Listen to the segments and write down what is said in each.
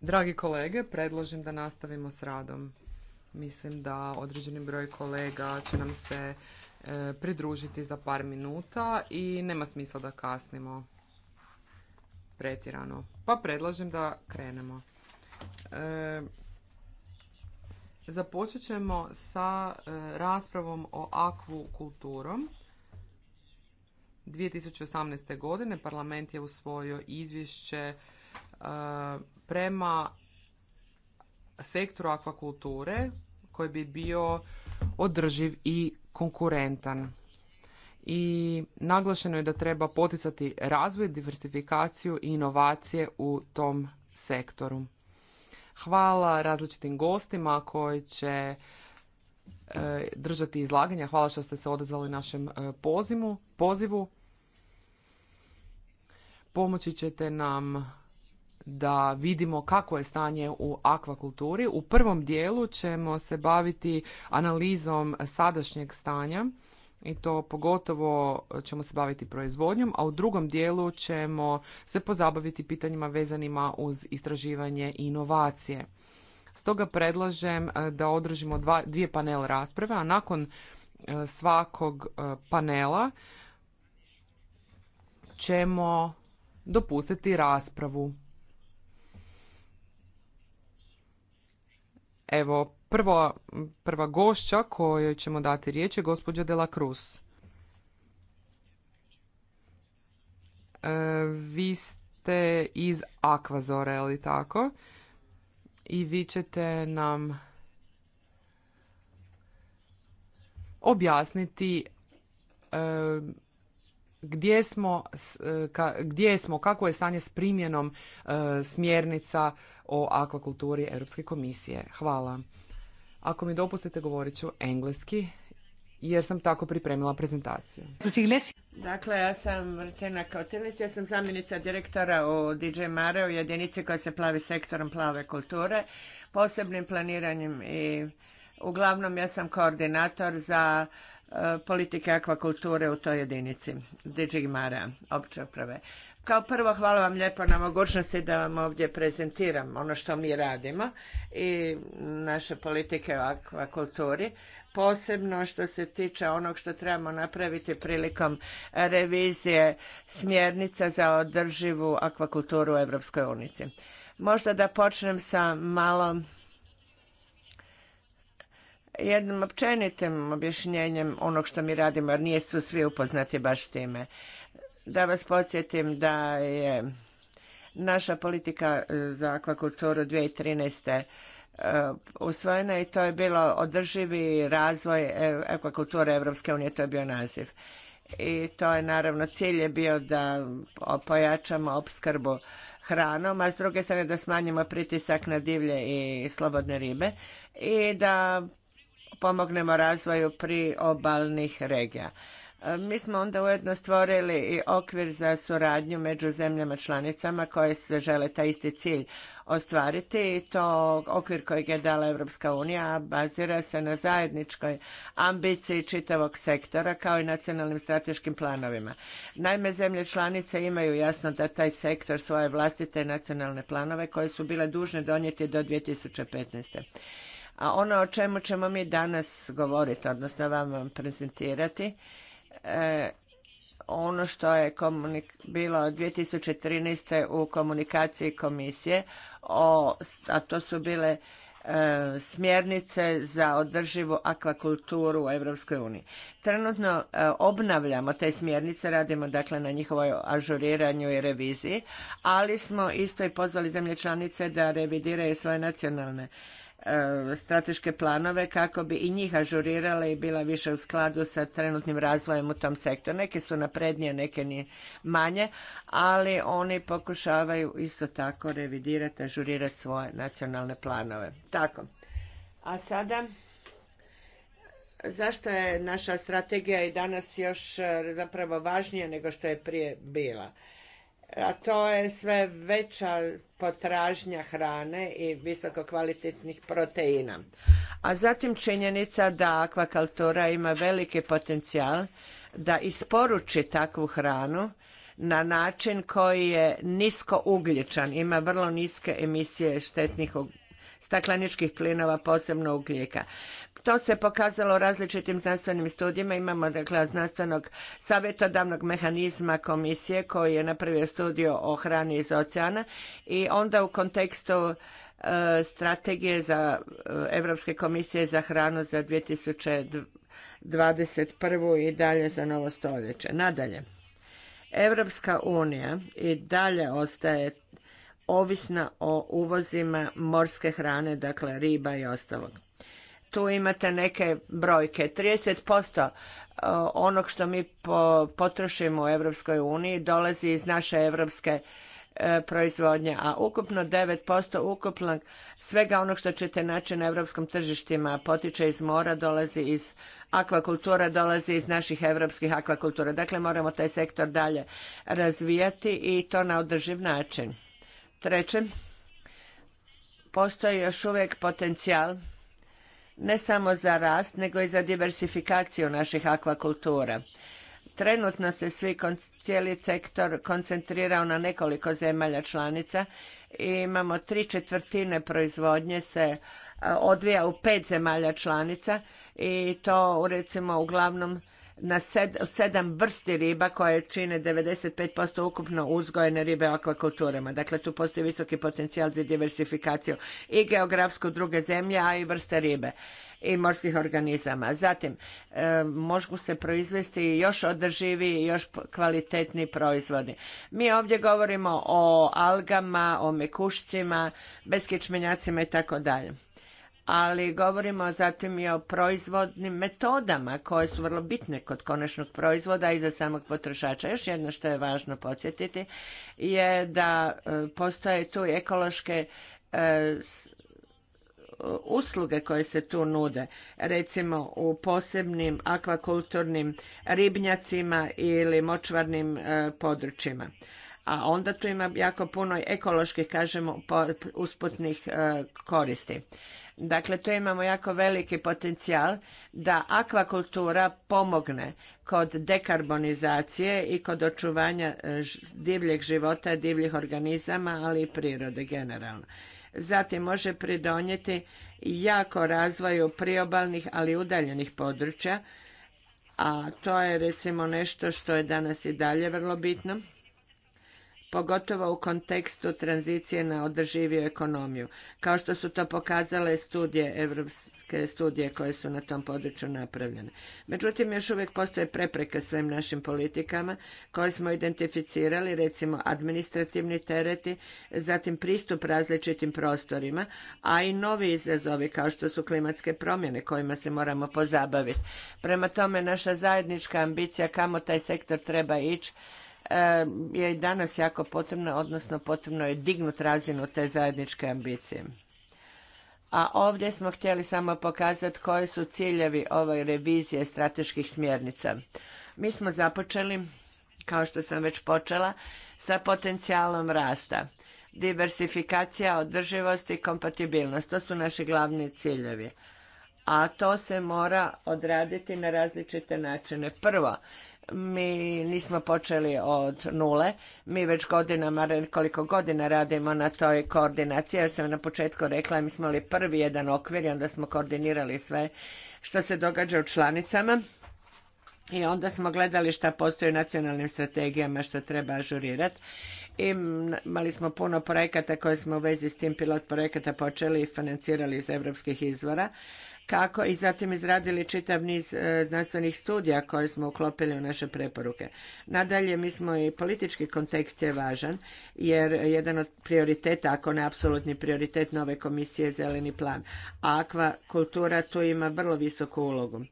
Dragi kolege, predlažem da nastavimo s radom. Mislim da određeni broj kolega će nam se e, pridružiti za par minuta i nema smisla da kasnimo pretjerano. Pa predlažem da krenemo. E, započet ćemo sa e, raspravom o akvu kulturom. 2018. godine parlament je usvojio izvješće Eh, prema sektoru akvakulture koji bi bio održiv i konkurentan. I naglašeno je da treba poticati razvoj, diversifikaciju i inovacije u tom sektoru. Hvala različitim gostima koji će eh, držati izlaganja. Hvala što ste se odazvali našem eh, pozivu. Pomoći ćete nam da vidimo kako je stanje u akvakulturi. U prvom dijelu ćemo se baviti analizom sadašnjeg stanja i to pogotovo ćemo se baviti proizvodnjom, a u drugom dijelu ćemo se pozabaviti pitanjima vezanima uz istraživanje i inovacije. Stoga predlažem e, da održimo dva, dvije panele rasprave, a nakon e, svakog e, panela ćemo dopustiti raspravu Evo, prva, prva gošća kojoj ćemo dati riječ je gospođa Dela Cruz. E, vi ste iz Akvazore, ali tako? I vi ćete nam objasniti e, gdje smo, e, gdje smo, kako je stanje s primjenom e, smjernica o akvakulturi Europske komisije. Hvala. Ako mi dopustite, govorit ću engleski, jer sam tako pripremila prezentaciju. Dakle, ja sam Martina ja sam zamjenica direktora u DJ Mare, u jedinici koja se plavi sektorom plave kulture, posebnim planiranjem i uglavnom ja sam koordinator za e, politike akvakulture u toj jedinici, DJ Mara, opće uprave. Kao prvo, hvala vam lijepo na mogućnosti da vam ovdje prezentiram ono što mi radimo i naše politike u akvakulturi, posebno što se tiče onog što trebamo napraviti prilikom revizije smjernica za održivu akvakulturu u Europskoj unici. Možda da počnem sa malo jednim općenitim objašnjenjem onog što mi radimo, jer su svi upoznati baš time. Da vas podsjetim da je naša politika e, za akvakulturu 2013 e, usvojena i to je bilo održivi razvoj e, akvakulture Evropske unije, to je bio naziv. I to je naravno cilj je bio da pojačamo opskrbu hranom, a s druge strane da smanjimo pritisak na divlje i slobodne ribe i da pomognemo razvoju priobalnih regija. E, mi smo onda ujedno stvorili i okvir za suradnju među zemljama članicama koje se žele taj isti cilj ostvariti i to okvir kojeg je dala Europska unija bazira se na zajedničkoj ambiciji čitavog sektora kao i nacionalnim strateškim planovima. Naime, zemlje članice imaju jasno da taj sektor svoje vlastite nacionalne planove koje su bile dužne donijeti do 2015. A ono o čemu ćemo mi danas govoriti, odnosno vam prezentirati, E, ono što je bilo 2013. u komunikaciji komisije, o, a to su bile e, smjernice za održivu akvakulturu u Europskoj uniji. Trenutno e, obnavljamo te smjernice, radimo dakle na njihovoj ažuriranju i reviziji, ali smo isto i pozvali zemlje članice da revidiraju svoje nacionalne E, strateške planove kako bi i njih ažurirala i bila više u skladu sa trenutnim razvojem u tom sektoru. Neke su naprednije, neke ni manje, ali oni pokušavaju isto tako revidirati, ažurirati svoje nacionalne planove. Tako. A sada zašto je naša strategija i danas još e, zapravo važnija nego što je prije bila? a to je sve veća potražnja hrane i visokokvalitetnih proteina. A zatim činjenica da akvakultura ima veliki potencijal da isporuči takvu hranu na način koji je nisko ugljičan, ima vrlo niske emisije štetnih stakleničkih plinova, posebno ugljika. To se pokazalo različitim znanstvenim studijima. Imamo dakle znanstvenog savjetodavnog mehanizma komisije koji je napravio studiju o hrani iz oceana i onda u kontekstu e, strategije za Europske komisije za hranu za 2021. i dalje za novo stoljeće. Nadalje, Europska unija i dalje ostaje ovisna o uvozima morske hrane, dakle riba i ostalog. Tu imate neke brojke. 30% eh, onog što mi potrošimo u Europskoj uniji dolazi iz naše europske eh, proizvodnje, a ukupno 9% ukupnog svega onog što ćete naći na evropskom tržištima potiče iz mora, dolazi iz akvakultura, dolazi iz naših europskih akvakultura. Dakle, moramo taj sektor dalje razvijati i to na održiv način. Treće, postoji još uvijek potencijal ne samo za rast, nego i za diversifikaciju naših akvakultura. Trenutno se svi, cijeli sektor koncentrirao na nekoliko zemalja članica i imamo tri četvrtine proizvodnje se e, odvija u pet zemalja članica i to recimo uglavnom na sedam vrsti riba koje čine 95% ukupno uzgojene ribe u akvakulturama. Dakle, tu postoji visoki potencijal za diversifikaciju i geografsku druge zemlje, a i vrste ribe i morskih organizama. Zatim, e, mogu se proizvesti još održiviji i još kvalitetni proizvodi. Mi ovdje govorimo o algama, o mekušcima, beskičmenjacima i tako dalje ali govorimo zatim i o proizvodnim metodama koje su vrlo bitne kod konačnog proizvoda i za samog potrošača. Još jedno što je važno podsjetiti je da e, postoje tu ekološke e, usluge koje se tu nude, recimo u posebnim akvakulturnim ribnjacima ili močvarnim e, područjima. A onda tu ima jako puno ekoloških, kažemo, usputnih koristi. Dakle, tu imamo jako veliki potencijal da akvakultura pomogne kod dekarbonizacije i kod očuvanja e, divljeg života, divljih organizama, ali i prirode generalno. Zatim može pridonijeti jako razvoju priobalnih, ali udaljenih područja, a to je recimo nešto što je danas i dalje vrlo bitno pogotovo u kontekstu tranzicije na održiviju ekonomiju, kao što su to pokazale studije europske studije koje su na tom području napravljene. Međutim, još uvijek postoje prepreke svim našim politikama koje smo identificirali, recimo administrativni tereti, zatim pristup različitim prostorima, a i novi izazovi kao što su klimatske promjene kojima se moramo pozabaviti. Prema tome, naša zajednička ambicija kamo taj sektor treba ići E, je i danas jako potrebna, odnosno potrebno je dignut razinu te zajedničke ambicije. A ovdje smo htjeli samo pokazati koji su ciljevi ove revizije strateških smjernica. Mi smo započeli, kao što sam već počela, sa potencijalom rasta. Diversifikacija, održivost i kompatibilnost. To su naši glavni ciljevi a to se mora odraditi na različite načine. Prvo, mi nismo počeli od nule, mi već godinama, koliko godina radimo na toj koordinaciji, ja sam na početku rekla, mi smo imali prvi jedan okvir i onda smo koordinirali sve što se događa u članicama i onda smo gledali šta postoji u nacionalnim strategijama što treba ažurirati. I imali smo puno projekata koje smo u vezi s tim pilot projekata počeli i financirali iz europskih izvora kako i zatim izradili čitav niz e, znanstvenih studija koje smo uklopili u naše preporuke. Nadalje, mi smo i politički kontekst je važan, jer jedan od prioriteta, ako ne apsolutni prioritet nove komisije je zeleni plan, a akvakultura tu ima vrlo visoku ulogu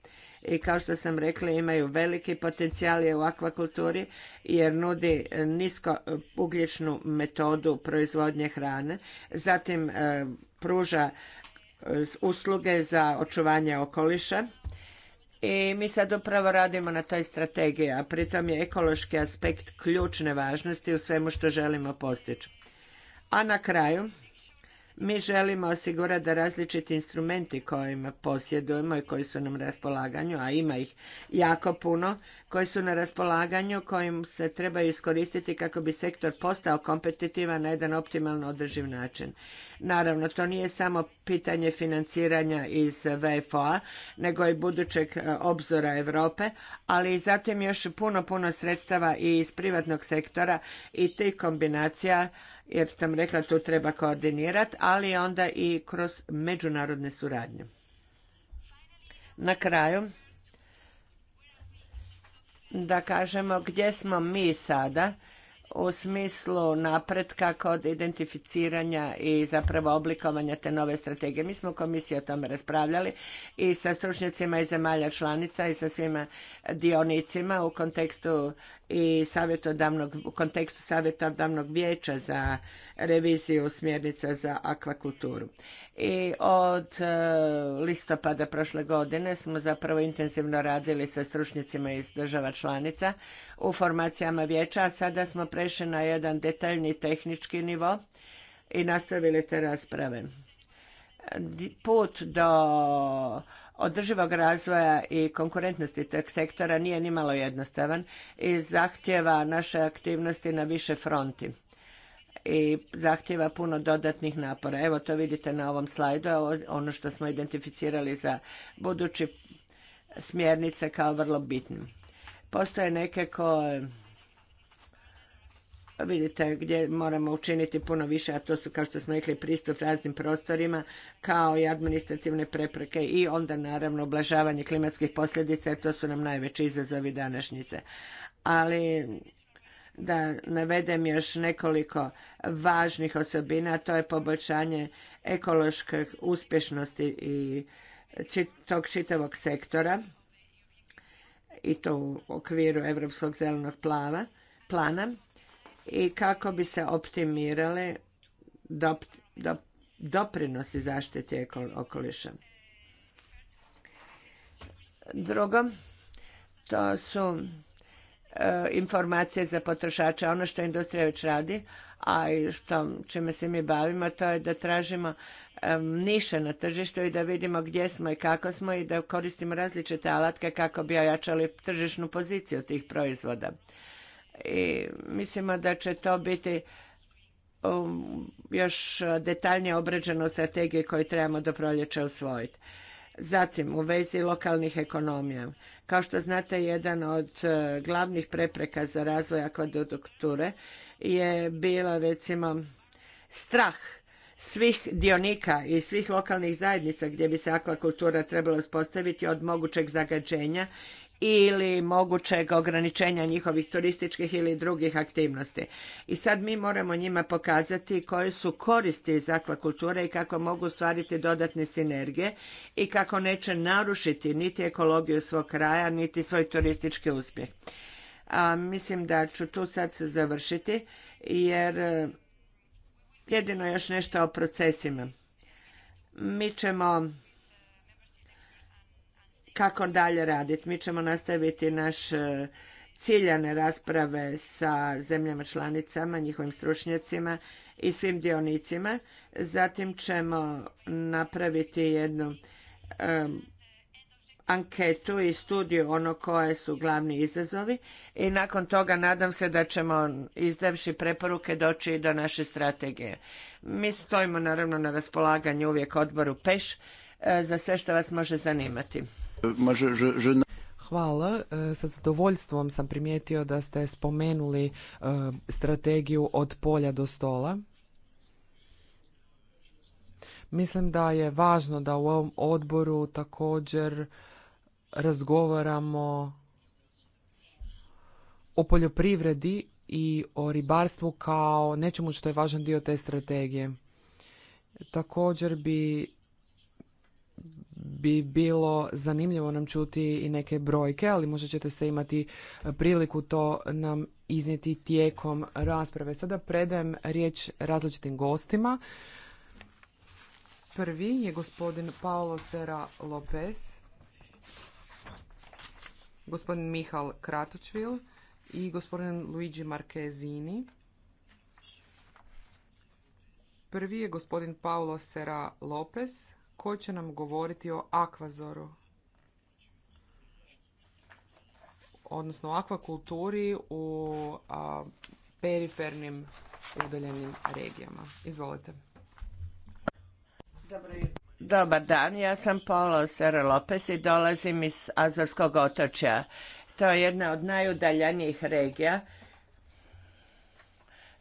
i kao što sam rekla imaju veliki potencijal je u akvakulturi jer nudi e, nisko e, ugljičnu metodu proizvodnje hrane, zatim pruža usluge za očuvanje okoliša i mi sad upravo radimo na toj strategiji, a pritom je ekološki aspekt ključne važnosti u svemu što želimo postići. A na kraju, mi želimo osigurati da različiti instrumenti kojima posjedujemo i koji su nam raspolaganju, a ima ih jako puno, koji su na raspolaganju, kojim se treba iskoristiti kako bi sektor postao kompetitivan na jedan optimalno održiv način. Naravno, to nije samo pitanje financiranja iz VFO-a, nego i budućeg e, obzora Europe, ali i zatim još puno, puno sredstava i iz privatnog sektora i tih kombinacija jer sam rekla tu treba koordinirati, ali onda i kroz međunarodne suradnje. Na kraju, da kažemo gdje smo mi sada u smislu napretka kod identificiranja i zapravo oblikovanja te nove strategije. Mi smo u komisiji o tome raspravljali i sa stručnjacima iz zemalja članica i sa svima dionicima u kontekstu i savjetodavnog, u kontekstu savjetodavnog vijeća za reviziju smjernica za akvakulturu. I od e, listopada prošle godine smo zapravo intenzivno radili sa stručnjacima iz država članica u formacijama vijeća, a sada smo prešli na jedan detaljni tehnički nivo i nastavili te rasprave. Put do održivog razvoja i konkurentnosti tog sektora nije nimalo jednostavan i zahtjeva naše aktivnosti na više fronti i zahtjeva puno dodatnih napora. Evo to vidite na ovom slajdu, ono što smo identificirali za budući smjernice kao vrlo bitnim. Postoje neke koje pa vidite gdje moramo učiniti puno više, a to su kao što smo rekli pristup raznim prostorima kao i administrativne prepreke i onda naravno oblažavanje klimatskih posljedica jer to su nam najveći izazovi današnjice. Ali da navedem još nekoliko važnih osobina, to je poboljšanje ekološke uspješnosti i tog čitavog sektora i to u okviru Europskog zelenog plana i kako bi se optimirali doprinosi zaštiti okoliša. Drugo, to su e, informacije za potrošače. Ono što industrija već radi, a i što, čime se mi bavimo, to je da tražimo e, niše na tržištu i da vidimo gdje smo i kako smo i da koristimo različite alatke kako bi ojačali tržišnu poziciju tih proizvoda i mislimo da će to biti um, još detaljnije obrađeno strategije strategiji koju trebamo do proljeća usvojiti. Zatim, u vezi lokalnih ekonomija. Kao što znate, jedan od e, glavnih prepreka za razvoj akvadukture je bila, recimo, strah svih dionika i svih lokalnih zajednica gdje bi se akvakultura trebala uspostaviti od mogućeg zagađenja ili mogućeg ograničenja njihovih turističkih ili drugih aktivnosti. I sad mi moramo njima pokazati koje su koristi iz akvakulture i kako mogu stvariti dodatne sinergije i kako neće narušiti niti ekologiju svog kraja, niti svoj turistički uspjeh. A mislim da ću tu sad završiti jer e, jedino još nešto o procesima. Mi ćemo kako dalje raditi. Mi ćemo nastaviti naš e, ciljane rasprave sa zemljama članicama, njihovim stručnjacima i svim dionicima. Zatim ćemo napraviti jednu e, anketu i studiju ono koje su glavni izazovi i nakon toga nadam se da ćemo izdavši preporuke doći do naše strategije. Mi stojimo naravno na raspolaganju uvijek odboru PEŠ e, za sve što vas može zanimati. Hvala. E, sa zadovoljstvom sam primijetio da ste spomenuli e, strategiju od polja do stola. Mislim da je važno da u ovom odboru također razgovaramo o poljoprivredi i o ribarstvu kao nečemu što je važan dio te strategije. Također bi bi bilo zanimljivo nam čuti i neke brojke, ali možda ćete se imati e, priliku to nam iznijeti tijekom rasprave. Sada predajem riječ različitim gostima. Prvi je gospodin Paolo Sera Lopez, gospodin Mihal Kratučvil i gospodin Luigi Marquezini. Prvi je gospodin Paolo Sera Lopez koji će nam govoriti o akvazoru, odnosno akvakulturi u perifernim udaljenim regijama. Izvolite. Dobar dan, ja sam Paolo Serre Lopez i dolazim iz Azorskog otočja. To je jedna od najudaljenijih regija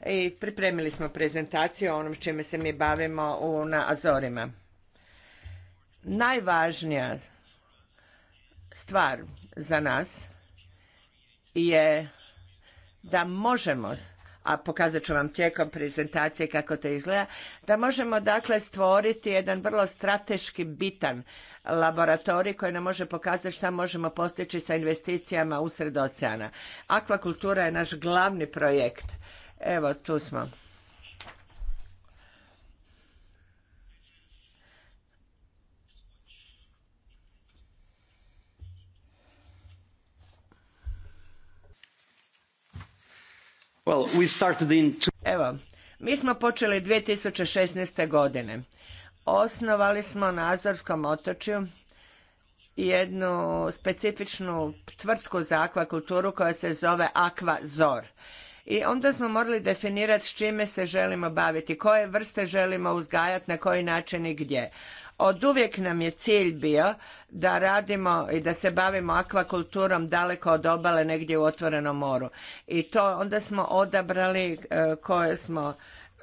i pripremili smo prezentaciju o onom čime se mi bavimo u, na Azorima najvažnija stvar za nas je da možemo a pokazat ću vam tijekom prezentacije kako to izgleda, da možemo dakle stvoriti jedan vrlo strateški bitan laboratorij koji nam može pokazati šta možemo postići sa investicijama usred oceana. Akvakultura je naš glavni projekt. Evo, tu smo. Well, Evo, mi smo počeli 2016. godine. Osnovali smo na Azorskom otočju jednu specifičnu tvrtku za akvakulturu koja se zove Akvazor. I onda smo morali definirati s čime se želimo baviti, koje vrste želimo uzgajati, na koji način i gdje. Od uvijek nam je cilj bio da radimo i da se bavimo akvakulturom daleko od obale negdje u otvorenom moru. I to onda smo odabrali e, koje smo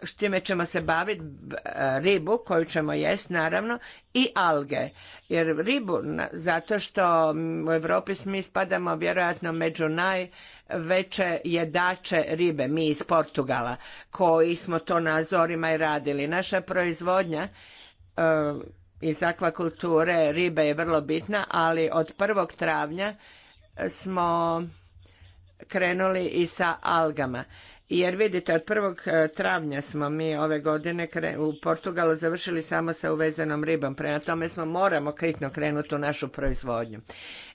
s čime ćemo se baviti, e, ribu koju ćemo jest naravno i alge. Jer ribu, zato što u Europi mi spadamo vjerojatno među najveće jedače ribe, mi iz Portugala, koji smo to na Azorima i radili. Naša proizvodnja e, iz akvakulture, riba je vrlo bitna, ali od 1. travnja smo krenuli i sa algama. Jer vidite, od 1. E, travnja smo mi ove godine u Portugalu završili samo sa uvezenom ribom. Prema tome smo moramo kritno krenuti u našu proizvodnju.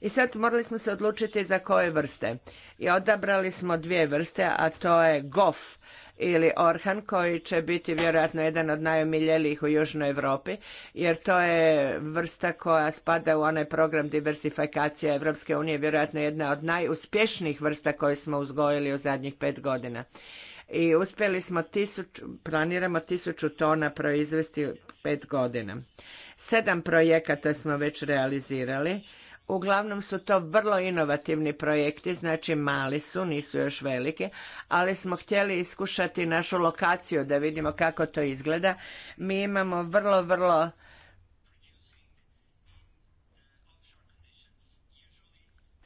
I sad morali smo se odlučiti za koje vrste. I odabrali smo dvije vrste, a to je gof ili Orhan koji će biti vjerojatno jedan od najomiljelijih u Južnoj Europi jer to je vrsta koja spada u onaj program diversifikacije Europske unije, vjerojatno jedna od najuspješnijih vrsta koje smo uzgojili u zadnjih pet godina. I uspjeli smo tisuć, planiramo tisuću tona proizvesti pet godina. Sedam projekata smo već realizirali Uglavnom su to vrlo inovativni projekti, znači mali su, nisu još veliki, ali smo htjeli iskušati našu lokaciju da vidimo kako to izgleda. Mi imamo vrlo, vrlo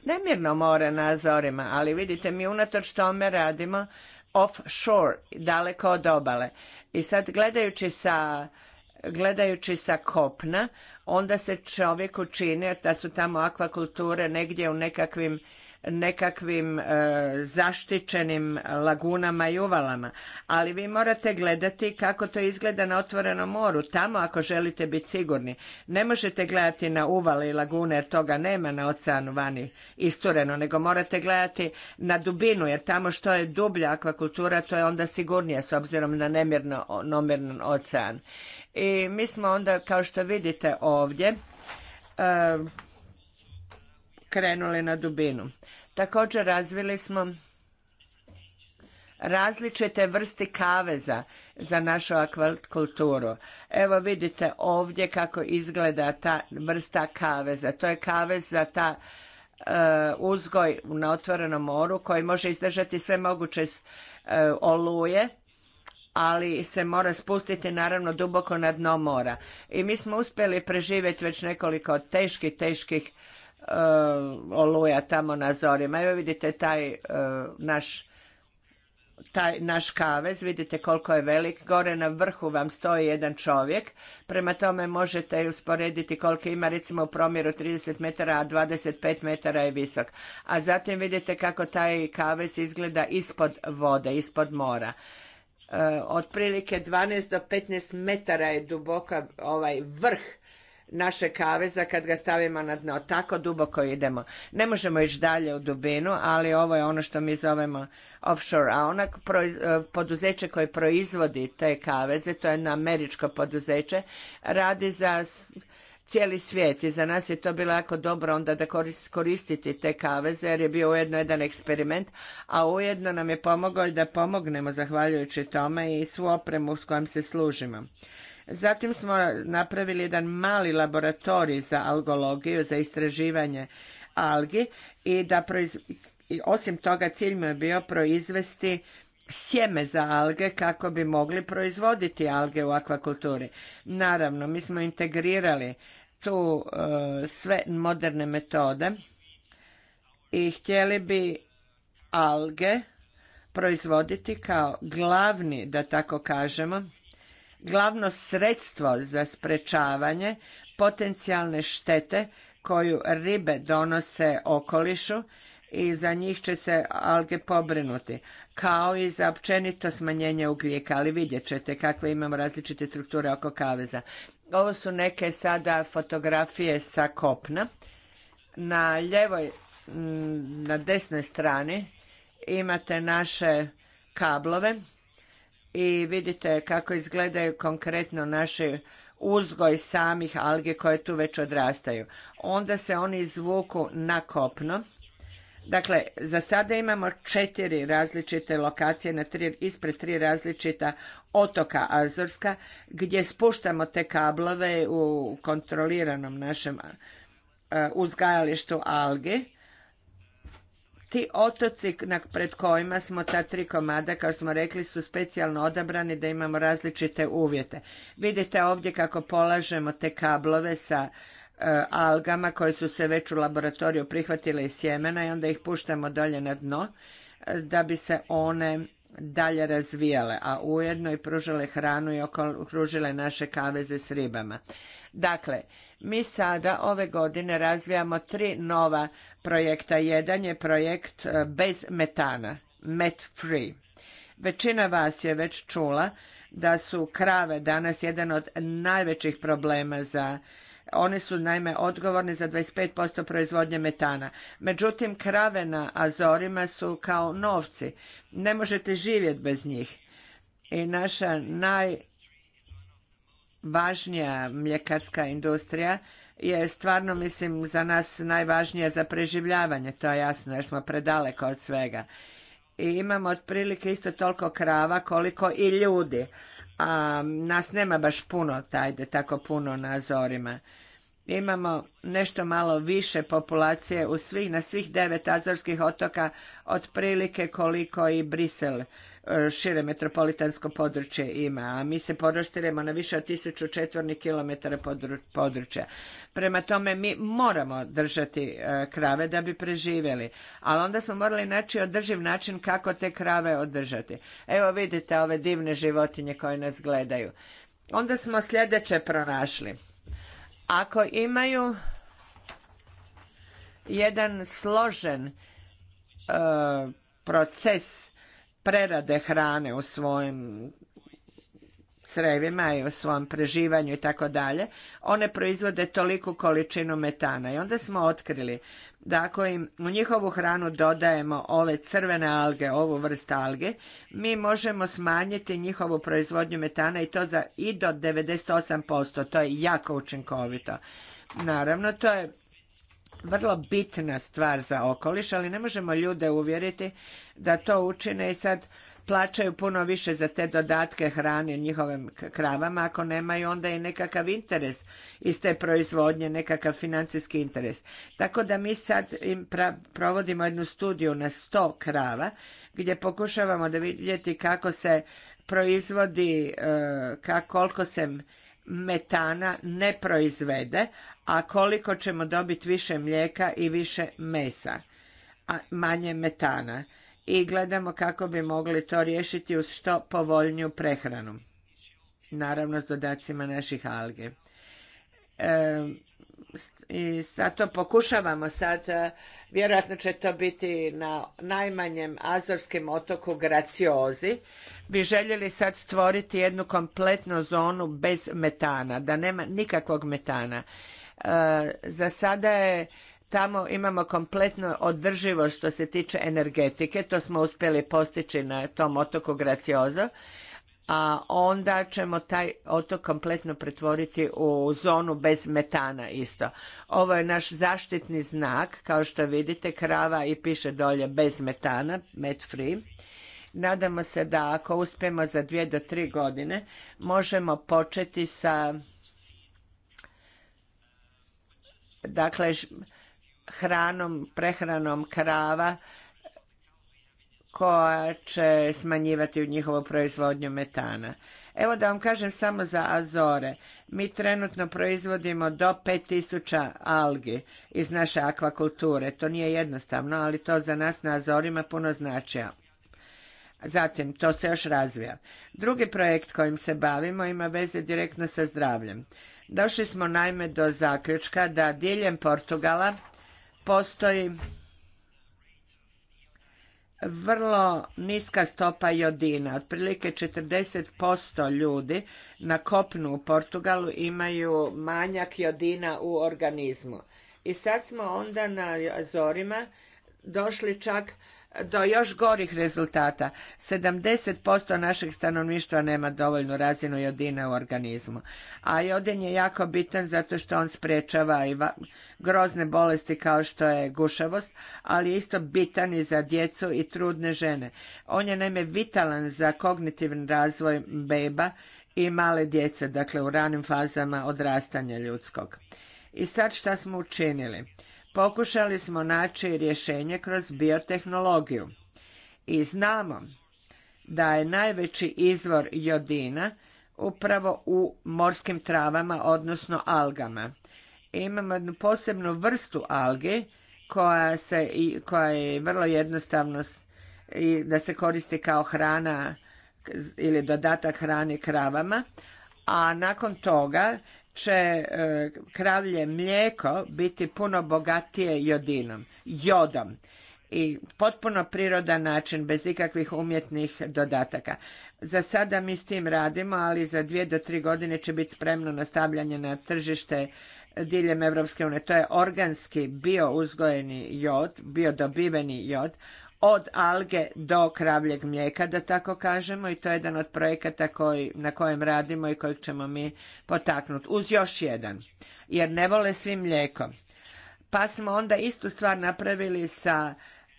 nemirno more na Azorima, ali vidite mi unatoč tome radimo offshore, daleko od obale. I sad gledajući sa gledajući sa kopna, onda se čovjeku čini da su tamo akvakulture negdje u nekakvim nekakvim e, zaštićenim lagunama i uvalama. Ali vi morate gledati kako to izgleda na otvorenom moru. Tamo ako želite biti sigurni, ne možete gledati na uvale i lagune jer toga nema na oceanu vani istureno, nego morate gledati na dubinu jer tamo što je dublja akvakultura to je onda sigurnije s obzirom na nemirno, nomirno ocean. I mi smo onda, kao što vidite ovdje, e, krenuli na dubinu. Također razvili smo različite vrsti kaveza za našu akvakulturu. Evo vidite ovdje kako izgleda ta vrsta kaveza. To je kavez za ta e, uzgoj na otvorenom moru koji može izdržati sve moguće e, oluje, ali se mora spustiti naravno duboko na dno mora. I mi smo uspjeli preživjeti već nekoliko teških, teških Eh, oluja tamo na zorima. Evo vidite taj eh, naš taj naš kavez, vidite koliko je velik, gore na vrhu vam stoji jedan čovjek, prema tome možete usporediti koliko ima recimo u promjeru 30 metara, a 25 metara je visok. A zatim vidite kako taj kavez izgleda ispod vode, ispod mora. Eh, otprilike 12 do 15 metara je duboka ovaj vrh naše kaveza kad ga stavimo na dno. Tako duboko idemo. Ne možemo ići dalje u dubinu, ali ovo je ono što mi zovemo offshore. A onak e, poduzeće koje proizvodi te kaveze, to je jedno američko poduzeće, radi za cijeli svijet i za nas je to bilo jako dobro onda da koristiti te kaveze jer je bio ujedno jedan eksperiment, a ujedno nam je pomogao da pomognemo zahvaljujući tome i svu opremu s kojom se služimo. Zatim smo napravili jedan mali laboratorij za algologiju, za istraživanje algi i da osim toga cilj mu je bio proizvesti sjeme za alge kako bi mogli proizvoditi alge u akvakulturi. Naravno, mi smo integrirali tu e, sve moderne metode i htjeli bi alge proizvoditi kao glavni, da tako kažemo, glavno sredstvo za sprečavanje potencijalne štete koju ribe donose okolišu i za njih će se alge pobrinuti, kao i za općenito smanjenje ugljika, ali vidjet ćete kakve imamo različite strukture oko kaveza. Ovo su neke sada fotografije sa kopna. Na ljevoj, na desnoj strani imate naše kablove i vidite kako izgledaju konkretno naše uzgoj samih alge koje tu već odrastaju. Onda se oni izvuku na kopno. Dakle, za sada imamo četiri različite lokacije na tri, ispred tri različita otoka Azorska gdje spuštamo te kablove u kontroliranom našem e, uzgajalištu alge ti otoci pred kojima smo ta tri komada, kao smo rekli, su specijalno odabrani da imamo različite uvjete. Vidite ovdje kako polažemo te kablove sa e, algama koje su se već u laboratoriju prihvatile iz sjemena i onda ih puštamo dolje na dno e, da bi se one dalje razvijale, a ujedno i pružile hranu i okružile naše kaveze s ribama. Dakle, mi sada ove godine razvijamo tri nova projekta. Jedan je projekt e, bez metana, met free. Većina vas je već čula da su krave danas jedan od najvećih problema za one su naime odgovorne za 25% proizvodnje metana. Međutim, krave na Azorima su kao novci. Ne možete živjeti bez njih. I naša najvažnija mljekarska industrija je stvarno mislim za nas najvažnija za preživljavanje, to je jasno jer smo predaleko od svega. I imamo otprilike isto toliko krava koliko i ljudi, a nas nema baš puno, tajde, tako puno na Azorima imamo nešto malo više populacije u svih, na svih devet Azorskih otoka, otprilike koliko i Brisel e, šire metropolitansko područje ima, a mi se porostiremo na više od tisuću četvornih kilometara područja. Prema tome mi moramo držati e, krave da bi preživjeli, ali onda smo morali naći održiv način kako te krave održati. Evo vidite ove divne životinje koje nas gledaju. Onda smo sljedeće pronašli – ako imaju jedan složen e, proces prerade hrane u svojim srevima i u svom preživanju i tako dalje, one proizvode toliku količinu metana. I onda smo otkrili da ako im u njihovu hranu dodajemo ove crvene alge, ovu vrstu alge, mi možemo smanjiti njihovu proizvodnju metana i to za i do 98%. To je jako učinkovito. Naravno, to je vrlo bitna stvar za okoliš, ali ne možemo ljude uvjeriti da to učine i sad plaćaju puno više za te dodatke hrane njihovim kravama ako nemaju onda i nekakav interes iz te proizvodnje, nekakav financijski interes. Tako da mi sad im provodimo jednu studiju na 100 krava gdje pokušavamo da vidjeti kako se proizvodi, e, kako, koliko se metana ne proizvede, a koliko ćemo dobiti više mlijeka i više mesa, a manje metana i gledamo kako bi mogli to riješiti uz što povoljniju prehranu. Naravno s dodacima naših alge. i sad to pokušavamo sad, e, vjerojatno će to biti na najmanjem Azorskim otoku Graciozi, bi željeli sad stvoriti jednu kompletnu zonu bez metana, da nema nikakvog metana. E, za sada je tamo imamo kompletno održivo što se tiče energetike, to smo uspjeli postići na tom otoku Graciozo, a onda ćemo taj otok kompletno pretvoriti u zonu bez metana isto. Ovo je naš zaštitni znak, kao što vidite, krava i piše dolje bez metana, met free. Nadamo se da ako uspijemo za dvije do tri godine, možemo početi sa dakle hranom, prehranom krava koja će smanjivati u njihovu proizvodnju metana. Evo da vam kažem samo za Azore. Mi trenutno proizvodimo do 5000 algi iz naše akvakulture. To nije jednostavno, ali to za nas na Azorima puno značija. Zatim, to se još razvija. Drugi projekt kojim se bavimo ima veze direktno sa zdravljem. Došli smo najme do zaključka da diljem Portugala postoji vrlo niska stopa jodina. Otprilike 40% ljudi na kopnu u Portugalu imaju manjak jodina u organizmu. I sad smo onda na Azorima došli čak do još gorih rezultata. 70% našeg stanovništva nema dovoljnu razinu jodina u organizmu. A jodin je jako bitan zato što on sprečava i grozne bolesti kao što je gušavost, ali je isto bitan i za djecu i trudne žene. On je naime vitalan za kognitivni razvoj beba i male djece, dakle u ranim fazama odrastanja ljudskog. I sad šta smo učinili? Pokušali smo naći rješenje kroz biotehnologiju i znamo da je najveći izvor jodina upravo u morskim travama, odnosno algama. Imamo jednu posebnu vrstu algi koja, se, koja je vrlo jednostavno da se koristi kao hrana ili dodatak hrani kravama, a nakon toga će e, kravlje mlijeko biti puno bogatije jodinom, jodom i potpuno prirodan način, bez ikakvih umjetnih dodataka. Za sada mi s tim radimo, ali za dvije do tri godine će biti spremno nastavljanje na tržište diljem europske unije. To je organski bio uzgojeni jod, bio dobiveni jod, od alge do kravljeg mlijeka, da tako kažemo, i to je jedan od projekata koji, na kojem radimo i kojeg ćemo mi potaknuti. Uz još jedan, jer ne vole svi mlijeko. Pa smo onda istu stvar napravili sa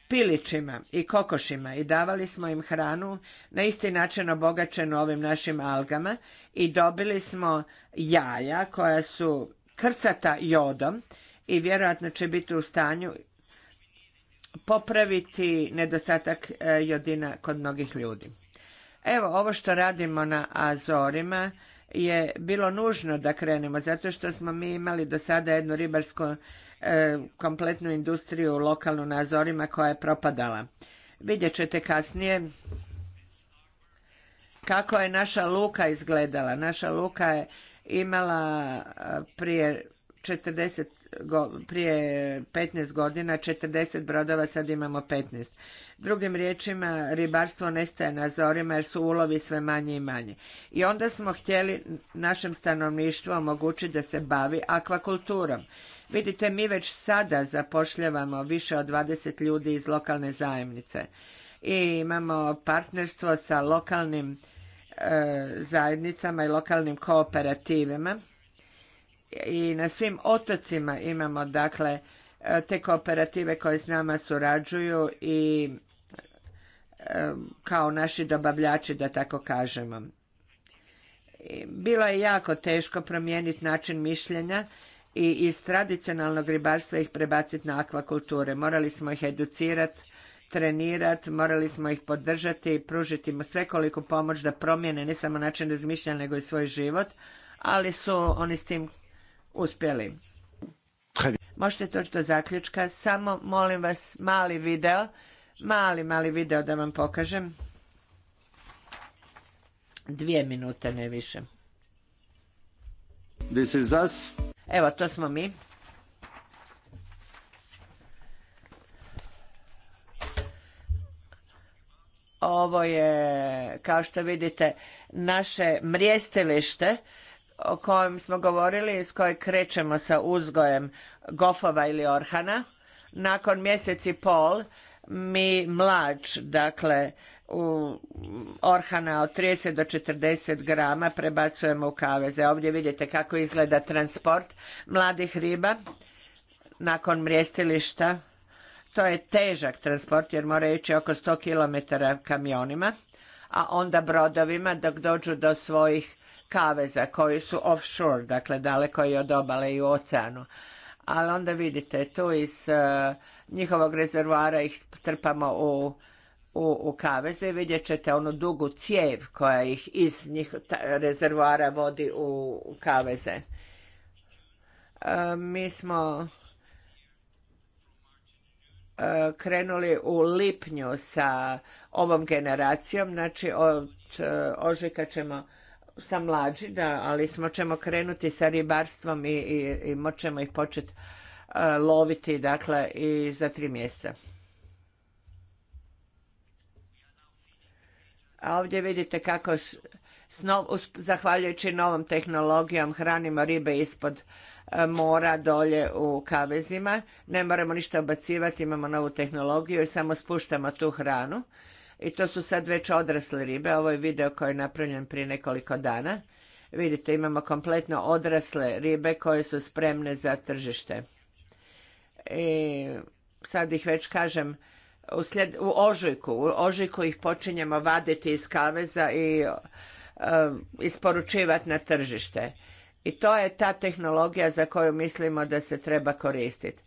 pilićima i kokošima i davali smo im hranu na isti način obogačenu ovim našim algama i dobili smo jaja koja su krcata jodom i vjerojatno će biti u stanju popraviti nedostatak e, jodina kod mnogih ljudi. Evo, ovo što radimo na Azorima je bilo nužno da krenemo, zato što smo mi imali do sada jednu ribarsku e, kompletnu industriju lokalnu na Azorima koja je propadala. Vidjet ćete kasnije kako je naša luka izgledala. Naša luka je imala e, prije 40 prije 15 godina 40 brodova, sad imamo 15. Drugim riječima, ribarstvo nestaje na zorima jer su ulovi sve manje i manje. I onda smo htjeli našem stanovništvu omogućiti da se bavi akvakulturom. Vidite, mi već sada zapošljavamo više od 20 ljudi iz lokalne zajednice. I imamo partnerstvo sa lokalnim e, zajednicama i lokalnim kooperativima i na svim otocima imamo dakle e, te kooperative koje s nama surađuju i e, kao naši dobavljači da tako kažemo. Bilo je jako teško promijeniti način mišljenja i iz tradicionalnog ribarstva ih prebaciti na akvakulture. Morali smo ih educirati, trenirati, morali smo ih podržati i pružiti im svekoliku pomoć da promijene ne samo način razmišljanja nego i svoj život, ali su oni s tim uspjeli. Možete to do zaključka, samo molim vas mali video, mali, mali video da vam pokažem. Dvije minute, ne više. This Evo, to smo mi. Ovo je, kao što vidite, naše mrijestilište o kojem smo govorili, iz koje krećemo sa uzgojem gofova ili orhana. Nakon mjesec i pol mi mlač, dakle, u orhana od 30 do 40 grama prebacujemo u kaveze. Ovdje vidite kako izgleda transport mladih riba nakon mrijestilišta. To je težak transport jer moraju ići oko 100 km kamionima, a onda brodovima dok dođu do svojih kaveza koji su offshore, dakle daleko i od obale i u oceanu. Ali onda vidite, tu iz e, njihovog rezervoara ih trpamo u u, u kaveze vidjet ćete onu dugu cijev koja ih iz njih rezervoara vodi u, kaveze. E, mi smo e, krenuli u lipnju sa ovom generacijom, znači od ožika ćemo sam mlađi, da, ali smo ćemo krenuti sa ribarstvom i, i, i moćemo ih početi e, loviti, dakle, i za tri mjeseca. A ovdje vidite kako s, nov, zahvaljujući novom tehnologijom hranimo ribe ispod e, mora dolje u kavezima. Ne moramo ništa obacivati, imamo novu tehnologiju i samo spuštamo tu hranu i to su sad već odrasle ribe. Ovo je video koji je napravljen prije nekoliko dana. Vidite, imamo kompletno odrasle ribe koje su spremne za tržište. I sad ih već kažem, u, u ožujku, u ožujku ih počinjemo vaditi iz kaveza i e, um, isporučivati na tržište. I to je ta tehnologija za koju mislimo da se treba koristiti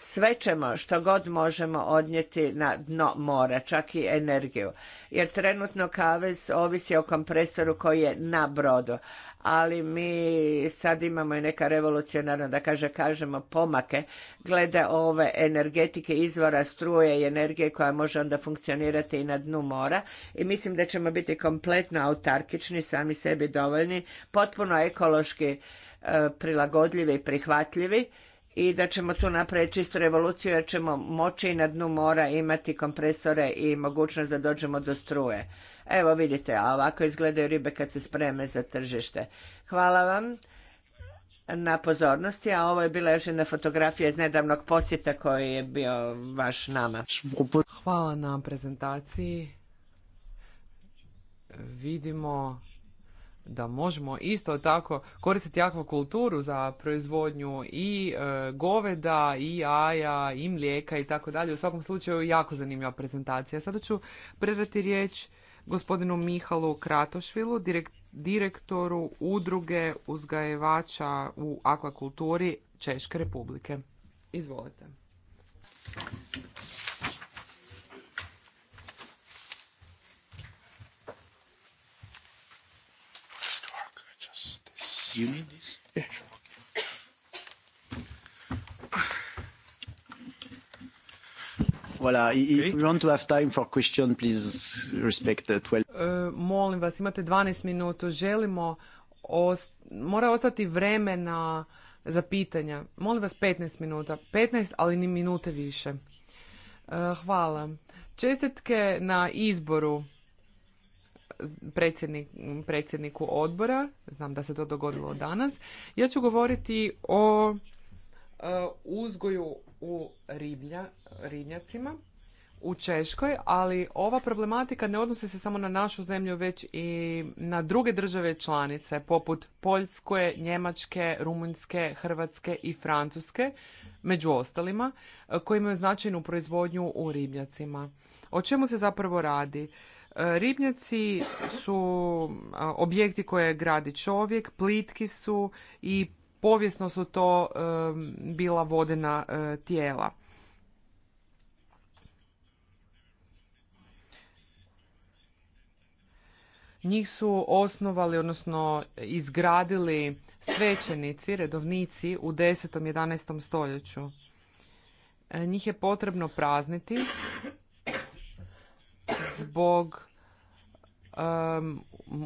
sve ćemo što god možemo odnijeti na dno mora, čak i energiju. Jer trenutno kavez ovisi o kompresoru koji je na brodu. Ali mi sad imamo i neka revolucionarna, da kaže, kažemo pomake glede ove energetike izvora struje i energije koja može onda funkcionirati i na dnu mora. I mislim da ćemo biti kompletno autarkični, sami sebi dovoljni, potpuno ekološki e, prilagodljivi i prihvatljivi i da ćemo tu napraviti čistu revoluciju jer ćemo moći na dnu mora imati kompresore i mogućnost da dođemo do struje. Evo vidite, a ovako izgledaju ribe kad se spreme za tržište. Hvala vam na pozornosti, a ovo je bila još jedna fotografija iz nedavnog posjeta koji je bio vaš nama. Hvala na prezentaciji. Vidimo da možemo isto tako koristiti akvakulturu za proizvodnju i e, goveda i jaja i mlijeka i tako dalje. U svakom slučaju jako zanimljiva prezentacija. Sada ću predati riječ gospodinu Mihalu Kratošvilu, direktoru udruge uzgajivača u akvakulturi Češke republike. Izvolite. You need this? Yeah, sure. Voilà, if we want to have time for question, please respect the 12. Uh, e, molim vas, imate 12 minuta. Želimo ost mora ostati vremena za pitanja. Molim vas 15 minuta. 15, ali ni minute više. Uh, hvala. Čestitke na izboru predsjednik, predsjedniku odbora, znam da se to dogodilo danas. Ja ću govoriti o e, uzgoju u riblja, ribnjacima u Češkoj, ali ova problematika ne odnosi se samo na našu zemlju, već i na druge države članice, poput Poljske, Njemačke, Rumunjske, Hrvatske i Francuske, među ostalima, e, koji imaju značajnu proizvodnju u ribnjacima. O čemu se zapravo radi? E, ribnjaci su objekti koje gradi čovjek, plitki su i povijesno su to e, bila vodena e, tijela. Njih su osnovali, odnosno izgradili svećenici, redovnici u 10. 11. stoljeću. Njih je potrebno prazniti zbog um,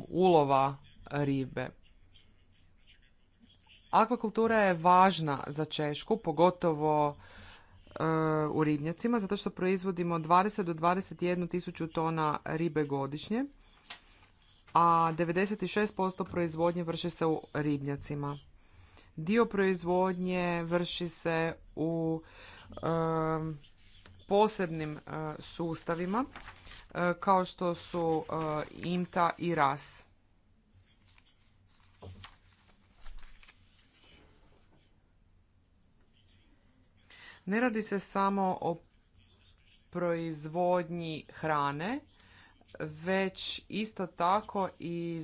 ulova ribe. Akvakultura je važna za Češku, pogotovo e, u ribnjacima, zato što proizvodimo 20 do 21 tisuću tona ribe godišnje, a 96% proizvodnje vrši se u ribnjacima. Dio proizvodnje vrši se u posebnim e, sustavima E, kao što su e, IMTA i RAS. Ne radi se samo o proizvodnji hrane, već isto tako i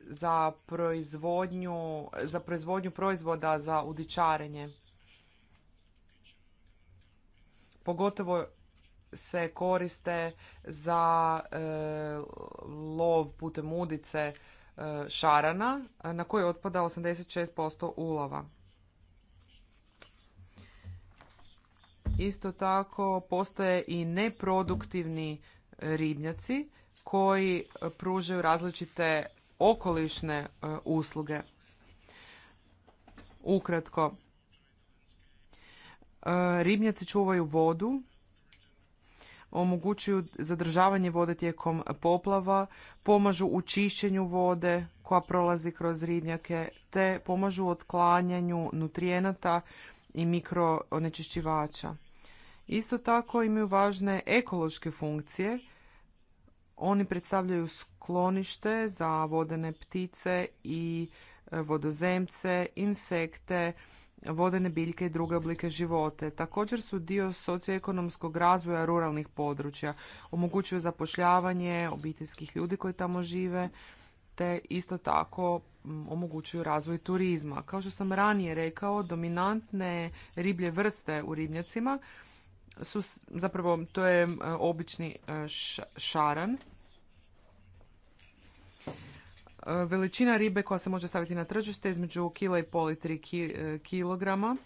za proizvodnju, za proizvodnju proizvoda za udičarenje. Pogotovo se koriste za e, lov putem udice e, šarana na koji otpada 86% ulova. Isto tako postoje i neproduktivni ribnjaci koji pružaju različite okolišne e, usluge. Ukratko, ribnjaci čuvaju vodu omogućuju zadržavanje vode tijekom poplava, pomažu u čišćenju vode koja prolazi kroz ribnjake, te pomažu u otklanjanju nutrijenata i mikroonečišćivača. Isto tako imaju važne ekološke funkcije. Oni predstavljaju sklonište za vodene ptice i e, vodozemce, insekte, vodene biljke i druge oblike živote. Također su dio socioekonomskog razvoja ruralnih područja. Omogućuju zapošljavanje obiteljskih ljudi koji tamo žive te isto tako omogućuju razvoj turizma. Kao što sam ranije rekao, dominantne riblje vrste u ribnjacima su zapravo to je e, obični e, šaran E, veličina ribe koja se može staviti na tržište između kila i pol i tri e, kilograma.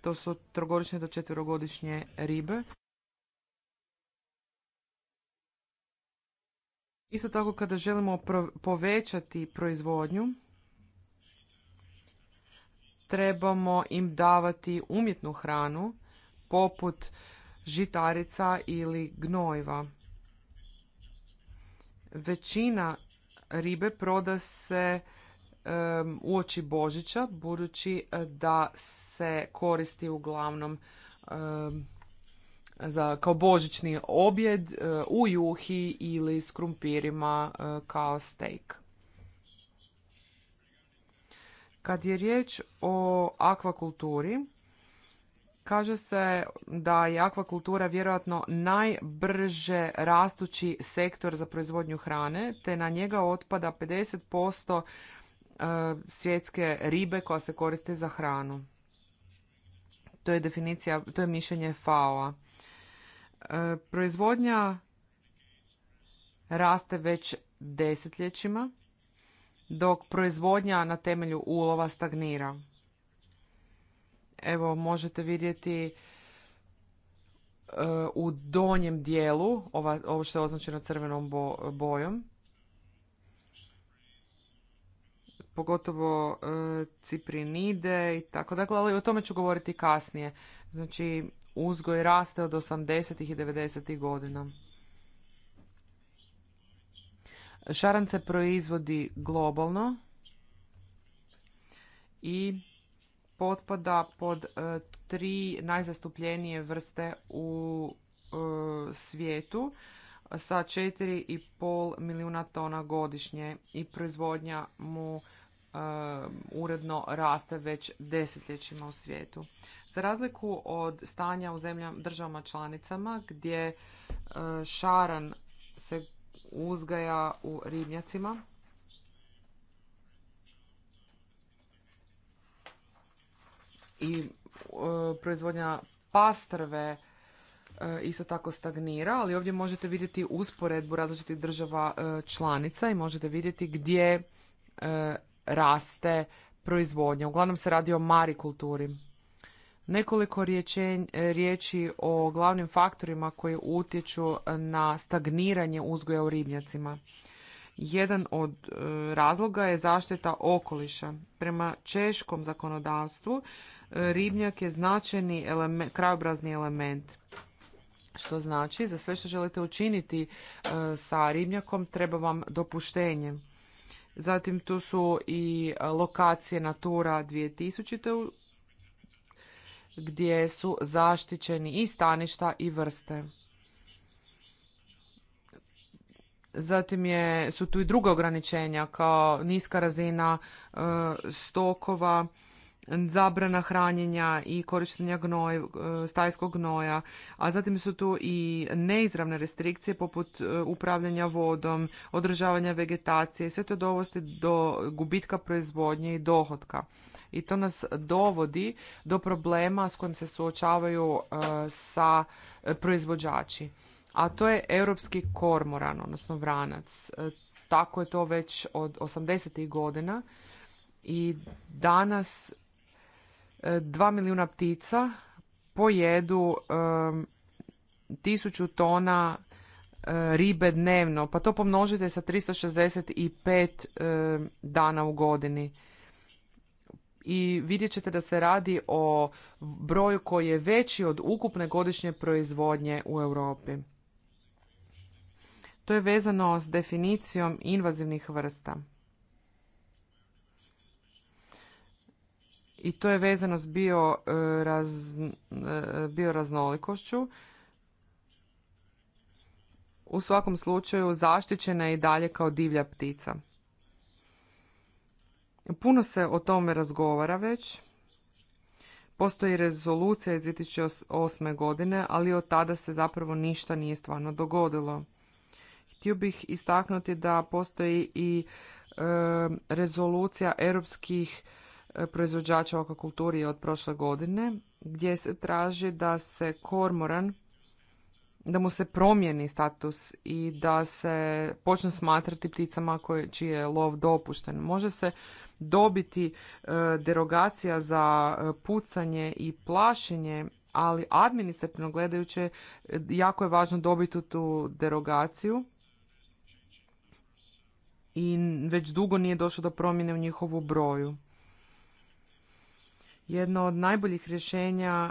To su trogodišnje do četverogodišnje ribe. Isto tako kada želimo povećati proizvodnju, trebamo im davati umjetnu hranu poput žitarica ili gnojiva. Većina ribe proda se uoči Božića, budući e, da se koristi uglavnom za, kao božićni objed e, u juhi ili s krumpirima e, kao steak. Kad je riječ o akvakulturi, Kaže se da je akvakultura vjerojatno najbrže rastući sektor za proizvodnju hrane, te na njega otpada 50% e, svjetske ribe koja se koristi za hranu. To je definicija, to je mišljenje FAO-a. E, proizvodnja raste već desetljećima, dok proizvodnja na temelju ulova stagnira. Evo, možete vidjeti e, u donjem dijelu, ovo što je označeno crvenom bojom, pogotovo e, ciprinide i tako dakle, ali o tome ću govoriti kasnije. Znači, uzgoj raste od 80. i 90. godina. Šaran se proizvodi globalno i potpada pod e, tri najzastupljenije vrste u e, svijetu sa 4,5 milijuna tona godišnje i proizvodnja mu e, uredno raste već desetljećima u svijetu. Za razliku od stanja u zemljama državama članicama gdje šaran se uzgaja u ribnjacima, i e, proizvodnja pastrve e, isto tako stagnira, ali ovdje možete vidjeti usporedbu različitih država e, članica i možete vidjeti gdje raste proizvodnja. Uglavnom se radi o marikulturi. Nekoliko riječi o glavnim faktorima koji utječu na stagniranje uzgoja u ribnjacima. Jedan od razloga je zaštita okoliša. Prema češkom zakonodavstvu ribnjak je značajni krajobrazni element. Što znači, za sve što želite učiniti e, sa ribnjakom treba vam dopuštenje. Zatim tu su i lokacije Natura 2000 gdje su zaštićeni i staništa i vrste. Zatim je, su tu i druga ograničenja kao niska razina e, stokova, zabrana hranjenja i korištenja gnoj, e, stajskog gnoja, a zatim su tu i neizravne restrikcije poput e, upravljanja vodom, održavanja vegetacije, sve to dovosti do gubitka proizvodnje i dohotka. I to nas dovodi do problema s kojim se suočavaju e, sa proizvođači. A to je europski kormoran, odnosno vranac. Tako je to već od 80. godina i danas dva milijuna ptica pojedu tisuću tona e, ribe dnevno, pa to pomnožite sa 365 e, dana u godini. I vidjet ćete da se radi o broju koji je veći od ukupne godišnje proizvodnje u Europi. To je vezano s definicijom invazivnih vrsta. i to je vezano s e, e, bioraznolikošću. U svakom slučaju zaštićena je i dalje kao divlja ptica. Puno se o tome razgovara već. Postoji rezolucija iz 2008. godine, ali od tada se zapravo ništa nije stvarno dogodilo. Htio bih istaknuti da postoji i e, rezolucija europskih E, proizvođača okakulturi od prošle godine gdje se traži da se kormoran da mu se promijeni status i da se počne smatrati pticama koje, čiji je lov dopušten. Može se dobiti e, derogacija za e, pucanje i plašenje, ali administrativno gledajuće jako je važno dobiti tu derogaciju i već dugo nije došlo do promjene u njihovu broju jedno od najboljih rješenja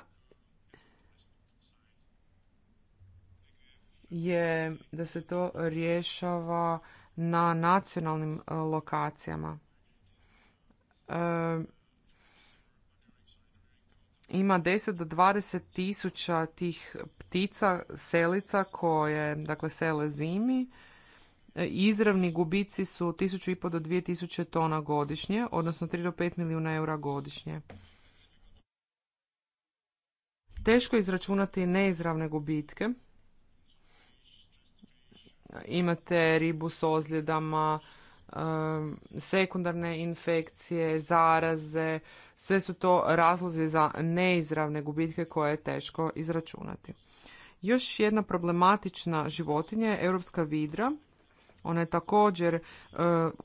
je da se to rješava na nacionalnim e, lokacijama. E, ima 10 do 20 tisuća tih ptica, selica koje dakle, sele zimi. E, izravni gubici su 1500 do 2000 tona godišnje, odnosno 3 do 5 milijuna eura godišnje. Teško izračunati neizravne gubitke. Imate ribu s ozljedama, sekundarne infekcije, zaraze, sve su to razlozi za neizravne gubitke koje je teško izračunati. Još jedna problematična životinja je europska vidra. Ona je također eh,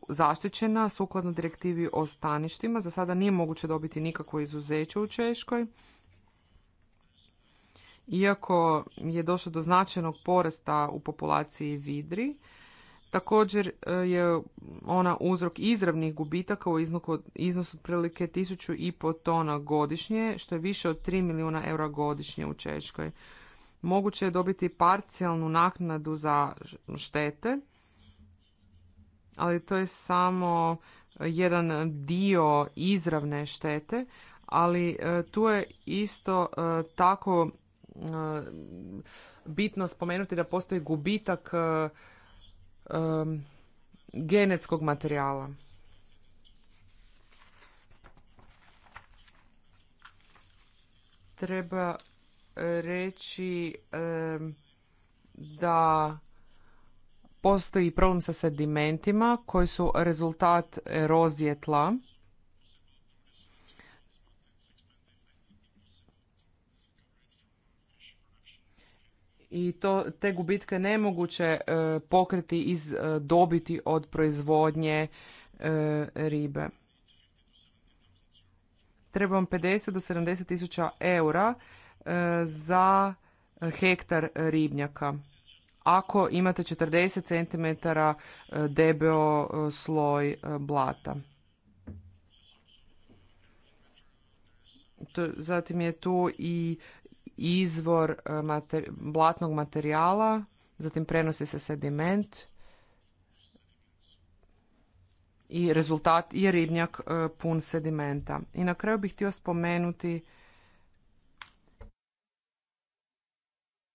zaštićena sukladno direktivi o staništima. Za sada nije moguće dobiti nikakvo izuzeće u Češkoj iako je došlo do značajnog porasta u populaciji vidri. Također e, je ona uzrok izravnih gubitaka u iznosu otprilike 1500 tona godišnje, što je više od 3 milijuna eura godišnje u Češkoj. Moguće je dobiti parcijalnu naknadu za štete, ali to je samo jedan dio izravne štete, ali e, tu je isto e, tako E, bitno spomenuti da postoji gubitak e, e, genetskog materijala. Treba reći da postoji problem sa sedimentima koji su rezultat erozije tla i to, te gubitke nemoguće e, pokriti iz e, dobiti od proizvodnje e, ribe. Treba vam 50 do 70 tisuća eura za hektar ribnjaka. Ako imate 40 cm debeo sloj blata. Zatim je tu i izvor e, blatnog materijala, zatim prenosi se sediment i rezultat je ribnjak e, pun sedimenta. I na kraju bih htio spomenuti e,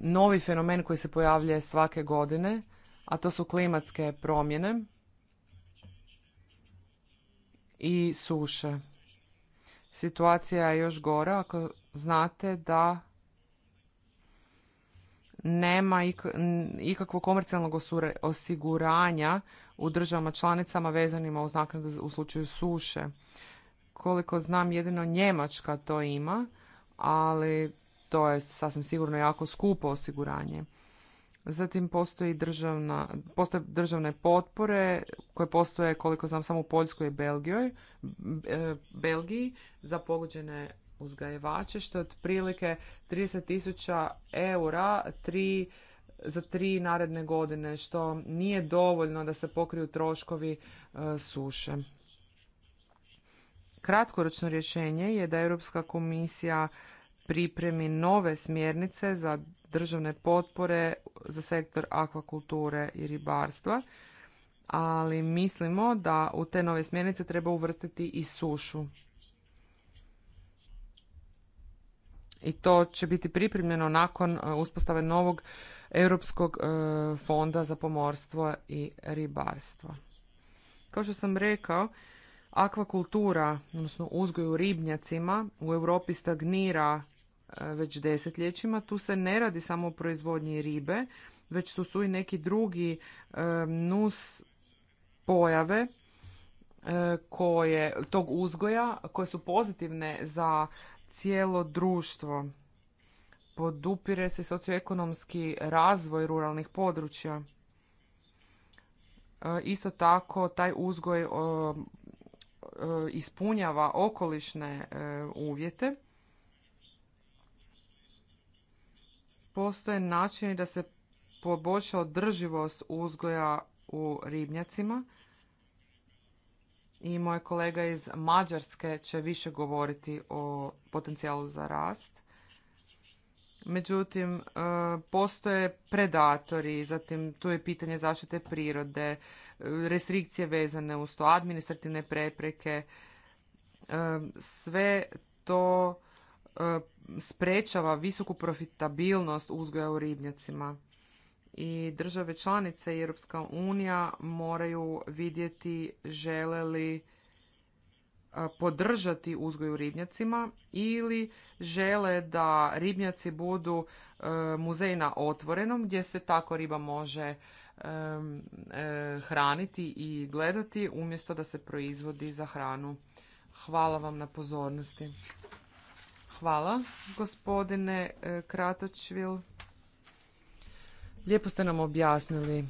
novi fenomen koji se pojavljuje svake godine, a to su klimatske promjene i suše. Situacija je još gora ako znate da nema ikakvog komercijalnog osiguranja u državama članicama vezanima uz naknadu u slučaju suše. Koliko znam, jedino Njemačka to ima, ali to je sasvim sigurno jako skupo osiguranje. Zatim postoji državna, postoje državne potpore koje postoje, koliko znam, samo u Poljskoj i e, Belgiji za pogođene uzgajivače, što je otprilike 30 tisuća eura tri, za tri naredne godine, što nije dovoljno da se pokriju troškovi e, suše. Kratkoročno rješenje je da Europska komisija pripremi nove smjernice za državne potpore za sektor akvakulture i ribarstva, ali mislimo da u te nove smjernice treba uvrstiti i sušu. i to će biti pripremljeno nakon e, uspostave novog Europskog e, fonda za pomorstvo i ribarstvo. Kao što sam rekao, akvakultura, odnosno uzgoj u ribnjacima u Europi stagnira e, već desetljećima. Tu se ne radi samo o proizvodnji ribe, već su su i neki drugi nus pojave koje, tog uzgoja koje su pozitivne za cijelo društvo. Podupire se socioekonomski razvoj ruralnih područja. E, isto tako taj uzgoj e, ispunjava okolišne e, uvjete. Postoje načini da se poboljša održivost uzgoja u ribnjacima i moj kolega iz Mađarske će više govoriti o potencijalu za rast. Međutim, e, postoje predatori, zatim tu je pitanje zaštite prirode, e, restrikcije vezane uz to, administrativne prepreke. E, sve to sprečava visoku profitabilnost uzgoja u ribnjacima i države članice i Europska unija moraju vidjeti žele li podržati uzgoj u ribnjacima ili žele da ribnjaci budu e, muzej na otvorenom gdje se tako riba može e, e, hraniti i gledati umjesto da se proizvodi za hranu. Hvala vam na pozornosti. Hvala, gospodine Kratočvil. Lijepo ste nam objasnili e,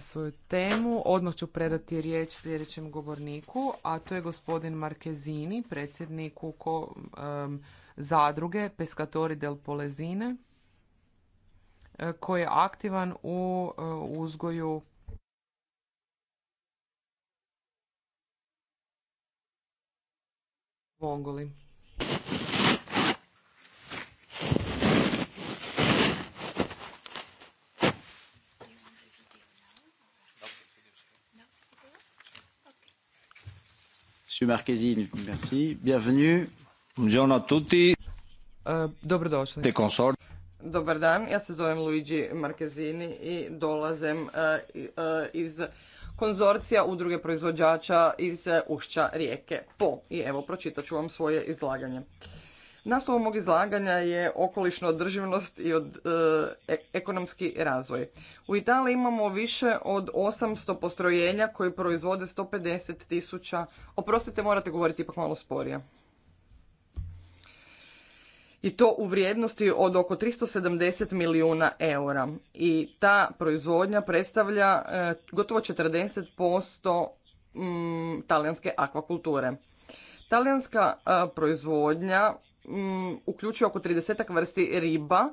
svoju temu. Odmah ću predati riječ sljedećem govorniku, a to je gospodin Markezini, predsjedniku ko, zadruge Pescatori del Polezine, e, koji je aktivan u e, uzgoju Mongoli. Monsieur e, Dobar dan, ja se zovem Luigi Markezini i dolazem e, e, iz konzorcija udruge proizvođača iz ušća rijeke Po. I evo, pročitat vam svoje izlaganje. Naslov mog izlaganja je okolišna održivnost i od, e, e, ekonomski razvoj. U Italiji imamo više od 800 postrojenja koji proizvode 150 tisuća... Oprostite, morate govoriti ipak malo sporije. I to u vrijednosti od oko 370 milijuna eura. I ta proizvodnja predstavlja e, gotovo 40% posto mm, talijanske akvakulture. Talijanska proizvodnja uključuje oko 30 vrsti riba,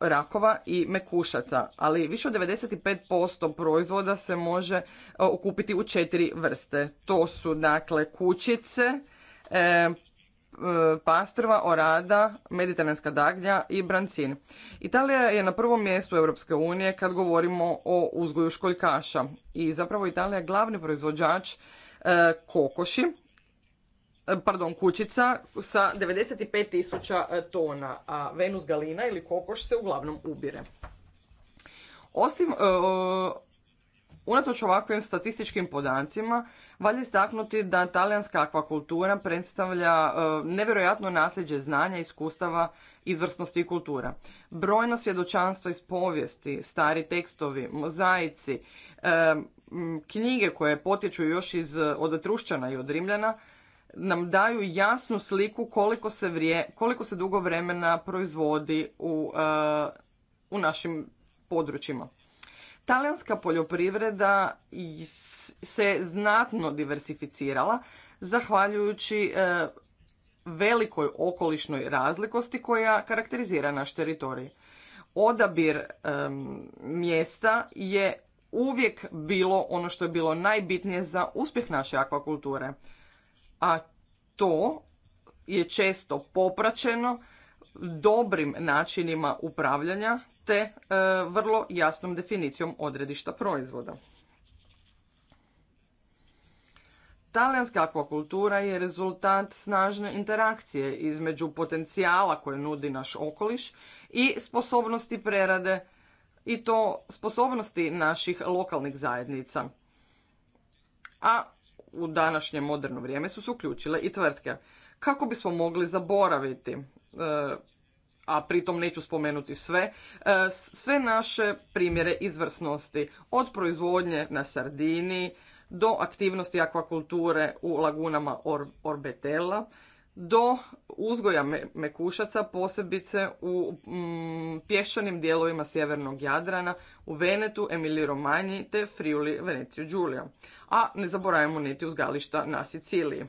rakova i mekušaca, ali više od 95% proizvoda se može okupiti u četiri vrste. To su dakle kućice, e, pastrva, orada, mediteranska dagnja i brancin. Italija je na prvom mjestu Europske unije kad govorimo o uzgoju školjkaša i zapravo Italija je glavni proizvođač e, kokoši E, pardon, kućica sa 95.000 e, tona, a Venus galina ili kokoš se uglavnom ubire. Osim, e, unatoč ovakvim statističkim podacima, valja istaknuti da talijanska akvakultura predstavlja nevjerojatno nasljeđe znanja, iskustava, izvrsnosti i kultura. Brojna svjedočanstva iz povijesti, stari tekstovi, mozaici, knjige koje potječu još iz, od Etrušćana i od Rimljana, nam daju jasnu sliku koliko se, koliko se dugo vremena proizvodi u, uh, u našim područjima. Talijanska poljoprivreda se znatno diversificirala zahvaljujući uh, velikoj okolišnoj razlikosti koja karakterizira naš teritorij. Odabir um, mjesta je uvijek bilo ono što je bilo najbitnije za uspjeh naše akvakulture a to je često popraćeno dobrim načinima upravljanja te e, vrlo jasnom definicijom odredišta proizvoda. Talijanska akvakultura je rezultat snažne interakcije između potencijala koje nudi naš okoliš i sposobnosti prerade i to sposobnosti naših lokalnih zajednica. A u današnje moderno vrijeme su se uključile i tvrtke. Kako bismo mogli zaboraviti, e, a pritom neću spomenuti sve, e, sve naše primjere izvrsnosti od proizvodnje na Sardini do aktivnosti akvakulture u lagunama Or do uzgoja mekušaca, posebice u mm, pješčanim dijelovima sjevernog Jadrana, u Venetu, Emili Romanji te Friuli, Veneciju, Đulija. A ne zaboravimo niti uzgališta na Siciliji.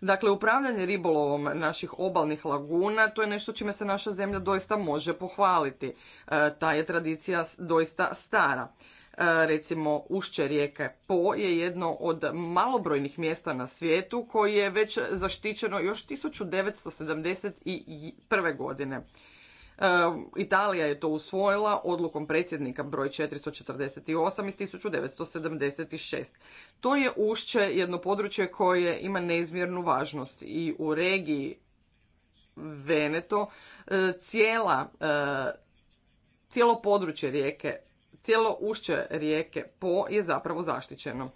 Dakle, upravljanje ribolovom naših obalnih laguna, to je nešto čime se naša zemlja doista može pohvaliti. E, ta je tradicija doista stara. E, recimo ušće rijeke Po je jedno od malobrojnih mjesta na svijetu koji je već zaštićeno još 1971. godine. E, Italija je to usvojila odlukom predsjednika broj 448 iz 1976. To je ušće jedno područje koje ima neizmjernu važnost i u regiji Veneto e, cijela, cijelo područje rijeke cijelo ušće rijeke Po je zapravo zaštićeno.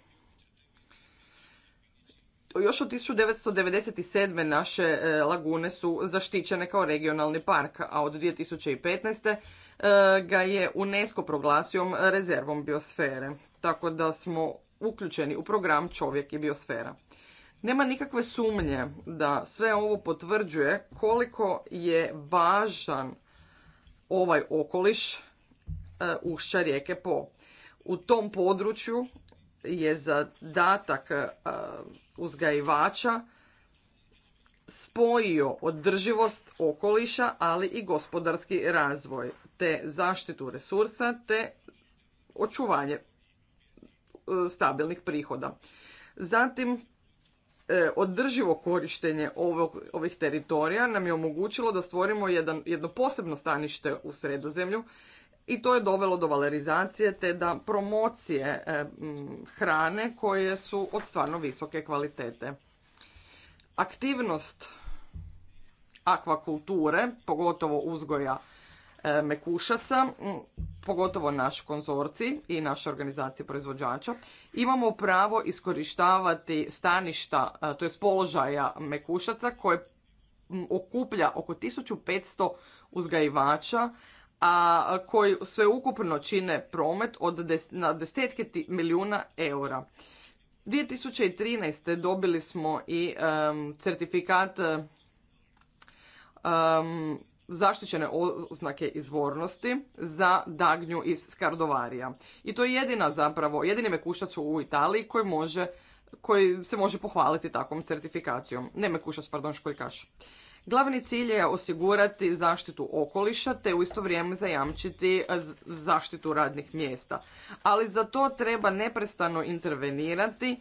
Još od 1997. naše e, lagune su zaštićene kao regionalni park, a od 2015. E, ga je UNESCO proglasio rezervom biosfere, tako da smo uključeni u program Čovjek i biosfera. Nema nikakve sumnje da sve ovo potvrđuje koliko je važan ovaj okoliš E, ušća rijeke Po. U tom području je zadatak e, uzgajivača spojio održivost okoliša, ali i gospodarski razvoj, te zaštitu resursa, te očuvanje e, stabilnih prihoda. Zatim, održivo korištenje ovih teritorija nam je omogućilo da stvorimo jedno posebno stanište u sredozemlju i to je dovelo do valerizacije, te da promocije e, hrane koje su od stvarno visoke kvalitete. Aktivnost akvakulture, pogotovo uzgoja e, mekušaca, pogotovo naš konzorci i naša organizacija proizvođača, imamo pravo iskorištavati staništa, e, to je položaja mekušaca koje okuplja oko 1500 uzgajivača a koji ukupno čine promet od na desetke milijuna eura. 2013. dobili smo i certifikat um, zaštićene oznake izvornosti za dagnju iz Skardovarija. I to je jedina zapravo, jedini mekušac u Italiji koji može koji se može pohvaliti takvom certifikacijom. Ne mekušac, pardon, školjkaš. kaš. Glavni cilj je osigurati zaštitu okoliša te u isto vrijeme zajamčiti zaštitu radnih mjesta. Ali za to treba neprestano intervenirati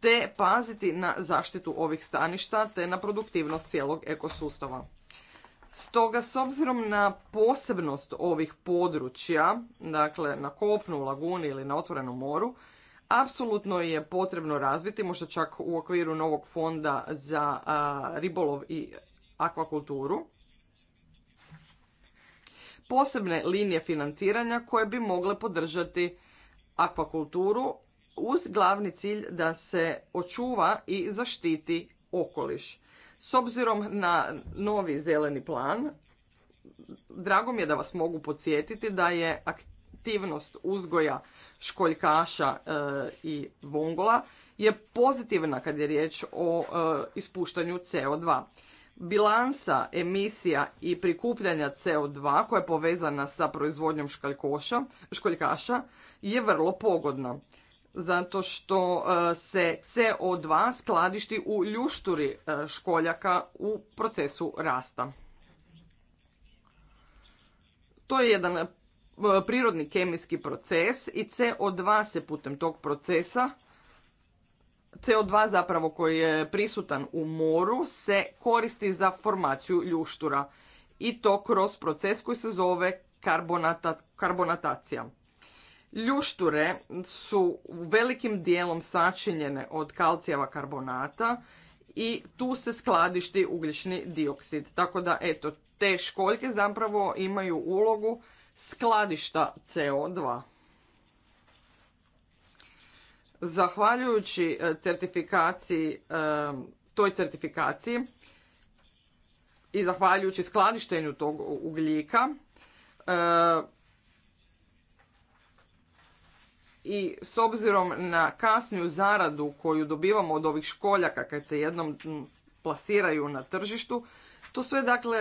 te paziti na zaštitu ovih staništa te na produktivnost cijelog ekosustava. Stoga, s obzirom na posebnost ovih područja, dakle na kopnu, u laguni ili na otvorenom moru, apsolutno je potrebno razviti, možda čak u okviru novog fonda za ribolov i akvakulturu, posebne linije financiranja koje bi mogle podržati akvakulturu uz glavni cilj da se očuva i zaštiti okoliš. S obzirom na novi zeleni plan, drago mi je da vas mogu podsjetiti da je aktivnost uzgoja školjkaša e, i vongola je pozitivna kad je riječ o e, ispuštanju CO2 bilansa emisija i prikupljanja CO2 koja je povezana sa proizvodnjom školjkoša, školjkaša je vrlo pogodna zato što e, se CO2 skladišti u ljušturi e, školjaka u procesu rasta. To je jedan e, prirodni kemijski proces i CO2 se putem tog procesa CO2 zapravo koji je prisutan u moru se koristi za formaciju ljuštura i to kroz proces koji se zove karbonatacija. Ljušture su velikim dijelom sačinjene od kalcijeva karbonata i tu se skladišti ugljični dioksid. Tako da eto, te školjke zapravo imaju ulogu skladišta CO2. Zahvaljujući e, certifikaciji, e, toj certifikaciji i zahvaljujući skladištenju tog ugljika e, i s obzirom na kasniju zaradu koju dobivamo od ovih školjaka kad se jednom plasiraju na tržištu, to sve dakle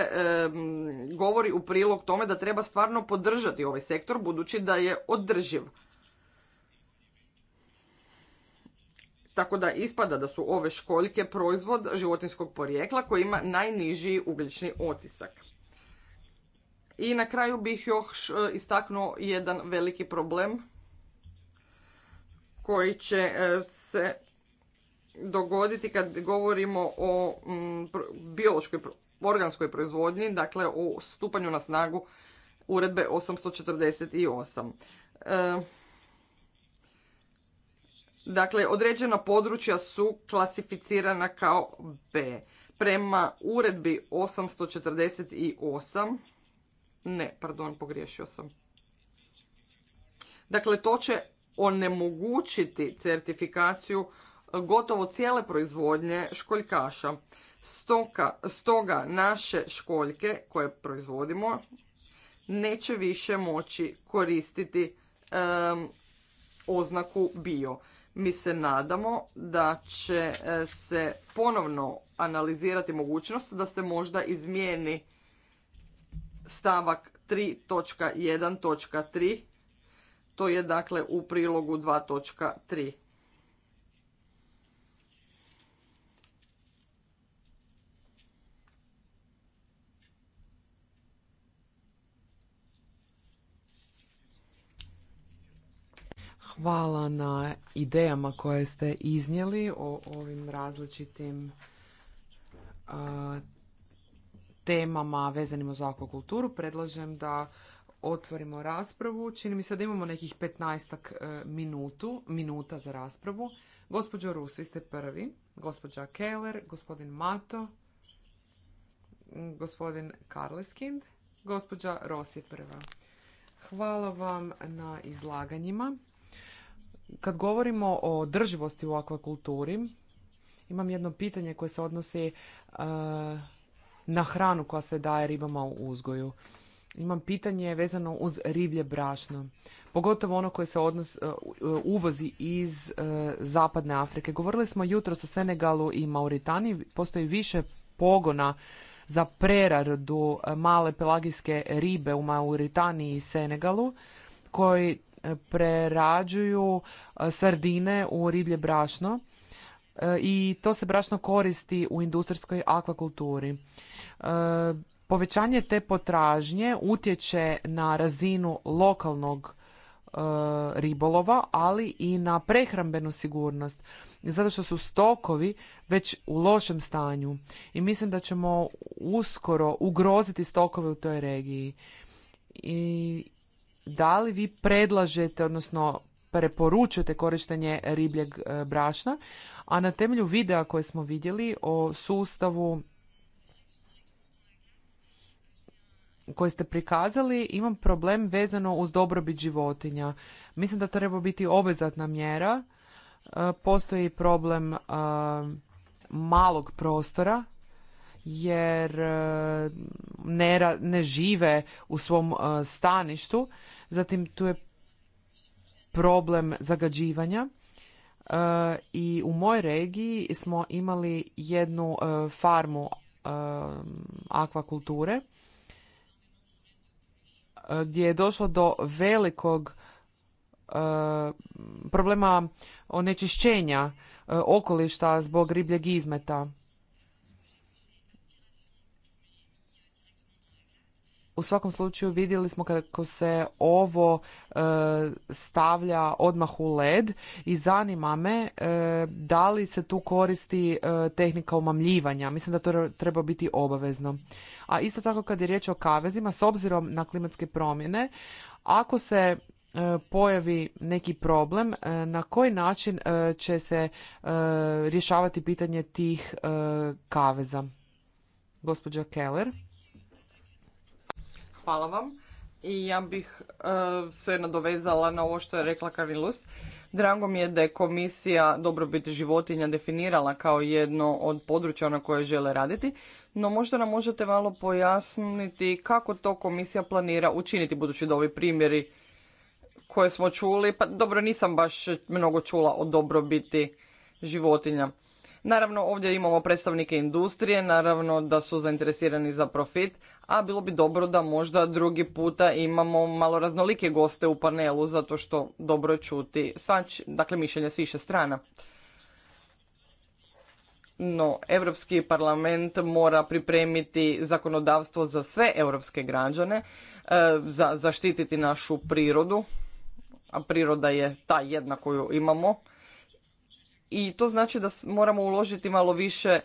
govori u prilog tome da treba stvarno podržati ovaj sektor budući da je održiv Tako da ispada da su ove školjke proizvod životinskog porijekla koji ima najniži ugljični otisak. I na kraju bih još e, istaknuo jedan veliki problem koji će e, se dogoditi kad govorimo o mm, biološkoj organskoj proizvodnji, dakle o stupanju na snagu uredbe 848. Dakle, određena područja su klasificirana kao B. Prema uredbi 848, ne, pardon, pogriješio sam. Dakle, to će onemogućiti certifikaciju gotovo cijele proizvodnje školjkaša. stoga naše školjke koje proizvodimo neće više moći koristiti oznaku bio. Mi se nadamo da će e, se ponovno analizirati mogućnost da se možda izmijeni stavak 3.1.3, to je dakle u prilogu 2.3. hvala na idejama koje ste iznijeli o ovim različitim temama vezanim uz akvakulturu. Predlažem da otvorimo raspravu. Čini mi se da imamo nekih 15 e, minutu, minuta za raspravu. Gospođo Rus, vi ste prvi. Gospođa Keller, gospodin Mato, gospodin Karleskind, gospođa Ros je prva. Hvala vam na izlaganjima. Kad govorimo o drživosti u akvakulturi, imam jedno pitanje koje se odnosi e, na hranu koja se daje ribama u uzgoju. Imam pitanje vezano uz riblje brašno, pogotovo ono koje se odnos, e, e, uvozi iz zapadne Afrike. Govorili smo jutros o Senegalu i Mauritaniji, postoji više pogona za preradu male pelagijske ribe u Mauritaniji i Senegalu koji prerađuju e, sardine u riblje brašno e, i to se brašno koristi u industrijskoj akvakulturi. E, povećanje te potražnje utječe na razinu lokalnog ribolova, ali i na prehrambenu sigurnost. Zato što su stokovi već u lošem stanju i mislim da ćemo uskoro ugroziti stokove u toj regiji. I da li vi predlažete, odnosno preporučujete korištenje ribljeg e, brašna, a na temelju videa koje smo vidjeli o sustavu koje ste prikazali imam problem vezano uz dobrobit životinja. Mislim da treba biti obvezatna mjera. E, postoji problem e, malog prostora jer e, ne, ne žive u svom e, staništu. Zatim tu je problem zagađivanja e, i u mojoj regiji smo imali jednu farmu akvakulture gdje je došlo do velikog problema onečišćenja okolišta zbog ribljeg izmeta u svakom slučaju vidjeli smo kako se ovo e, stavlja odmah u led i zanima me e, da li se tu koristi e, tehnika umamljivanja. Mislim da to treba biti obavezno. A isto tako kad je riječ o kavezima, s obzirom na klimatske promjene, ako se pojavi neki problem, na koji način će se rješavati pitanje tih kaveza? Gospođa Keller. Hvala vam. I ja bih e, se nadovezala na ovo što je rekla Karilus. Drago mi je da je komisija dobrobit životinja definirala kao jedno od područja na koje žele raditi, no možda nam možete malo pojasniti kako to komisija planira učiniti, budući da ovi primjeri koje smo čuli, pa dobro nisam baš mnogo čula o dobrobiti životinja. Naravno, ovdje imamo predstavnike industrije, naravno da su zainteresirani za profit, a bilo bi dobro da možda drugi puta imamo malo raznolike goste u panelu, zato što dobro je čuti svač, dakle, mišljenje s više strana. No, Europski parlament mora pripremiti zakonodavstvo za sve europske građane, e, za zaštititi našu prirodu, a priroda je ta jedna koju imamo, i to znači da moramo uložiti malo više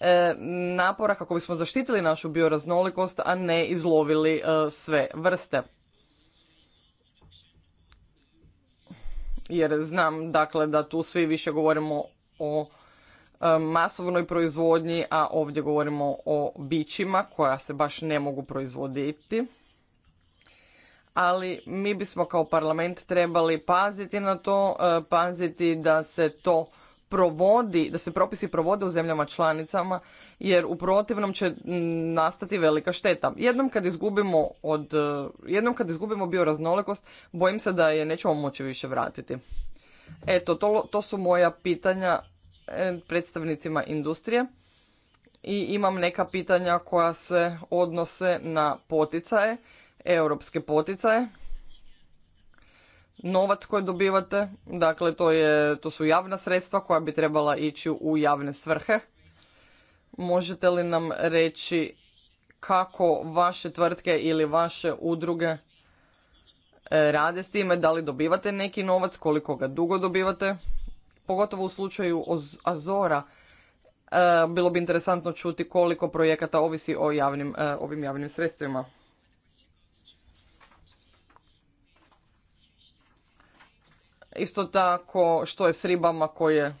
e, napora kako bismo zaštitili našu bioraznolikost, a ne izlovili e, sve vrste. Jer znam dakle da tu svi više govorimo o e, masovnoj proizvodnji, a ovdje govorimo o bićima koja se baš ne mogu proizvoditi ali mi bismo kao parlament trebali paziti na to, e, paziti da se to provodi, da se propisi provode u zemljama članicama, jer u protivnom će nastati velika šteta. Jednom kad izgubimo, od, e, jednom kad izgubimo bioraznolikost, bojim se da je nećemo moći više vratiti. Eto, to, to su moja pitanja e, predstavnicima industrije i imam neka pitanja koja se odnose na poticaje europske poticaje. Novac koji dobivate, dakle to, je, to su javna sredstva koja bi trebala ići u javne svrhe. Možete li nam reći kako vaše tvrtke ili vaše udruge e, rade s time, da li dobivate neki novac, koliko ga dugo dobivate, pogotovo u slučaju Azora. E, bilo bi interesantno čuti koliko projekata ovisi o javnim, e, ovim javnim sredstvima. Isto tako što je s ribama koje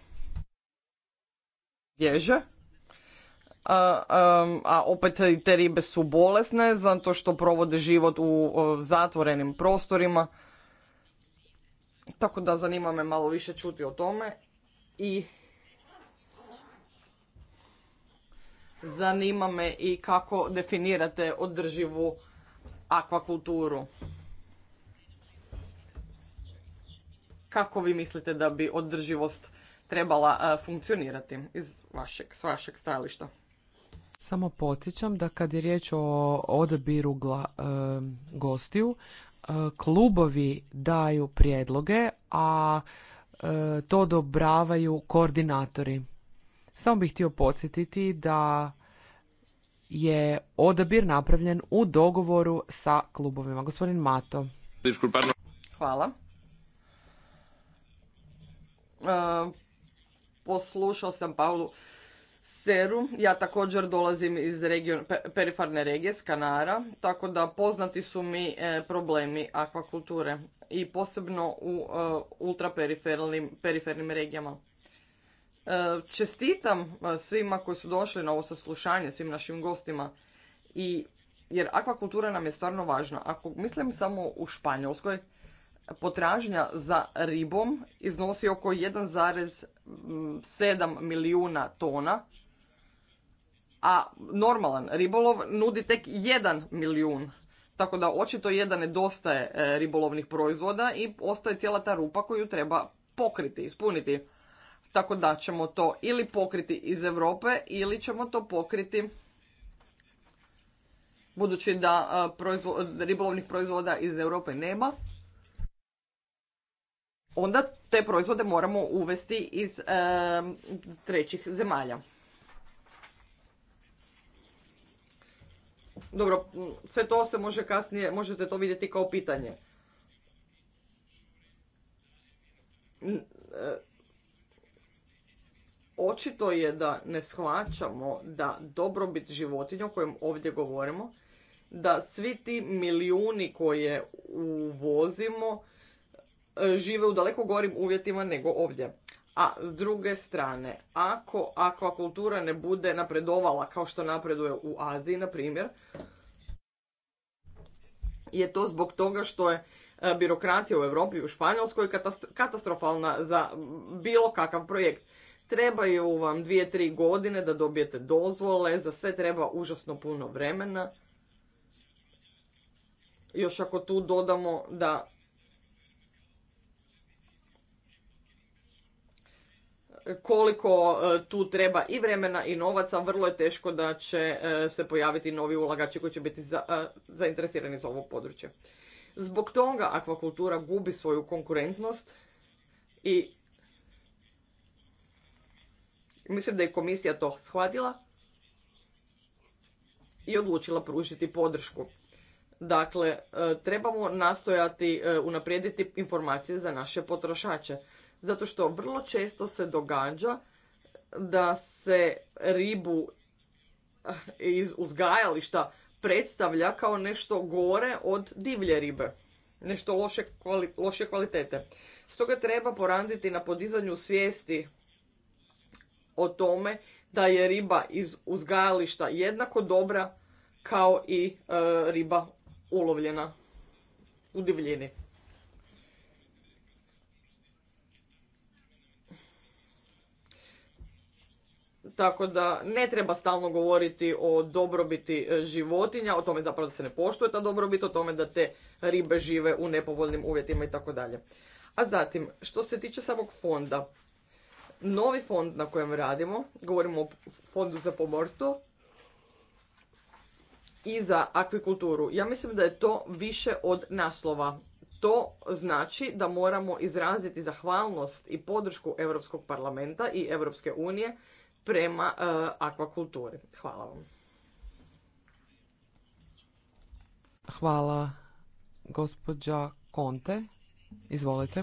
bježe. A, opet a opet te ribe su bolesne zato što provode život u zatvorenim prostorima. Tako da zanima me malo više čuti o tome. I zanima me i kako definirate održivu akvakulturu. kako vi mislite da bi održivost trebala e, funkcionirati iz vašeg, s vašeg stajališta? Samo podsjećam da kad je riječ o odabiru gla, e, gostiju, e, klubovi daju prijedloge, a to odobravaju koordinatori. Samo bih htio podsjetiti da je odabir napravljen u dogovoru sa klubovima. Gospodin Mato. Hvala poslušao sam Paulu Seru. Ja također dolazim iz perifarne regije, s Kanara, tako da poznati su mi e, problemi akvakulture i posebno u e, ultraperifernim perifernim regijama. E, čestitam svima koji su došli na ovo saslušanje, svim našim gostima i jer akvakultura nam je stvarno važna. Ako mislim samo u Španjolskoj, potražnja za ribom iznosi oko 1,7 milijuna tona, a normalan ribolov nudi tek 1 milijun. Tako da očito jedan nedostaje e, ribolovnih proizvoda i ostaje cijela ta rupa koju treba pokriti, ispuniti. Tako da ćemo to ili pokriti iz Europe ili ćemo to pokriti budući da e, ribolovnih proizvoda iz Europe nema, onda te proizvode moramo uvesti iz trećih zemalja. Dobro, sve to se može kasnije, možete to vidjeti kao pitanje. E, očito je da ne shvaćamo da dobrobit životinja o kojem ovdje govorimo, da svi ti milijuni koje uvozimo žive u daleko gorim uvjetima nego ovdje. A s druge strane, ako akvakultura ne bude napredovala kao što napreduje u Aziji, na primjer, je to zbog toga što je e, birokracija u Europi i u Španjolskoj katastrofalna za bilo kakav projekt. Trebaju vam dvije, tri godine da dobijete dozvole, za sve treba užasno puno vremena. Još ako tu dodamo da koliko e, tu treba i vremena i novaca, vrlo je teško da će e, se pojaviti novi ulagači koji će biti e, zainteresirani za ovo područje. Zbog toga akvakultura gubi svoju konkurentnost i mislim da je komisija to shvatila i odlučila pružiti podršku. Dakle, trebamo nastojati unaprijediti informacije za naše potrošače zato što vrlo često se događa da se ribu eh, iz uzgajališta predstavlja kao nešto gore od divlje ribe, nešto loše, loše kvalitete. Stoga treba poranditi na podizanju svijesti o tome da je riba iz uzgajališta jednako dobra kao i eh, riba ulovljena u divljini. Tako da ne treba stalno govoriti o dobrobiti e, životinja, o tome zapravo da se ne poštuje ta dobrobit, o tome da te ribe žive u nepovoljnim uvjetima i tako dalje. A zatim, što se tiče samog fonda, novi fond na kojem radimo, govorimo o fondu za pomorstvo i za akvikulturu. Ja mislim da je to više od naslova. To znači da moramo izraziti zahvalnost i podršku Europskog parlamenta i Europske unije prema e, akvakulturi. Hvala vam. Hvala, gospođa Conte. Izvolite.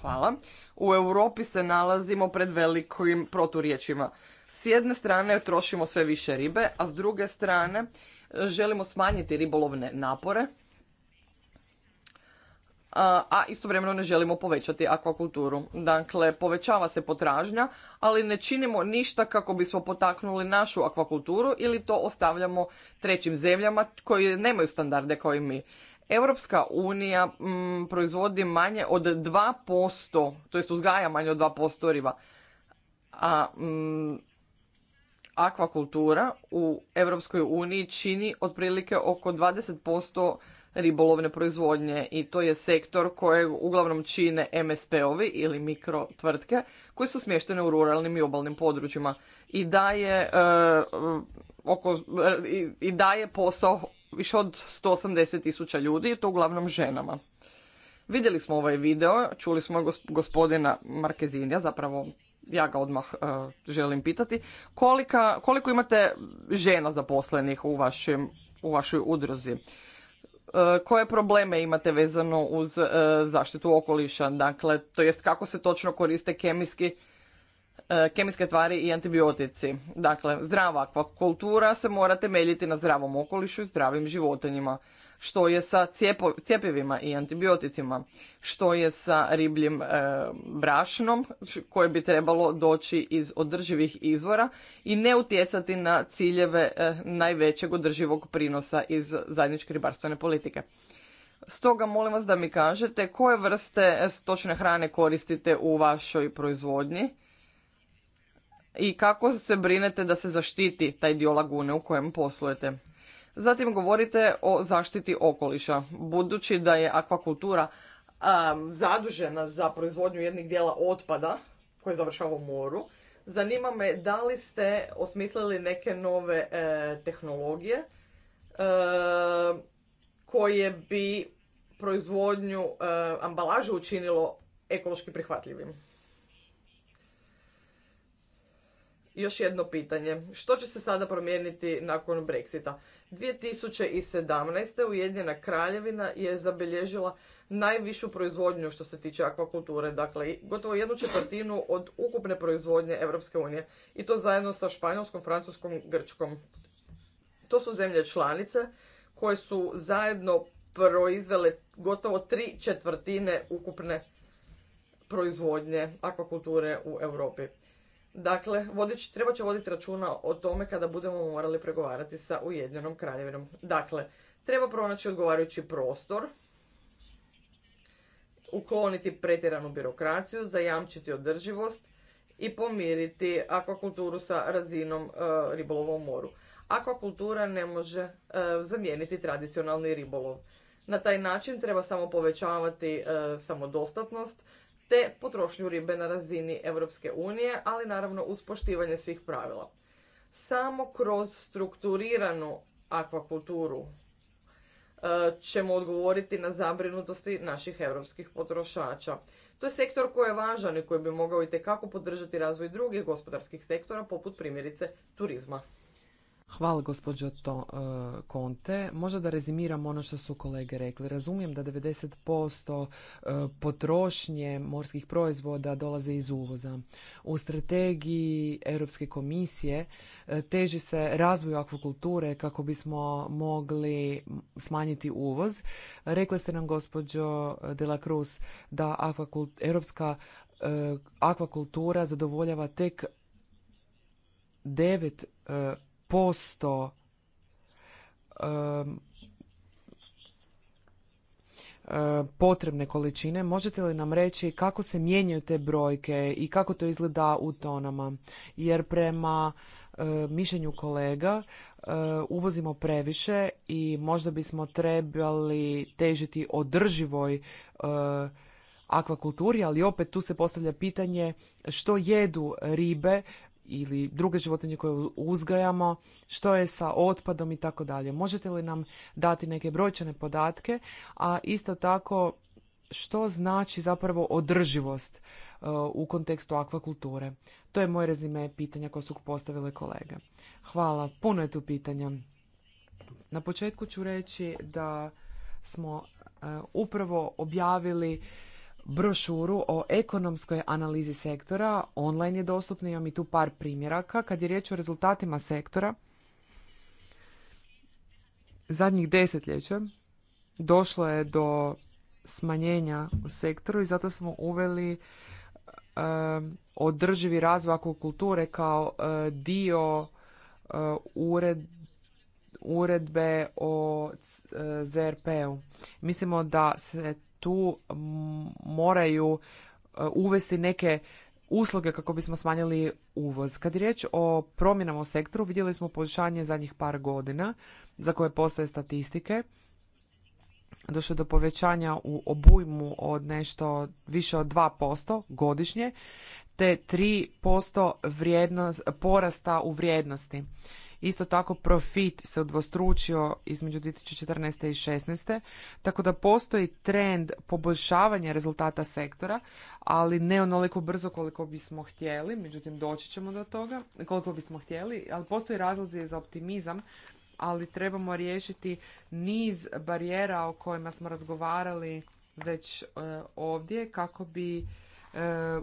Hvala. U Europi se nalazimo pred velikim proturječima. S jedne strane trošimo sve više ribe, a s druge strane želimo smanjiti ribolovne napore a istovremeno ne želimo povećati akvakulturu. Dakle, povećava se potražnja, ali ne činimo ništa kako bismo potaknuli našu akvakulturu ili to ostavljamo trećim zemljama koji nemaju standarde kao i mi. Europska unija mm, proizvodi manje od 2%, to jest uzgaja manje od 2% riba. A mm, akvakultura u Europskoj uniji čini otprilike oko 20% ribolovne proizvodnje i to je sektor kojeg uglavnom čine MSP-ovi ili mikro tvrtke koje su smještene u ruralnim i obalnim područjima i daje, e, e, oko, i, daje posao više od 180 tisuća ljudi i to uglavnom ženama. Vidjeli smo ovaj video, čuli smo gospodina Markezinja, zapravo ja ga odmah e, želim pitati, kolika, koliko imate žena zaposlenih u, vašim, u vašoj udruzi? E, koje probleme imate vezano uz e, zaštitu okoliša, dakle, to jest kako se točno koriste kemijski e, kemijske tvari i antibiotici. Dakle, zdrava akvakultura se mora temeljiti na zdravom okolišu i zdravim životinjima što je sa cijepo, cijepivima i antibioticima, što je sa ribljim e, brašnom koje bi trebalo doći iz održivih izvora i ne utjecati na ciljeve e, najvećeg održivog prinosa iz zajedničke ribarstvene politike. Stoga molim vas da mi kažete koje vrste stočne hrane koristite u vašoj proizvodnji i kako se brinete da se zaštiti taj dio lagune u kojem poslujete. Zatim govorite o zaštiti okoliša. Budući da je akvakultura zadužena za proizvodnju jednih dijela otpada koji završava u moru, zanima me da li ste osmislili neke nove e, tehnologije e, koje bi proizvodnju e, ambalaže učinilo ekološki prihvatljivim. još jedno pitanje. Što će se sada promijeniti nakon Brexita? 2017. Ujedinjena kraljevina je zabilježila najvišu proizvodnju što se tiče akvakulture, dakle gotovo jednu četvrtinu od ukupne proizvodnje Europske unije i to zajedno sa Španjolskom, Francuskom, Grčkom. To su zemlje članice koje su zajedno proizvele gotovo tri četvrtine ukupne proizvodnje akvakulture u Europi. Dakle, vodič, treba će voditi računa o tome kada budemo morali pregovarati sa Ujedinjenom kraljevinom. Dakle, treba pronaći odgovarajući prostor, ukloniti pretjeranu birokraciju, zajamčiti održivost i pomiriti akvakulturu sa razinom e, ribolova u moru. Akvakultura ne može e, zamijeniti tradicionalni ribolov. Na taj način treba samo povećavati e, samodostatnost, te potrošnju ribe na razini Europske unije, ali naravno uz poštivanje svih pravila. Samo kroz strukturiranu akvakulturu e, ćemo odgovoriti na zabrinutosti naših europskih potrošača. To je sektor koji je važan i koji bi mogao i podržati razvoj drugih gospodarskih sektora, poput primjerice turizma. Hvala gospođo to, Konte. E, Možda da rezimiram ono što su kolege rekli. Razumijem da 90% e, potrošnje morskih proizvoda dolaze iz uvoza. U strategiji Europske komisije e, teži se razvoju akvakulture kako bismo mogli smanjiti uvoz. Rekli ste nam gospođo De La Cruz da europska akvakultura zadovoljava tek 9 posto potrebne količine. Možete li nam reći kako se mijenjaju te brojke i kako to izgleda u tonama? Jer prema mišljenju kolega uvozimo previše i možda bismo trebali težiti održivoj akvakulturi, ali opet tu se postavlja pitanje što jedu ribe ili druge životinje koje uzgajamo, što je sa otpadom i tako dalje. Možete li nam dati neke brojčane podatke, a isto tako što znači zapravo održivost e, u kontekstu akvakulture? To je moje rezime pitanja koje su postavile kolege. Hvala, puno je tu pitanja. Na početku ću reći da smo e, upravo objavili brošuru o ekonomskoj analizi sektora. Online je dostupna, imam i tu par primjeraka. Kad je riječ o rezultatima sektora, zadnjih desetljeća došlo je do smanjenja u sektoru i zato smo uveli um, održivi razvoj akvakulture kao eh, dio eh, ured, uredbe o uh, ZRP-u. Mislimo da se tu moraju e, uvesti neke usluge kako bismo smanjili uvoz. Kad je riječ o promjenama u sektoru, vidjeli smo povećanje zadnjih par godina za koje postoje statistike. Došlo je do povećanja u obujmu od nešto više od 2% godišnje, te 3% posto porasta u vrijednosti. Isto tako profit se odvostručio između 2014. i 2016. Tako da postoji trend poboljšavanja rezultata sektora, ali ne onoliko brzo koliko bismo htjeli, međutim doći ćemo do toga, koliko bismo htjeli, ali postoji razlozi za optimizam ali trebamo riješiti niz barijera o kojima smo razgovarali već e, ovdje kako bi e,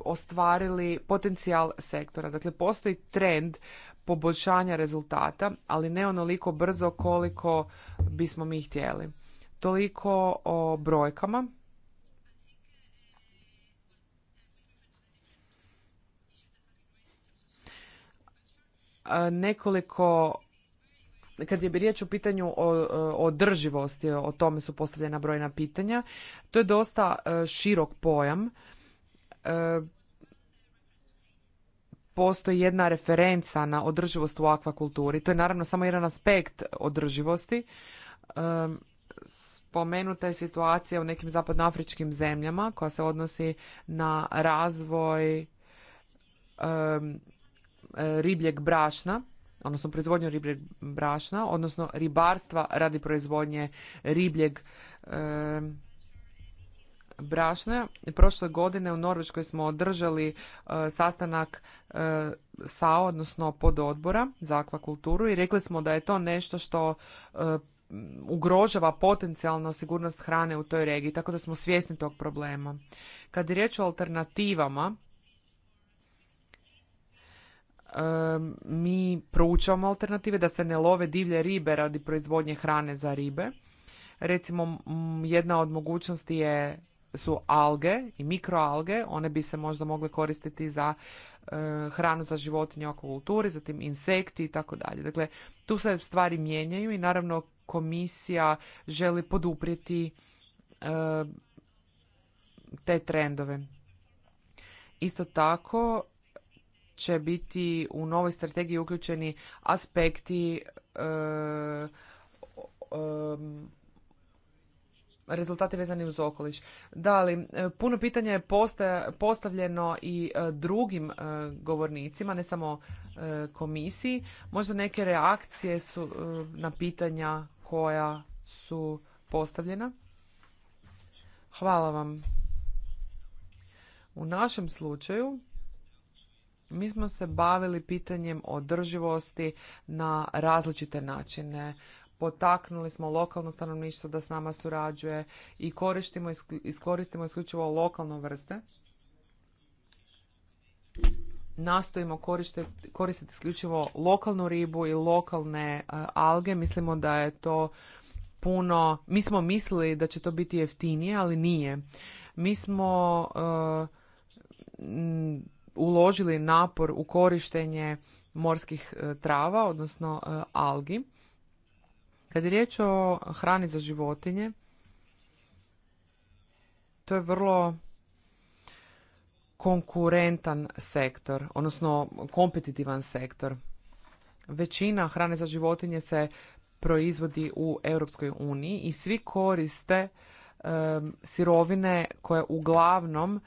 ostvarili potencijal sektora. Dakle, postoji trend poboljšanja rezultata, ali ne onoliko brzo koliko bismo mi htjeli. Toliko o brojkama. Nekoliko kad je riječ o pitanju održivosti, o, o tome su postavljena brojna pitanja, to je dosta e, širok pojam. E, postoji jedna referenca na održivost u akvakulturi. To je naravno samo jedan aspekt održivosti. Spomenuta je situacija u nekim zapadnoafričkim zemljama koja se odnosi na razvoj ribljeg brašna, odnosno proizvodnju ribljeg brašna, odnosno ribarstva radi proizvodnje ribljeg brašna. Prošle godine u Norveškoj smo održali e, sastanak e, sa, odnosno pod odbora za akvakulturu i rekli smo da je to nešto što e, ugrožava potencijalno sigurnost hrane u toj regiji, tako da smo svjesni tog problema. Kad je riječ o alternativama, mi proučavamo alternative da se ne love divlje ribe radi proizvodnje hrane za ribe. Recimo, jedna od mogućnosti je su alge i mikroalge, one bi se možda mogle koristiti za e, hranu za životinje u akvakulturi, zatim insekti i tako dalje. Dakle, tu se stvari mijenjaju i naravno komisija želi poduprijeti e, te trendove. Isto tako će biti u novoj strategiji uključeni aspekti e, rezultati vezani uz okoliš. Da li e, puno pitanja je postavljeno i e, drugim e, govornicima, ne samo komisiji. Možda neke reakcije su na pitanja koja su postavljena. Hvala vam. U našem slučaju mi smo se bavili pitanjem održivosti na različite načine potaknuli smo lokalno stanovništvo da s nama surađuje i koristimo, iskoristimo isključivo lokalne vrste. Nastojimo koristiti, koristiti isključivo lokalnu ribu i lokalne e, alge. Mislimo da je to puno... Mi smo mislili da će to biti jeftinije, ali nije. Mi smo e, uložili napor u korištenje morskih e, trava, odnosno algi kad je riječ o hrani za životinje, to je vrlo konkurentan sektor, odnosno kompetitivan sektor. Većina hrane za životinje se proizvodi u Europskoj uniji i svi koriste sirovine koje uglavnom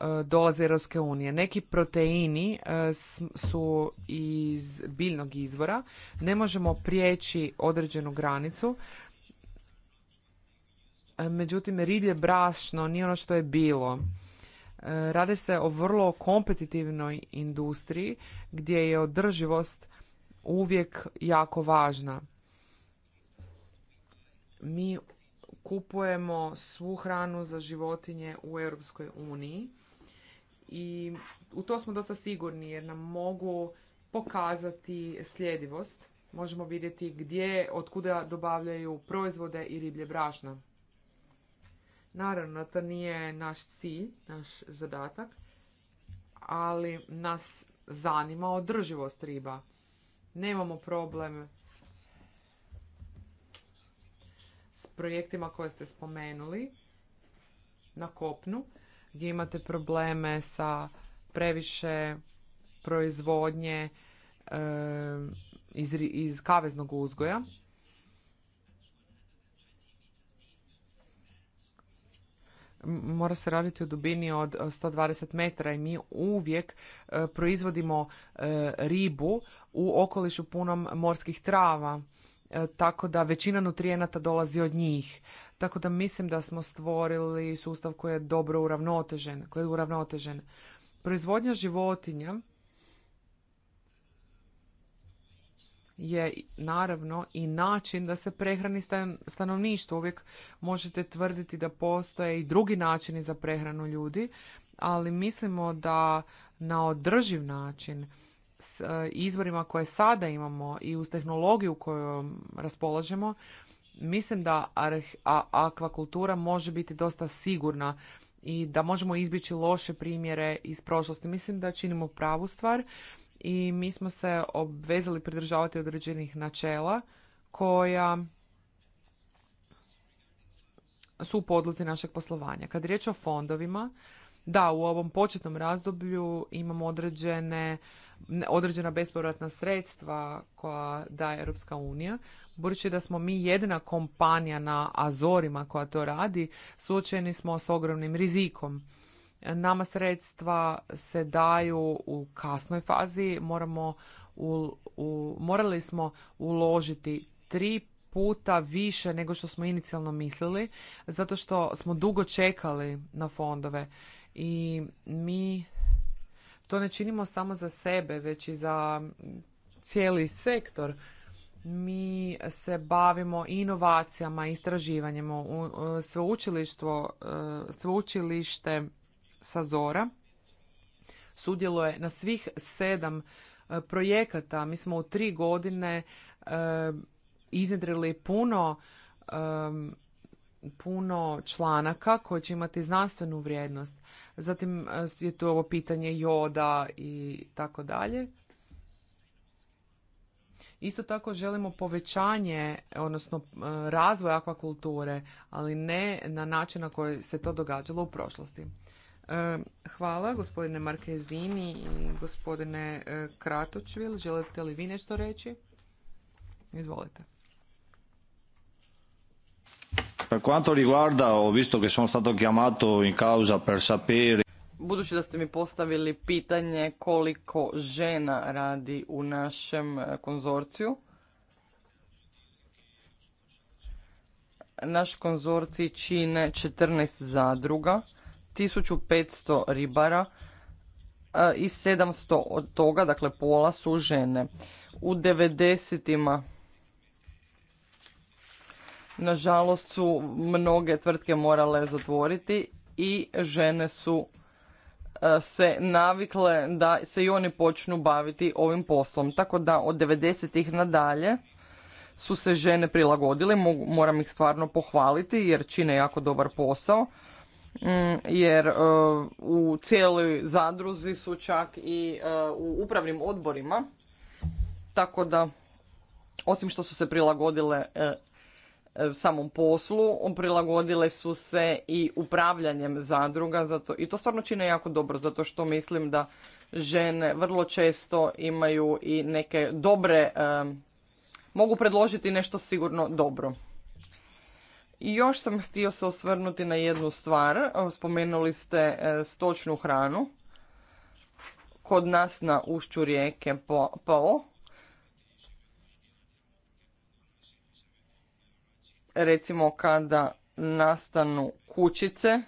E, dolaze Europske unije. Neki proteini e, su iz biljnog izvora. Ne možemo prijeći određenu granicu. E, međutim, riblje brašno nije ono što je bilo. Radi se o vrlo kompetitivnoj industriji gdje je održivost uvijek jako važna. Mi kupujemo svu hranu za životinje u Europskoj uniji i u to smo dosta sigurni jer nam mogu pokazati sljedivost. Možemo vidjeti gdje, otkuda dobavljaju proizvode i riblje brašna. Naravno, to nije naš cilj, naš zadatak, ali nas zanima održivost riba. Nemamo problem s projektima koje ste spomenuli na kopnu gdje imate probleme sa previše proizvodnje e, iz, iz kaveznog uzgoja. mora se raditi u dubini od 120 e, metara i mi uvijek e, proizvodimo ribu u okolišu punom morskih trava E, tako da većina nutrijenata dolazi od njih. Tako da mislim da smo stvorili sustav koji je dobro uravnotežen, koji je uravnotežen. Proizvodnja životinja je naravno i način da se prehrani stanovništvo. Uvijek možete tvrditi da postoje i drugi načini za prehranu ljudi, ali mislimo da na održiv način s e, izvorima koje sada imamo i uz tehnologiju koju raspolažemo, mislim da akvakultura može biti dosta sigurna i da možemo izbjeći loše primjere iz prošlosti. Mislim da činimo pravu stvar i mi smo se obvezali pridržavati određenih načela koja su u podlozi našeg poslovanja. Kad je riječ o fondovima, da, u ovom početnom razdoblju imamo određene, određena bespovratna sredstva koja daje Europska unija. Budući da smo mi jedina kompanija na Azorima koja to radi, suočeni smo s ogromnim rizikom. Nama sredstva se daju u kasnoj fazi, moramo u, u, morali smo uložiti tri puta više nego što smo inicijalno mislili, zato što smo dugo čekali na fondove i mi to ne činimo samo za sebe, već i za cijeli sektor. Mi se bavimo inovacijama, istraživanjem. E, sveučilište sa Zora sudjeluje na svih sedam e, projekata. Mi smo u tri godine e, iznjedrili puno puno članaka koji će imati znanstvenu vrijednost. Zatim e, je tu ovo pitanje joda i tako dalje. Isto tako želimo povećanje, odnosno e, razvoj akvakulture, ali ne na način na koji se to događalo u prošlosti. E, hvala gospodine Markezini i gospodine Kratočvil. Želite li vi nešto reći? Izvolite. Per quanto riguarda, ho visto che sono stato chiamato in causa per sapere Budući da ste mi postavili pitanje koliko žena radi u našem eh, konzorciju, naš konzorcij čine 14 zadruga, 1500 ribara eh, i 700 od toga, dakle pola, su žene. U 90-ima Nažalost su mnoge tvrtke morale zatvoriti i žene su e, se navikle da se i oni počnu baviti ovim poslom. Tako da od 90-ih nadalje su se žene prilagodile, moram ih stvarno pohvaliti jer čine jako dobar posao. Mm, jer e, u cijeloj zadruzi su čak i e, u upravnim odborima. Tako da, osim što su se prilagodile E, samom poslu, prilagodile su se i upravljanjem zadruga zato, i to stvarno čine jako dobro zato što mislim da žene vrlo često imaju i neke dobre, e, mogu predložiti nešto sigurno dobro. I još sam htio se osvrnuti na jednu stvar, spomenuli ste e, stočnu hranu, kod nas na ušću rijeke PO, recimo kada nastanu kućice,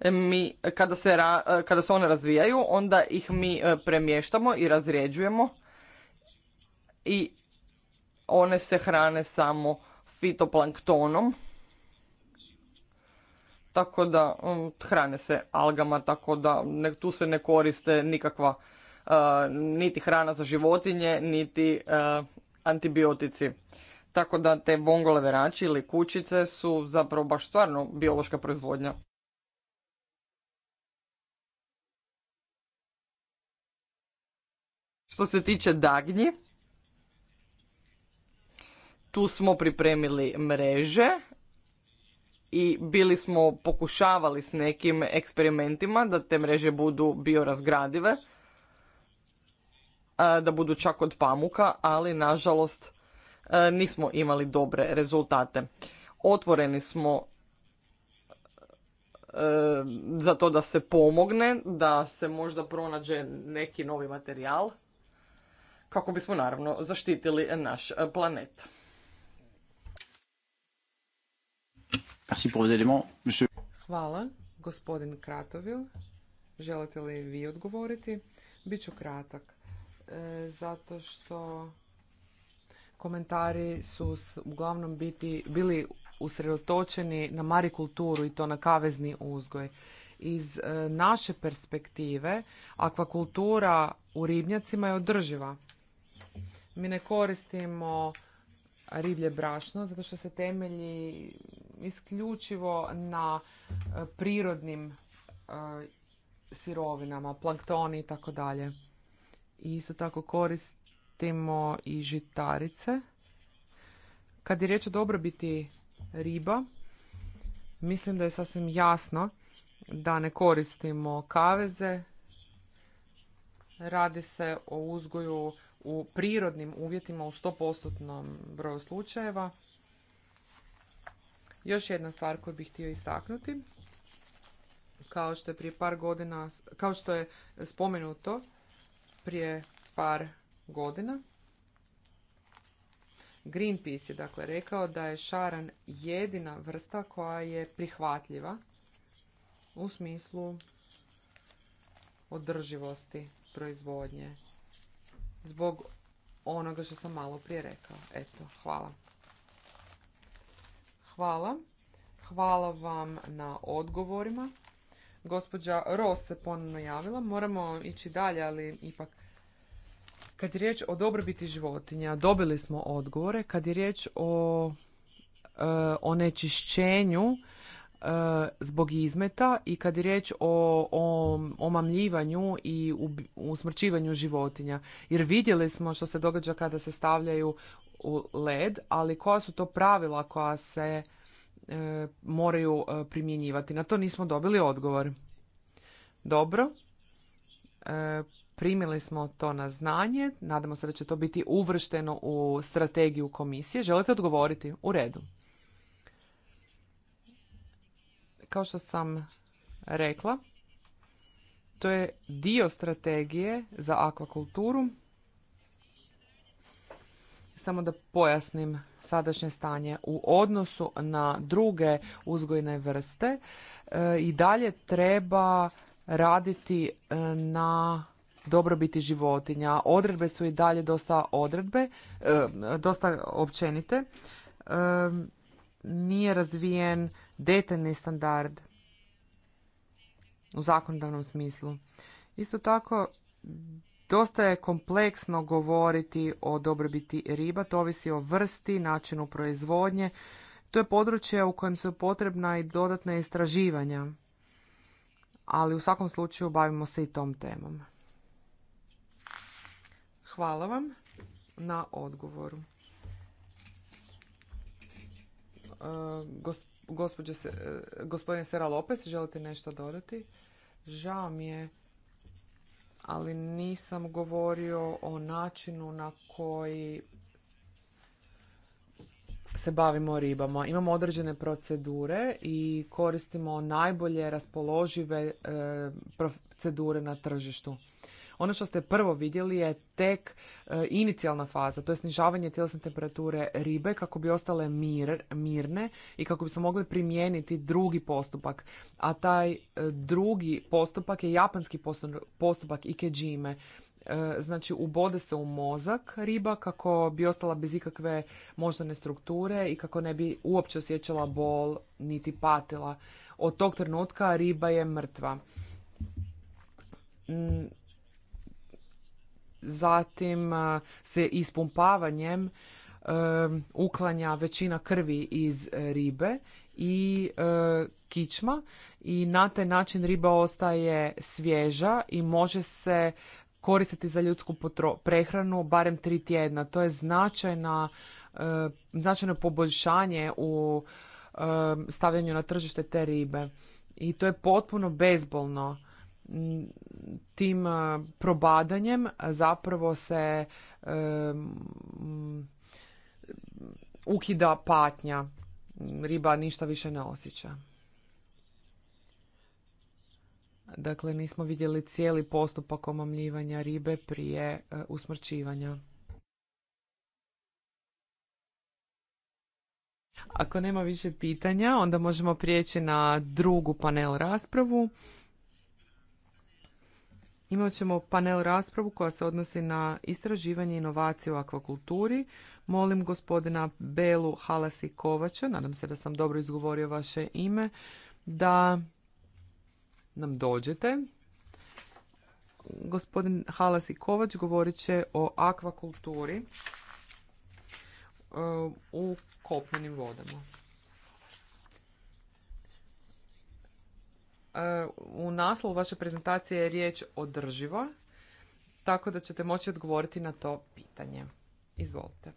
e, mi, kada, se e, kada one razvijaju, onda ih mi e, premještamo i razrjeđujemo i one se hrane samo fitoplanktonom, tako da mm, hrane se algama, tako da ne, tu se ne koriste nikakva niti hrana za životinje, niti antibiotici. Tako da te bongole verači ili kućice su zapravo baš stvarno biološka proizvodnja. Što se tiče dagnji, tu smo pripremili mreže i bili smo pokušavali s nekim eksperimentima da te mreže budu biorazgradive, da budu čak od pamuka, ali nažalost E, nismo imali dobre rezultate. Otvoreni smo e, za to da se pomogne, da se možda pronađe neki novi materijal kako bismo naravno zaštitili naš e, planet. Hvala. Gospodin Kratovil, želite li vi odgovoriti? Biću kratak, zato što komentari su uglavnom biti, bili usredotočeni na marikulturu i to na kavezni uzgoj. Iz e, naše perspektive akvakultura u ribnjacima je održiva. Mi ne koristimo riblje brašno zato što se temelji isključivo na e, prirodnim e, sirovinama, planktoni i tako dalje. I isto tako korist koristimo i žitarice. Kad je riječ o dobrobiti riba, mislim da je sasvim jasno da ne koristimo kaveze. Radi se o uzgoju u prirodnim uvjetima u 100% broju slučajeva. Još jedna stvar koju bih htio istaknuti, kao što je prije par godina, kao što je spomenuto prije par godina. Greenpeace je dakle rekao da je šaran jedina vrsta koja je prihvatljiva u smislu održivosti proizvodnje. Zbog onoga što sam malo prije rekao. Eto, hvala. Hvala. Hvala vam na odgovorima. Gospođa Ross se ponovno javila. Moramo ići dalje, ali ipak kad je riječ o dobrobiti životinja, dobili smo odgovore. Kad je riječ o e, onečišćenju e, zbog izmeta i kad je riječ o, omamljivanju i usmrćivanju životinja. Jer vidjeli smo što se događa kada se stavljaju u led, ali koja su to pravila koja se e, moraju primjenjivati. Na to nismo dobili odgovor. Dobro. Primili smo to na znanje, nadamo se da će to biti uvršteno u strategiju komisije. Želite odgovoriti? U redu. Kao što sam rekla, to je dio strategije za akvakulturu. Samo da pojasnim sadašnje stanje u odnosu na druge uzgojne vrste e, i dalje treba raditi e, na dobrobiti životinja. Odredbe su i dalje dosta odredbe, e, dosta općenite. E, nije razvijen detaljni standard u zakonodavnom smislu. Isto tako, dosta je kompleksno govoriti o dobrobiti riba, to ovisi o vrsti, načinu proizvodnje. To je područje u kojem su potrebna i dodatna istraživanja, ali u svakom slučaju bavimo se i tom temom. Hvala vam na odgovoru. E, e, gospodine Sera Lopez, želite nešto dodati? Žao mi je, ali nisam govorio o načinu na koji se bavimo ribama. Imamo određene procedure i koristimo najbolje raspoložive e, procedure na tržištu. Ono što ste prvo vidjeli je tek e, inicijalna faza, to je snižavanje tjelesne temperature ribe kako bi ostale mir, mirne i kako bi se mogli primijeniti drugi postupak. A taj e, drugi postupak je japanski postupak Ikejime e, znači ubode se u mozak riba kako bi ostala bez ikakve moždane strukture i kako ne bi uopće osjećala bol niti patila. Od tog trenutka riba je mrtva. Mm, zatim se ispumpavanjem uklanja većina krvi iz ribe i e, kičma i na taj način riba ostaje svježa i može se koristiti za ljudsku prehranu barem tri tjedna. To je značajna, e, značajno poboljšanje u stavljanju na tržište te ribe. I to je potpuno bezbolno tim e, probadanjem zapravo se e, ukida patnja. Riba ništa više ne osjeća. Dakle, nismo vidjeli cijeli postupak omamljivanja ribe prije e, usmrčivanja. Ako nema više pitanja, onda možemo prijeći na drugu panel raspravu. Imat ćemo panel raspravu koja se odnosi na istraživanje inovacije u akvakulturi. Molim gospodina Belu Halasi Kovača, nadam se da sam dobro izgovorio vaše ime, da nam dođete. Gospodin Halasi Kovač govorit će o akvakulturi e, u kopnenim vodama. E, u naslovu vaše prezentacije je riječ održivo, tako da ćete moći odgovoriti na to pitanje. Izvolite.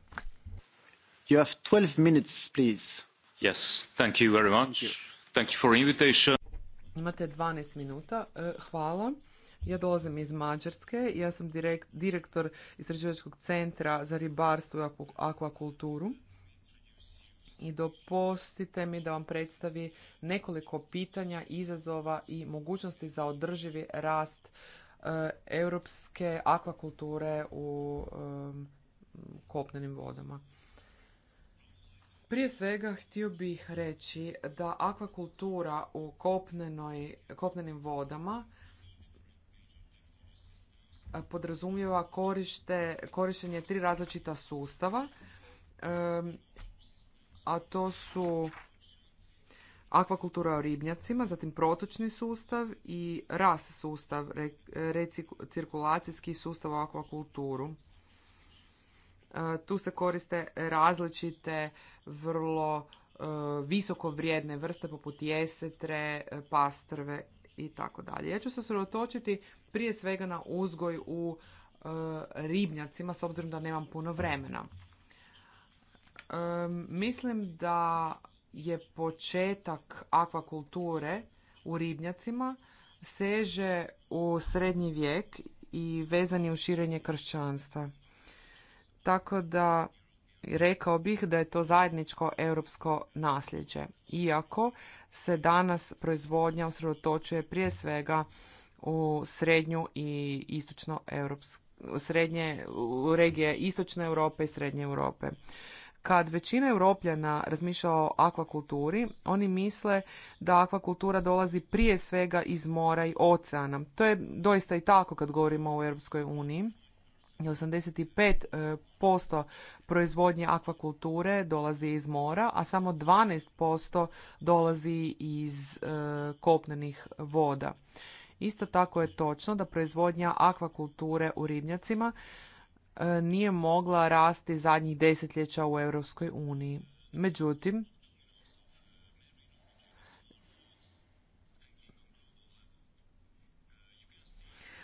Imate 12 minuta. E, hvala. Ja dolazim iz Mađarske. Ja sam direktor Istraživačkog centra za ribarstvo i akvakulturu i dopustite mi da vam predstavi nekoliko pitanja, izazova i mogućnosti za održivi rast e, europske akvakulture u kopnenim vodama. Prije svega htio bih reći da akvakultura u kopnenim vodama e, podrazumijeva korištenje tri različita sustava a to su akvakultura o ribnjacima, zatim protočni sustav i RAS sustav, recirkulacijski sustav u akvakulturu. E, tu se koriste različite vrlo e, visoko vrijedne vrste poput jesetre, pastrve i tako dalje. Ja ću se sredotočiti prije svega na uzgoj u e, ribnjacima s obzirom da nemam puno vremena. Mislim da je početak akvakulture u ribnjacima seže u srednji vijek i vezan je u širenje kršćanstva. Tako da rekao bih da je to zajedničko europsko nasljeđe. Iako se danas proizvodnja usredotočuje prije svega u srednju i istočno srednje regije istočne Europe i srednje Europe. Kad većina europljana razmišlja o akvakulturi, oni misle da akvakultura dolazi prije svega iz mora i oceana. To je doista i tako kad govorimo o Europskoj uniji. 85% e, proizvodnje akvakulture dolazi iz mora, a samo 12% dolazi iz e, kopnenih voda. Isto tako je točno da proizvodnja akvakulture u ribnjacima E, nije mogla rasti zadnjih desetljeća u Europskoj uniji. Međutim,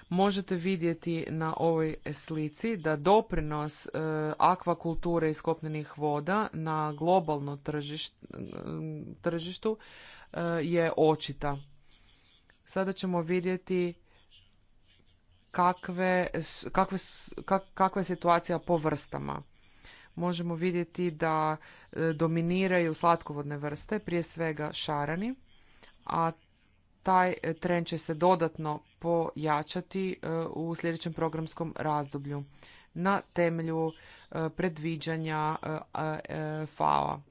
možete vidjeti na ovoj slici da doprinos e, akvakulture iz kopnenih voda na globalno e, tržištu je očita. Sada ćemo vidjeti kakve, kakve, kakva je situacija po vrstama. Možemo vidjeti da e, dominiraju slatkovodne vrste, prije svega šarani, a taj e, trend će se dodatno pojačati e, u sljedećem programskom razdoblju na temelju predviđanja fao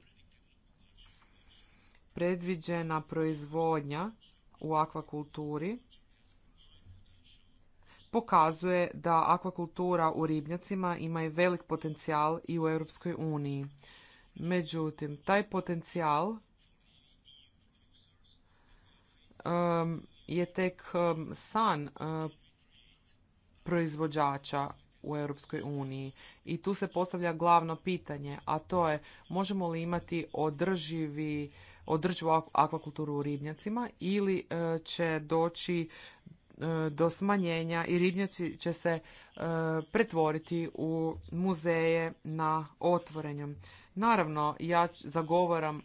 Predviđena proizvodnja u akvakulturi pokazuje da akvakultura u ribnjacima ima i velik potencijal i u Europskoj uniji. Međutim, taj potencijal um, je tek san proizvođača u Europskoj uniji. I tu se postavlja glavno pitanje, a to je možemo li imati održivi održivu akvakulturu u ribnjacima ili e, će doći E, do smanjenja i ribnjaci će se e, pretvoriti u muzeje na otvorenjem. Naravno, ja zagovaram e,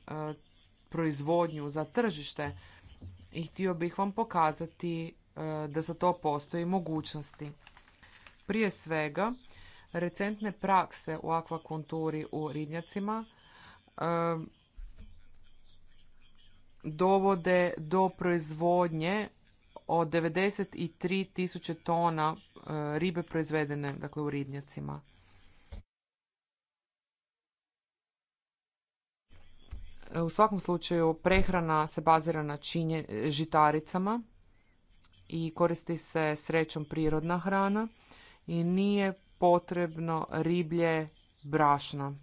proizvodnju za tržište i htio bih vam pokazati da za to postoji mogućnosti. Prije svega, recentne prakse u akvakulturi u ribnjacima dovode do proizvodnje od 93 tisuće tona e, ribe proizvedene dakle, u ribnjacima. E, u svakom slučaju prehrana se bazira na e, žitaricama i koristi se srećom prirodna hrana i nije potrebno riblje brašno.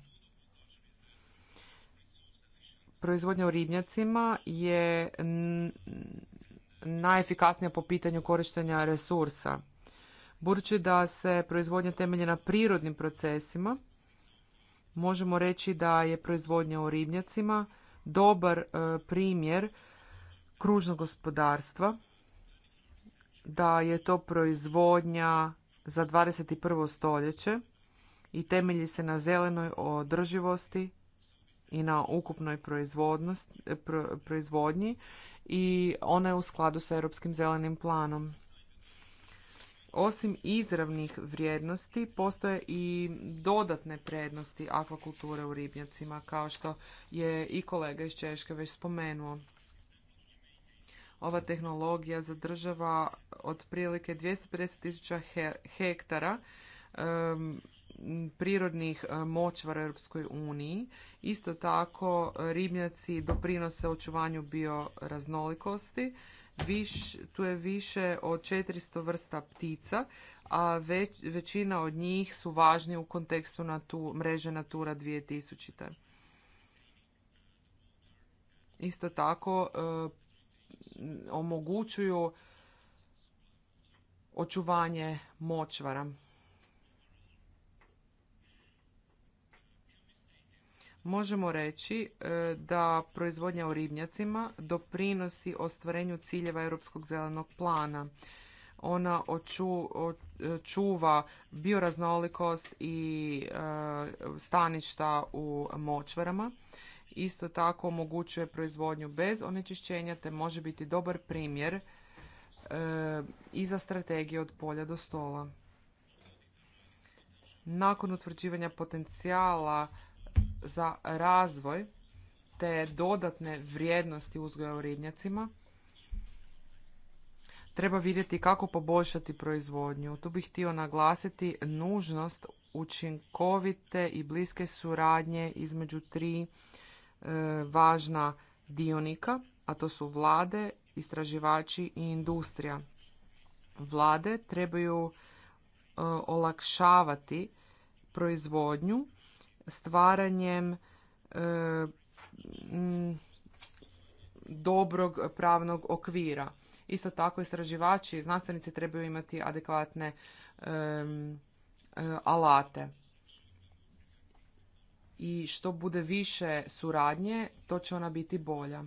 Proizvodnja u ribnjacima je najefikasnija po pitanju korištenja resursa. Budući da se proizvodnja temelji na prirodnim procesima, možemo reći da je proizvodnja u ribnjacima dobar e, primjer kružnog gospodarstva, da je to proizvodnja za 21. stoljeće i temelji se na zelenoj održivosti i na ukupnoj e, proizvodnji i ona je u skladu sa Europskim zelenim planom. Osim izravnih vrijednosti, postoje i dodatne prednosti akvakulture u ribnjacima, kao što je i kolega iz Češke već spomenuo. Ova tehnologija zadržava otprilike 250.000 hektara prirodnih e, močvara Europskoj uniji. Isto tako ribnjaci doprinose očuvanju bioraznolikosti. Viš, tu je više od 400 vrsta ptica, a većina od njih su važni u kontekstu tu mreže Natura 2000. Isto tako e, omogućuju očuvanje močvara. možemo reći e, da proizvodnja u ribnjacima doprinosi ostvarenju ciljeva Europskog zelenog plana. Ona čuva bioraznolikost i e, staništa u močvarama. Isto tako omogućuje proizvodnju bez onečišćenja te može biti dobar primjer e, i za strategiju od polja do stola. Nakon utvrđivanja potencijala za razvoj te dodatne vrijednosti uzgoja u ribnjacima. Treba vidjeti kako poboljšati proizvodnju. Tu bih htio naglasiti nužnost učinkovite i bliske suradnje između tri e, važna dionika, a to su vlade, istraživači i industrija. Vlade trebaju e, olakšavati proizvodnju stvaranjem e, dobrog pravnog okvira. Isto tako istraživači i znanstvenici trebaju imati adekvatne e, alate. I što bude više suradnje, to će ona biti bolja.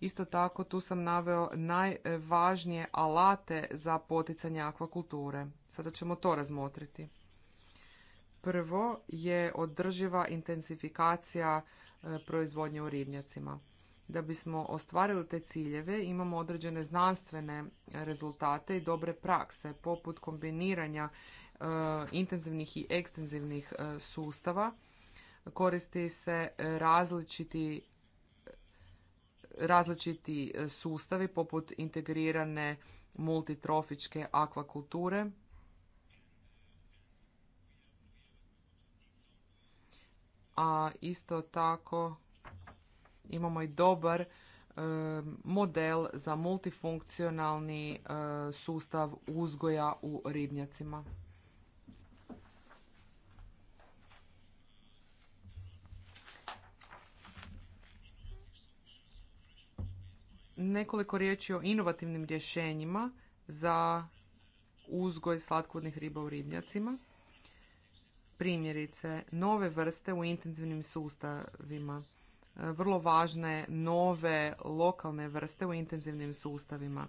Isto tako tu sam naveo najvažnije alate za poticanje akvakulture. Sada ćemo to razmotriti. Prvo je održiva intensifikacija e, proizvodnje u ribnjacima. Da bismo ostvarili te ciljeve imamo određene znanstvene rezultate i dobre prakse poput kombiniranja e, intenzivnih i ekstenzivnih e, sustava. Koristi se različiti različiti sustavi poput integrirane multitrofičke akvakulture a isto tako imamo i dobar e, model za multifunkcionalni e, sustav uzgoja u ribnjacima. Nekoliko riječi o inovativnim rješenjima za uzgoj slatkovodnih riba u ribnjacima primjerice nove vrste u intenzivnim sustavima, e, vrlo važne nove lokalne vrste u intenzivnim sustavima.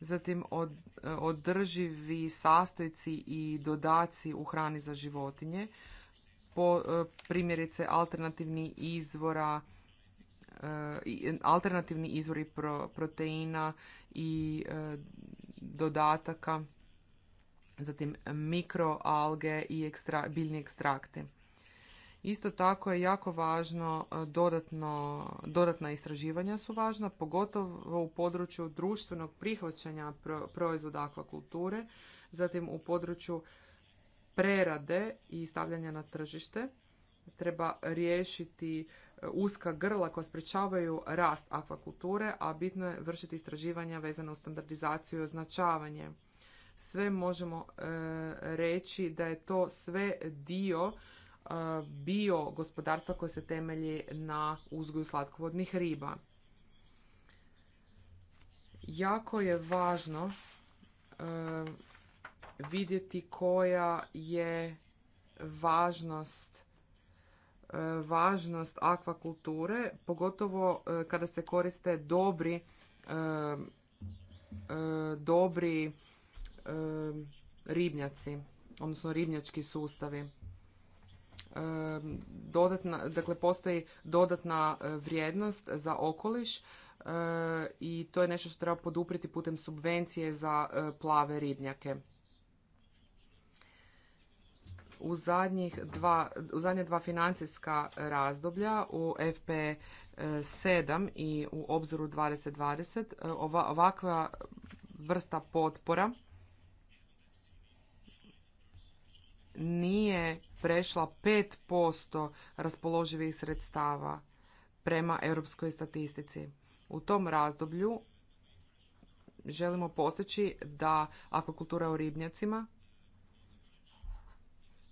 Zatim e, održivi sastojci i dodaci u hrani za životinje, po, e, primjerice alternativni izvora alternativni izvori proteina i dodataka zatim mikroalge i ekstra, biljni ekstrakti. Isto tako je jako važno, e, dodatno, dodatna istraživanja su važna, pogotovo u području društvenog prihvaćanja proizvoda akvakulture, zatim u području prerade i stavljanja na tržište. Treba riješiti e, uska grla koja sprečavaju rast akvakulture, a bitno je vršiti istraživanja vezano u standardizaciju i označavanje sve možemo e, reći da je to sve dio e, bio gospodarstva koje se temelji na uzgoju slatkovodnih riba. Jako je važno e, vidjeti koja je važnost važnost akvakulture, pogotovo kada se koriste dobri dobri E, ribnjaci, odnosno ribnjački sustavi. E, dodatna, dakle, postoji dodatna e, vrijednost za okoliš i to je nešto što treba podupriti putem subvencije za plave ribnjake. U, zadnjih dva, u zadnje dva financijska razdoblja u FP7 i u obzoru 2020 ovakva vrsta potpora nije prešla 5% raspoloživih sredstava prema europskoj statistici. U tom razdoblju želimo postići da akvakultura u ribnjacima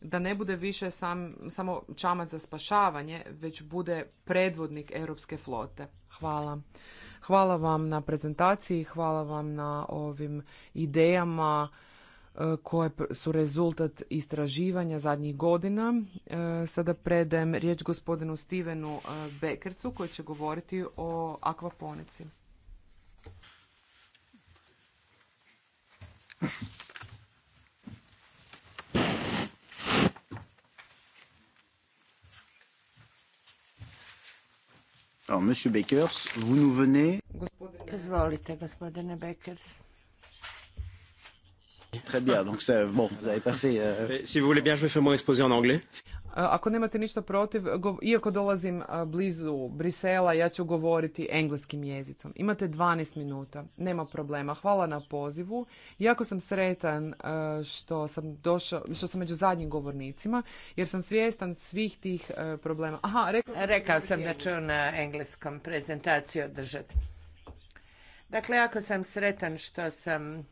da ne bude više sam, samo čamac za spašavanje, već bude predvodnik europske flote. Hvala. Hvala vam na prezentaciji, hvala vam na ovim idejama koje su rezultat istraživanja zadnjih godina. E, sada predajem riječ gospodinu Stevenu e, Bekersu koji će govoriti o akvaponici. Alors, Izvolite, gospodine Beckers. Très bien, donc bon, vous Ako nemate ništa protiv, iako dolazim e, blizu Brisela, ja ću govoriti engleskim jezicom. Imate 12 minuta, nema problema. Hvala na pozivu. Jako sam sretan e, što sam došao, što sam među zadnjim govornicima, jer sam svjestan svih tih e, problema. Aha, rekao sam, rekao sam da ću na engleskom prezentaciju održati. Dakle, jako sam sretan što sam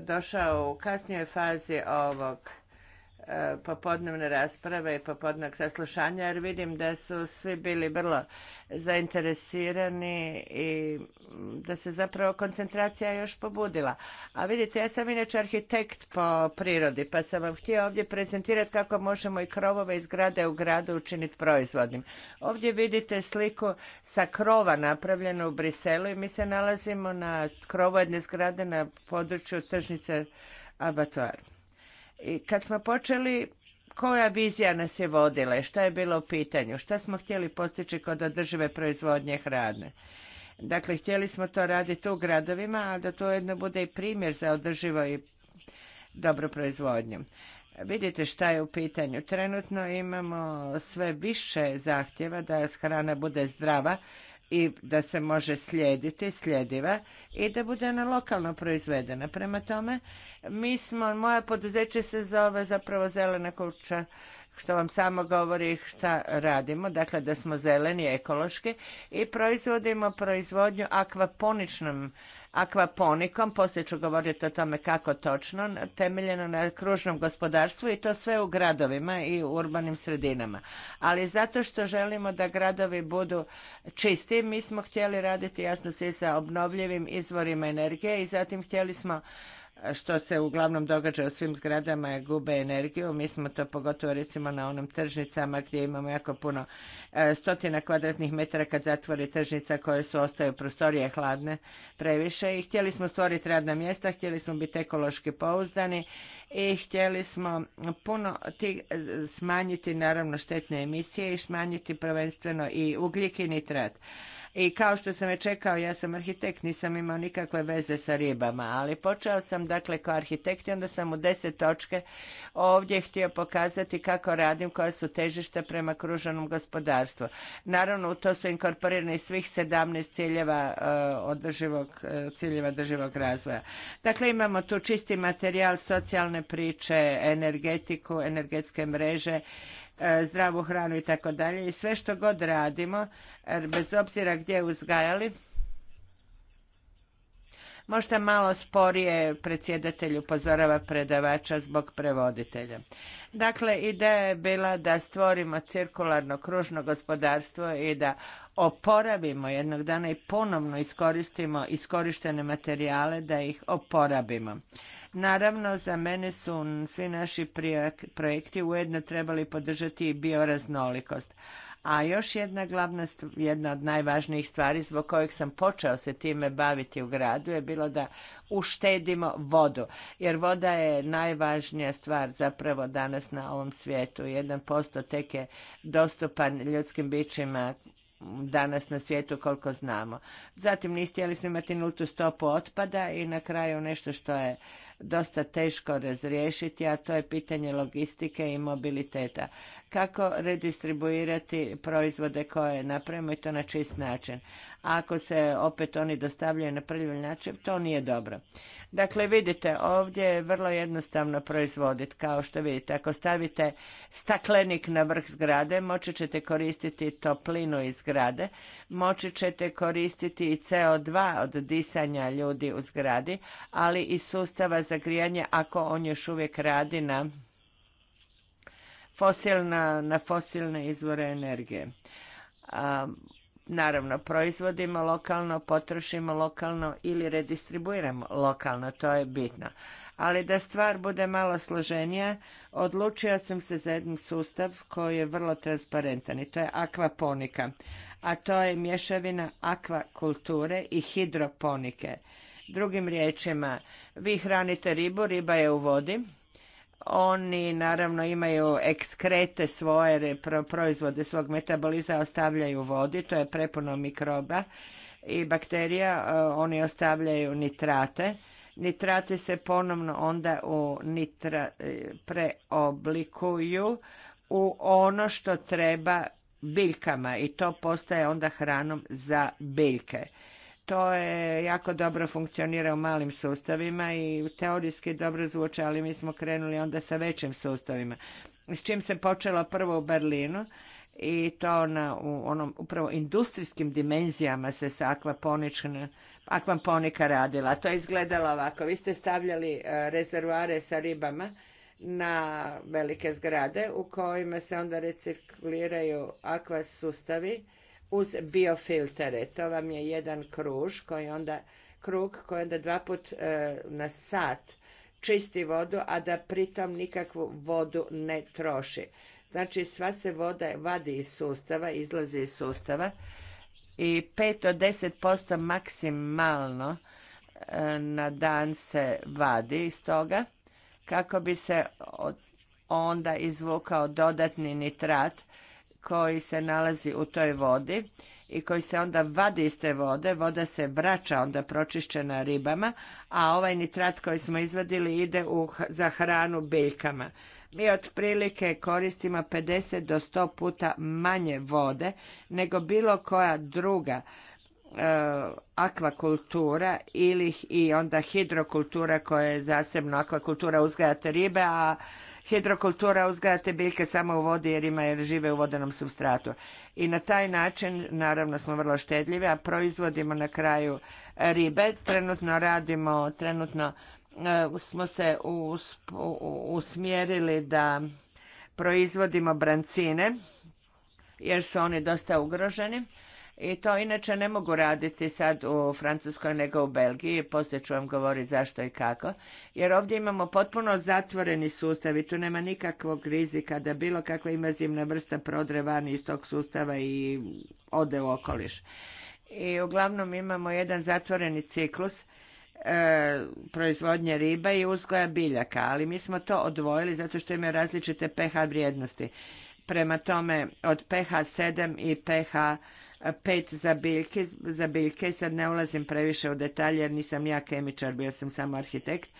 došao u kasnijoj fazi ovog E, popodnevne rasprave i popodnog saslušanja jer vidim da su svi bili vrlo zainteresirani i da se zapravo koncentracija još pobudila. A vidite, ja sam inače arhitekt po prirodi pa sam vam htio ovdje prezentirati kako možemo i krovove i zgrade u gradu učiniti proizvodnim. Ovdje vidite sliku sa krova napravljenu u Briselu i mi se nalazimo na krovu jedne zgrade na području tržnice Abatoar. I kad smo počeli, koja vizija nas je vodila i šta je bilo u pitanju, šta smo htjeli postići kod održive proizvodnje hrane. Dakle, htjeli smo to raditi u gradovima, a da to jedno bude i primjer za održivo i dobro proizvodnju. Vidite šta je u pitanju. Trenutno imamo sve više zahtjeva da hrana bude zdrava i da se može slijediti, slijediva i da bude na lokalno proizvedena. Prema tome, mi smo, moje poduzeće se zove zapravo Zelena kuća, što vam samo govori šta radimo, dakle da smo zeleni, ekološki i proizvodimo proizvodnju akvaponičnom akvaponikom, poslije ću govoriti o tome kako točno, temeljeno na kružnom gospodarstvu i to sve u gradovima i u urbanim sredinama. Ali zato što želimo da gradovi budu čisti, mi smo htjeli raditi jasno se sa obnovljivim izvorima energije i zatim htjeli smo što se uglavnom događa u svim zgradama je gube energiju. Mi smo to pogotovo recimo na onom tržnicama gdje imamo jako puno e, stotina kvadratnih metara kad zatvori tržnica koje su ostaju prostorije hladne previše i htjeli smo stvoriti radna mjesta, htjeli smo biti ekološki pouzdani i htjeli smo puno ti, smanjiti naravno štetne emisije i smanjiti prvenstveno i ugljik i nitrat. I kao što sam je čekao, ja sam arhitekt, nisam imao nikakve veze sa ribama, ali počeo sam dakle kao arhitekt i onda sam u deset točke ovdje htio pokazati kako radim, koja su težišta prema kruženom gospodarstvu. Naravno, u to su inkorporirani svih sedamnaest ciljeva eh, održivog, eh, ciljeva održivog razvoja. Dakle, imamo tu čisti materijal, socijalne priče, energetiku, energetske mreže, e, zdravu hranu i tako dalje. I sve što god radimo, er, bez obzira gdje uzgajali, možda malo sporije predsjedatelj upozorava predavača zbog prevoditelja. Dakle, ideja je bila da stvorimo cirkularno kružno gospodarstvo i da oporavimo jednog dana i ponovno iskoristimo iskorištene materijale da ih oporabimo. Naravno, za mene su svi naši projekti ujedno trebali podržati i bioraznolikost. A još jedna glavna, jedna od najvažnijih stvari zbog kojeg sam počeo se time baviti u gradu je bilo da uštedimo vodu. Jer voda je najvažnija stvar zapravo danas na ovom svijetu. Jedan posto tek je dostupan ljudskim bićima danas na svijetu koliko znamo. Zatim niste htjeli smo imati nultu stopu otpada i na kraju nešto što je dosta teško razriješiti, a to je pitanje logistike i mobiliteta. Kako redistribuirati proizvode koje napravimo i to na čist način. ako se opet oni dostavljaju na prljav način, to nije dobro. Dakle, vidite, ovdje je vrlo jednostavno proizvoditi. Kao što vidite, ako stavite staklenik na vrh zgrade, moći ćete koristiti toplinu iz zgrade, moći ćete koristiti i CO2 od disanja ljudi u zgradi, ali i sustava za grijanje ako on još uvijek radi na fosilne izvore energije naravno proizvodimo lokalno, potrošimo lokalno ili redistribuiramo lokalno, to je bitno. Ali da stvar bude malo složenija, odlučio sam se za jedan sustav koji je vrlo transparentan i to je akvaponika. A to je mješavina akvakulture i hidroponike. Drugim riječima, vi hranite ribu, riba je u vodi, oni naravno imaju ekskrete svoje proizvode svog metaboliza, ostavljaju vodi, to je prepuno mikroba i bakterija, e, oni ostavljaju nitrate. Nitrate se ponovno onda u nitra, e, preoblikuju u ono što treba biljkama i to postaje onda hranom za biljke to je jako dobro funkcionira u malim sustavima i teorijski dobro zvuče, ali mi smo krenuli onda sa većim sustavima. S čim se počelo prvo u Berlinu i to na u onom upravo industrijskim dimenzijama se sa akvaponika radila. To je izgledalo ovako. Vi ste stavljali e, rezervoare sa ribama na velike zgrade u kojima se onda recikliraju akvasustavi sustavi uz biofiltere. To vam je jedan kruž koji onda, krug koji onda dva put e, na sat čisti vodu, a da pritom nikakvu vodu ne troši. Znači sva se voda vadi iz sustava, izlazi iz sustava i 5 od 10% maksimalno e, na dan se vadi iz toga kako bi se onda izvukao dodatni nitrat koji se nalazi u toj vodi i koji se onda vadi iz te vode, voda se vraća onda pročišćena ribama, a ovaj nitrat koji smo izvadili ide u, za hranu biljkama. Mi otprilike koristimo 50 do 100 puta manje vode nego bilo koja druga e, akvakultura ili i onda hidrokultura koja je zasebno akvakultura uzgajate ribe, a hidrokultura uzgajate te biljke samo u vodi jer ima jer žive u vodenom substratu. I na taj način naravno smo vrlo štedljivi, a proizvodimo na kraju ribe. Trenutno radimo, trenutno e, smo se usmjerili da proizvodimo brancine jer su oni dosta ugroženi i to inače ne mogu raditi sad u Francuskoj nego u Belgiji, poslije ću vam govoriti zašto i kako, jer ovdje imamo potpuno zatvoreni sustav i tu nema nikakvog rizika da bilo kakva invazivna vrsta prodre van iz tog sustava i ode u okoliš. I uglavnom imamo jedan zatvoreni ciklus e, proizvodnje riba i uzgoja biljaka, ali mi smo to odvojili zato što imaju različite pH vrijednosti. Prema tome od pH 7 i pH pet za biljke, za biljke. Sad ne ulazim previše u detalje jer nisam ja kemičar, bio sam samo arhitekt.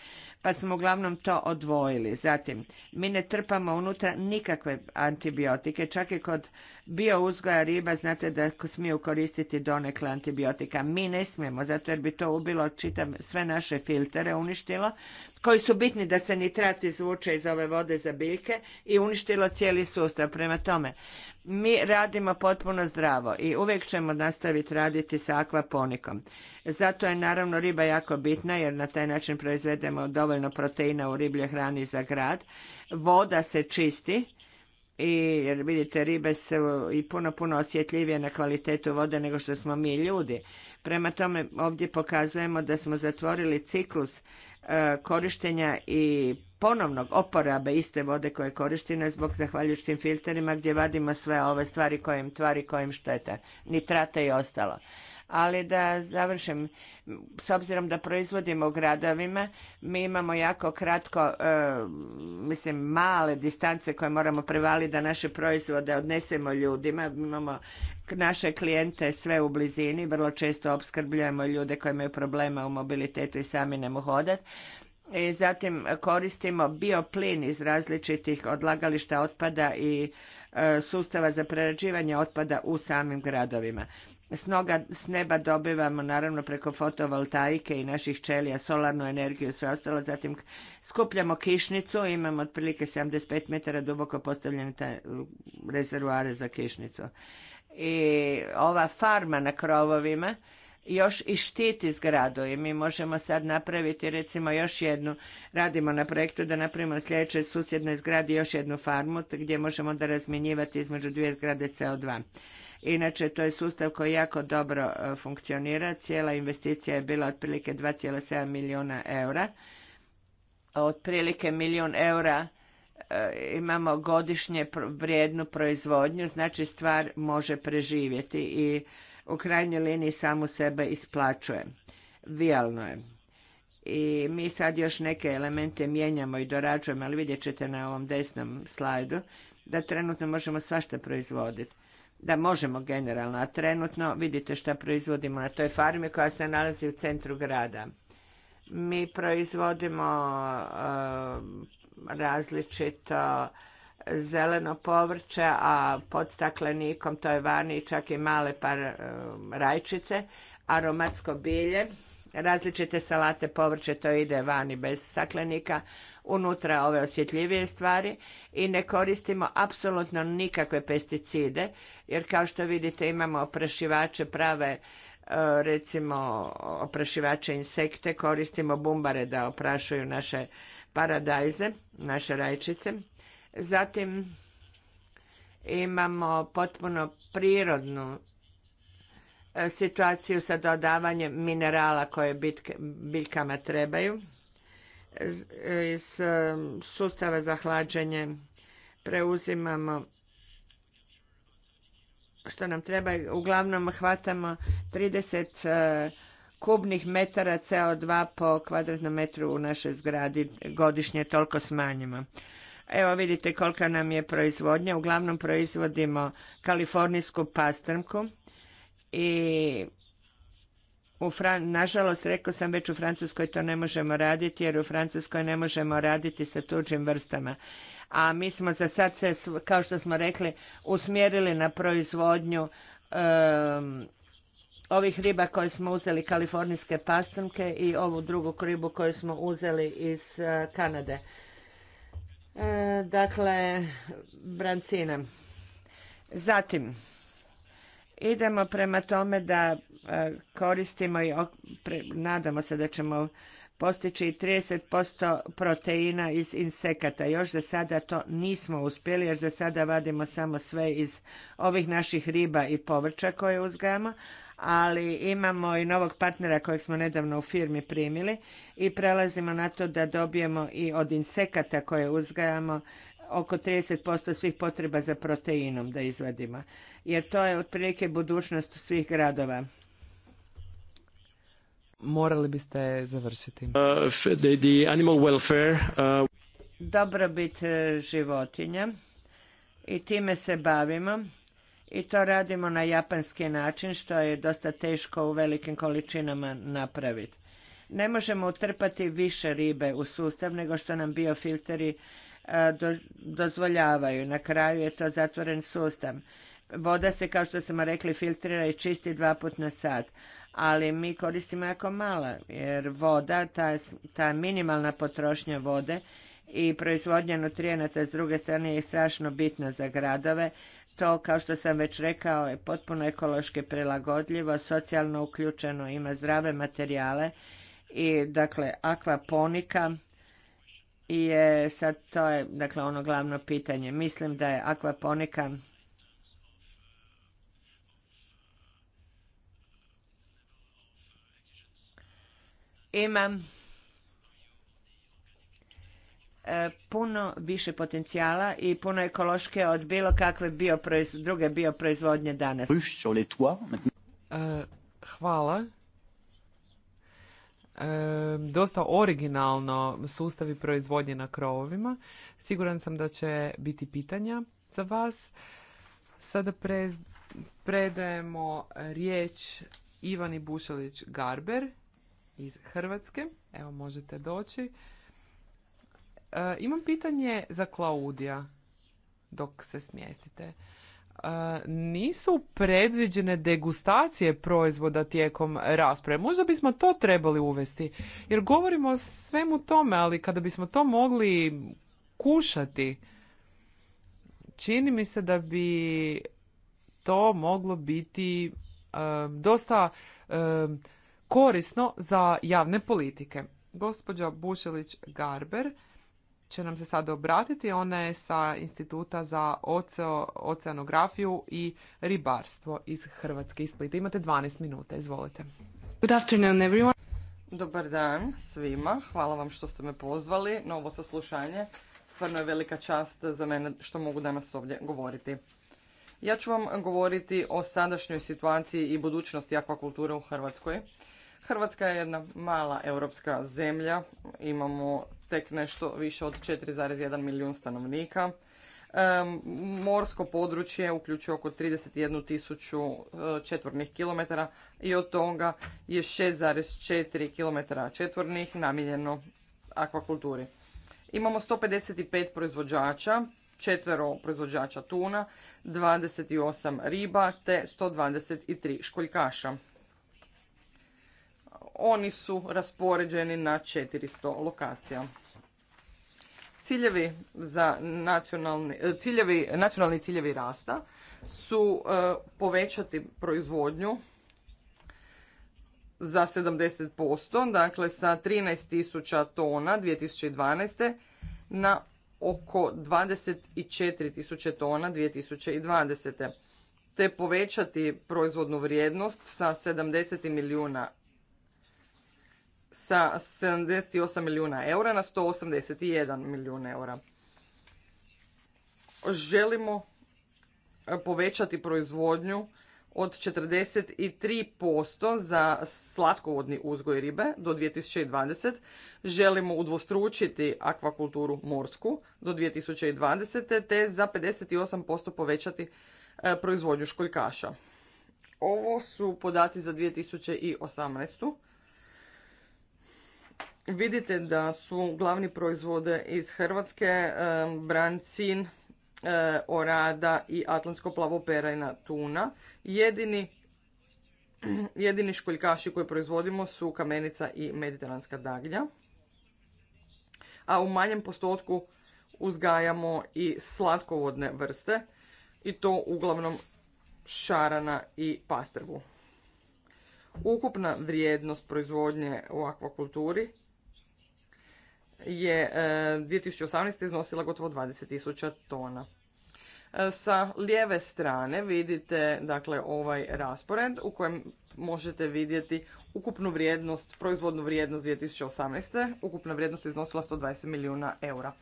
Pa smo uglavnom to odvojili. Zatim, mi ne trpamo unutra nikakve antibiotike. Čak i kod bio uzgoja riba znate da smiju koristiti donekle antibiotika. Mi ne smijemo, zato jer bi to ubilo čitav, sve naše filtere, uništilo koji su bitni da se nitrat izvuče iz ove vode za biljke i uništilo cijeli sustav. Prema tome, mi radimo potpuno zdravo i uvijek ćemo nastaviti raditi sa akvaponikom. Zato je naravno riba jako bitna jer na taj način proizvedemo dovoljno proteina u riblje hrani za grad. Voda se čisti i jer vidite ribe su i puno puno osjetljivije na kvalitetu vode nego što smo mi ljudi. Prema tome ovdje pokazujemo da smo zatvorili ciklus E, korištenja i ponovnog oporabe iste vode koje je korištena zbog zahvaljujući filterima gdje vadimo sve ove stvari kojim tvari kojim štete, nitrate i ostalo ali da završim. S obzirom da proizvodimo u gradovima, mi imamo jako kratko, e, mislim, male distance koje moramo prevaliti da naše proizvode odnesemo ljudima. Imamo naše klijente sve u blizini, vrlo često opskrbljujemo ljude koji imaju problema u mobilitetu i sami ne mogu hodati. I zatim koristimo bioplin iz različitih odlagališta otpada i e, sustava za prerađivanje otpada u samim gradovima. S, s neba dobivamo naravno preko fotovoltaike i naših čelija solarnu energiju i sve ostalo. Zatim skupljamo kišnicu, imamo otprilike 75 metara duboko postavljene ta, rezervoare za kišnicu. I ova farma na krovovima još i štiti zgradu i mi možemo sad napraviti recimo još jednu, radimo na projektu da napravimo sljedećoj susjednoj zgradi još jednu farmu gdje možemo da razmjenjivati između dvije zgrade CO2. Inače, to je sustav koji jako dobro e, funkcionira. Cijela investicija je bila otprilike 2,7 milijuna eura. Otprilike milijun eura e, imamo godišnje vrijednu proizvodnju, znači stvar može preživjeti i u krajnjoj liniji samu sebe isplaćuje. Vijalno je. I mi sad još neke elemente mijenjamo i dorađujemo, ali vidjet ćete na ovom desnom slajdu da trenutno možemo svašta proizvoditi da možemo generalno, a trenutno vidite šta proizvodimo na toj farmi koja se nalazi u centru grada. Mi proizvodimo eh, različito zeleno povrće, a pod staklenikom to je vani čak i male par eh, rajčice, aromatsko bilje, različite salate povrće to ide vani bez staklenika, unutra ove osjetljivije stvari i ne koristimo apsolutno nikakve pesticide, jer kao što vidite imamo oprašivače prave, e, recimo oprašivače insekte, koristimo bumbare da oprašuju naše paradajze, naše rajčice. Zatim imamo potpuno prirodnu e, situaciju sa dodavanjem minerala koje biljkama trebaju iz sustava za hlađenje preuzimamo što nam treba, uglavnom hvatamo 30 e, kubnih metara CO2 po kvadratnom metru u našoj zgradi godišnje, toliko smanjimo. Evo vidite kolika nam je proizvodnja, uglavnom proizvodimo kalifornijsku pastrmku i u Fran Nažalost, rekao sam već u Francuskoj to ne možemo raditi jer u Francuskoj ne možemo raditi sa tuđim vrstama. A mi smo za sad se, kao što smo rekli, usmjerili na proizvodnju ovih riba koje smo uzeli, kalifornijske pastunke i ovu drugu ribu koju smo uzeli iz e, Kanade. E, dakle, brancina. Zatim, idemo prema tome da E, koristimo i nadamo se da ćemo postići 30% proteina iz insekata. Još za sada to nismo uspjeli jer za sada vadimo samo sve iz ovih naših riba i povrća koje uzgajamo, ali imamo i novog partnera kojeg smo nedavno u firmi primili i prelazimo na to da dobijemo i od insekata koje uzgajamo oko 30% svih potreba za proteinom da izvadimo. Jer to je otprilike budućnost svih gradova morali biste završiti. Uh, uh, Dobrobit e, životinja i time se bavimo i to radimo na japanski način što je dosta teško u velikim količinama napraviti. Ne možemo utrpati više ribe u sustav nego što nam biofilteri e, dozvoljavaju. Na kraju je to zatvoren sustav. Voda se, kao što smo rekli, filtrira i čisti dva put na sat ali mi koristimo jako mala jer voda, ta, ta minimalna potrošnja vode i proizvodnja nutrijenata s druge strane je strašno bitna za gradove. To, kao što sam već rekao, je potpuno ekološki prilagodljivo, socijalno uključeno, ima zdrave materijale i dakle akvaponika je sad to je dakle ono glavno pitanje. Mislim da je akvaponika ima e, puno više potencijala i puno ekološke od bilo kakve druge bioproizvodnje danas. E, hvala. E, dosta originalno sustavi proizvodnje na krovovima. Siguran sam da će biti pitanja za vas. Sada predajemo riječ Ivani Bušalić-Garber iz Hrvatske. Evo možete doći. E, imam pitanje za Klaudija dok se smjestite. E, nisu predviđene degustacije proizvoda tijekom rasprave. Možda bismo to trebali uvesti. Jer govorimo o svemu tome, ali kada bismo to mogli kušati, čini mi se da bi to moglo biti e, dosta korisno za javne politike. Gospođa Bušelić Garber će nam se sada obratiti. Ona je sa Instituta za oceanografiju i ribarstvo iz Hrvatske splita. Imate 12 minuta, izvolite. Good afternoon everyone. Dobar dan svima. Hvala vam što ste me pozvali na ovo saslušanje. Stvarno je velika čast za mene što mogu danas ovdje govoriti. Ja ću vam govoriti o sadašnjoj situaciji i budućnosti akvakulture u Hrvatskoj Hrvatska je jedna mala europska zemlja, imamo tek nešto više od 4,1 milijun stanovnika. Morsko područje uključuje oko 31 tisuću e, četvornih kilometara i od toga je 6,4 kilometara četvornih namijenjeno akvakulturi. Imamo 155 proizvođača, četvero proizvođača tuna, 28 riba te 123 školjkaša oni su raspoređeni na 400 lokacija. Ciljevi za nacionalni e, ciljevi, nacionalni ciljevi rasta su e, povećati proizvodnju za 70%, dakle sa 13.000 tona 2012. na oko 24.000 tona 2020. te povećati proizvodnu vrijednost sa 70 milijuna sa 78 milijuna eura na 181 milijuna eura. Želimo e, povećati proizvodnju od 43% za slatkovodni uzgoj ribe do 2020. Želimo udvostručiti akvakulturu morsku do 2020. te za 58% povećati e, proizvodnju školjkaša. Ovo su podaci za 2018 vidite da su glavni proizvode iz Hrvatske e, brancin, e, orada i atlantsko plavoperajna tuna. Jedini, školjkaši koje proizvodimo su kamenica i mediteranska daglja. A u manjem postotku uzgajamo i slatkovodne vrste i to uglavnom šarana i pastrvu. Ukupna vrijednost proizvodnje u akvakulturi je 2018. E, iznosila gotovo 20.000 tona. E, sa lijeve strane vidite dakle ovaj raspored u kojem možete vidjeti ukupnu vrijednost, proizvodnu vrijednost 2018. Ukupna vrijednost iznosila 120 milijuna eura.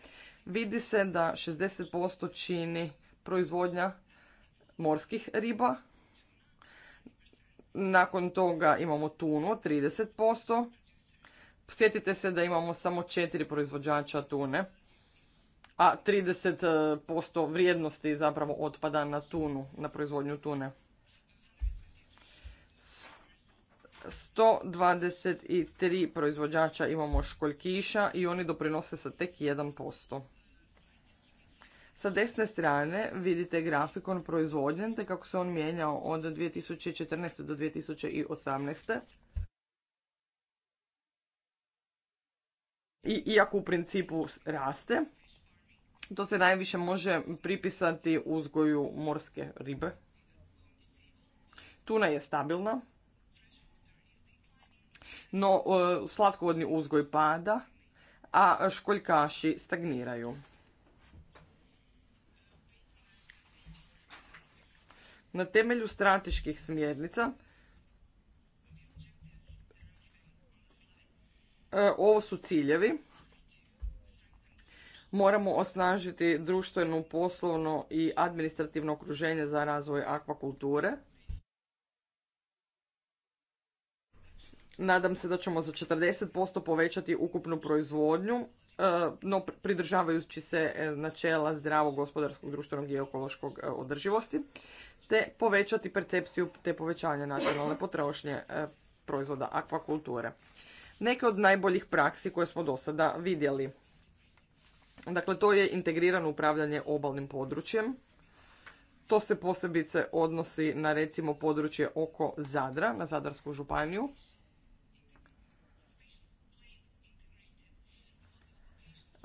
Vidi se da 60% čini proizvodnja morskih riba. Nakon toga imamo tunu 30%, Sjetite se da imamo samo četiri proizvođača tune, a 30% e, vrijednosti zapravo otpada na tunu, na proizvodnju tune. 123 proizvođača imamo školjkiša i oni doprinose sa tek 1%. Sa desne strane vidite grafikon proizvodnje te kako se on mijenjao od 2014. do 2018. i iako u principu raste, to se najviše može pripisati uzgoju morske ribe. Tuna je stabilna, no e, slatkovodni uzgoj pada, a školjkaši stagniraju. Na temelju strateških smjernica E, ovo su ciljevi. Moramo osnažiti društveno, poslovno i administrativno okruženje za razvoj akvakulture. Nadam se da ćemo za 40% povećati ukupnu proizvodnju, e, no pridržavajući se e, načela zdravog gospodarskog, društvenog i ekološkog održivosti, te povećati percepciju te povećanja nacionalne potrošnje proizvoda akvakulture neke od najboljih praksi koje smo do sada vidjeli. Dakle, to je integrirano upravljanje obalnim područjem. To se posebice odnosi na recimo područje oko Zadra, na Zadarsku županiju.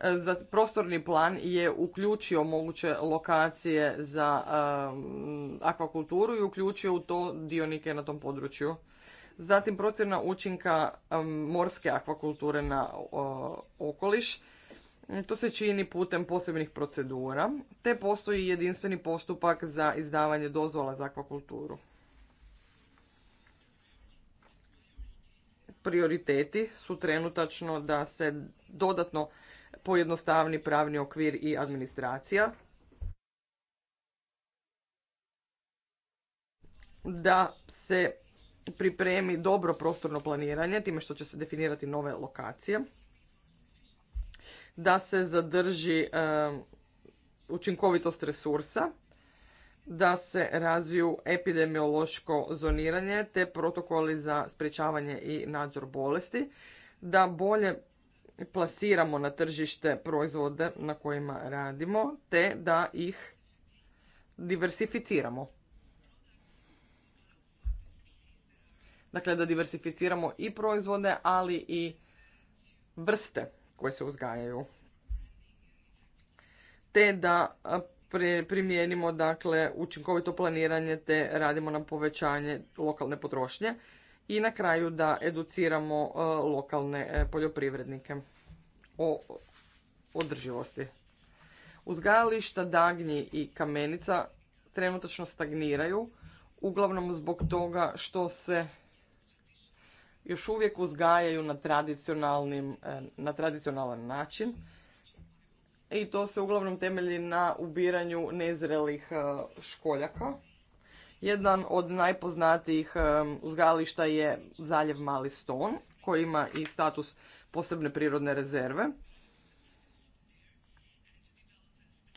Za prostorni plan je uključio moguće lokacije za um, akvakulturu i uključio u to dionike na tom području zatim procjena učinka morske akvakulture na okoliš. E, to se čini putem posebnih procedura, te postoji jedinstveni postupak za izdavanje dozvola za akvakulturu. Prioriteti su trenutačno da se dodatno pojednostavni pravni okvir i administracija, da se pripremi dobro prostorno planiranje, time što će se definirati nove lokacije, da se zadrži e, učinkovitost resursa, da se razviju epidemiološko zoniranje te protokoli za sprječavanje i nadzor bolesti, da bolje plasiramo na tržište proizvode na kojima radimo te da ih diversificiramo. Dakle, da diversificiramo i proizvode, ali i vrste koje se uzgajaju. Te da primijenimo dakle, učinkovito planiranje te radimo na povećanje lokalne potrošnje i na kraju da educiramo lokalne e, poljoprivrednike o održivosti. Uzgajališta dagnji i kamenica trenutačno stagniraju, uglavnom zbog toga što se još uvijek uzgajaju na, tradicionalnim, e, na tradicionalan način i to se uglavnom temelji na ubiranju nezrelih e, školjaka. Jedan od najpoznatijih e, uzgajališta je zaljev Mali Ston koji ima i status posebne prirodne rezerve.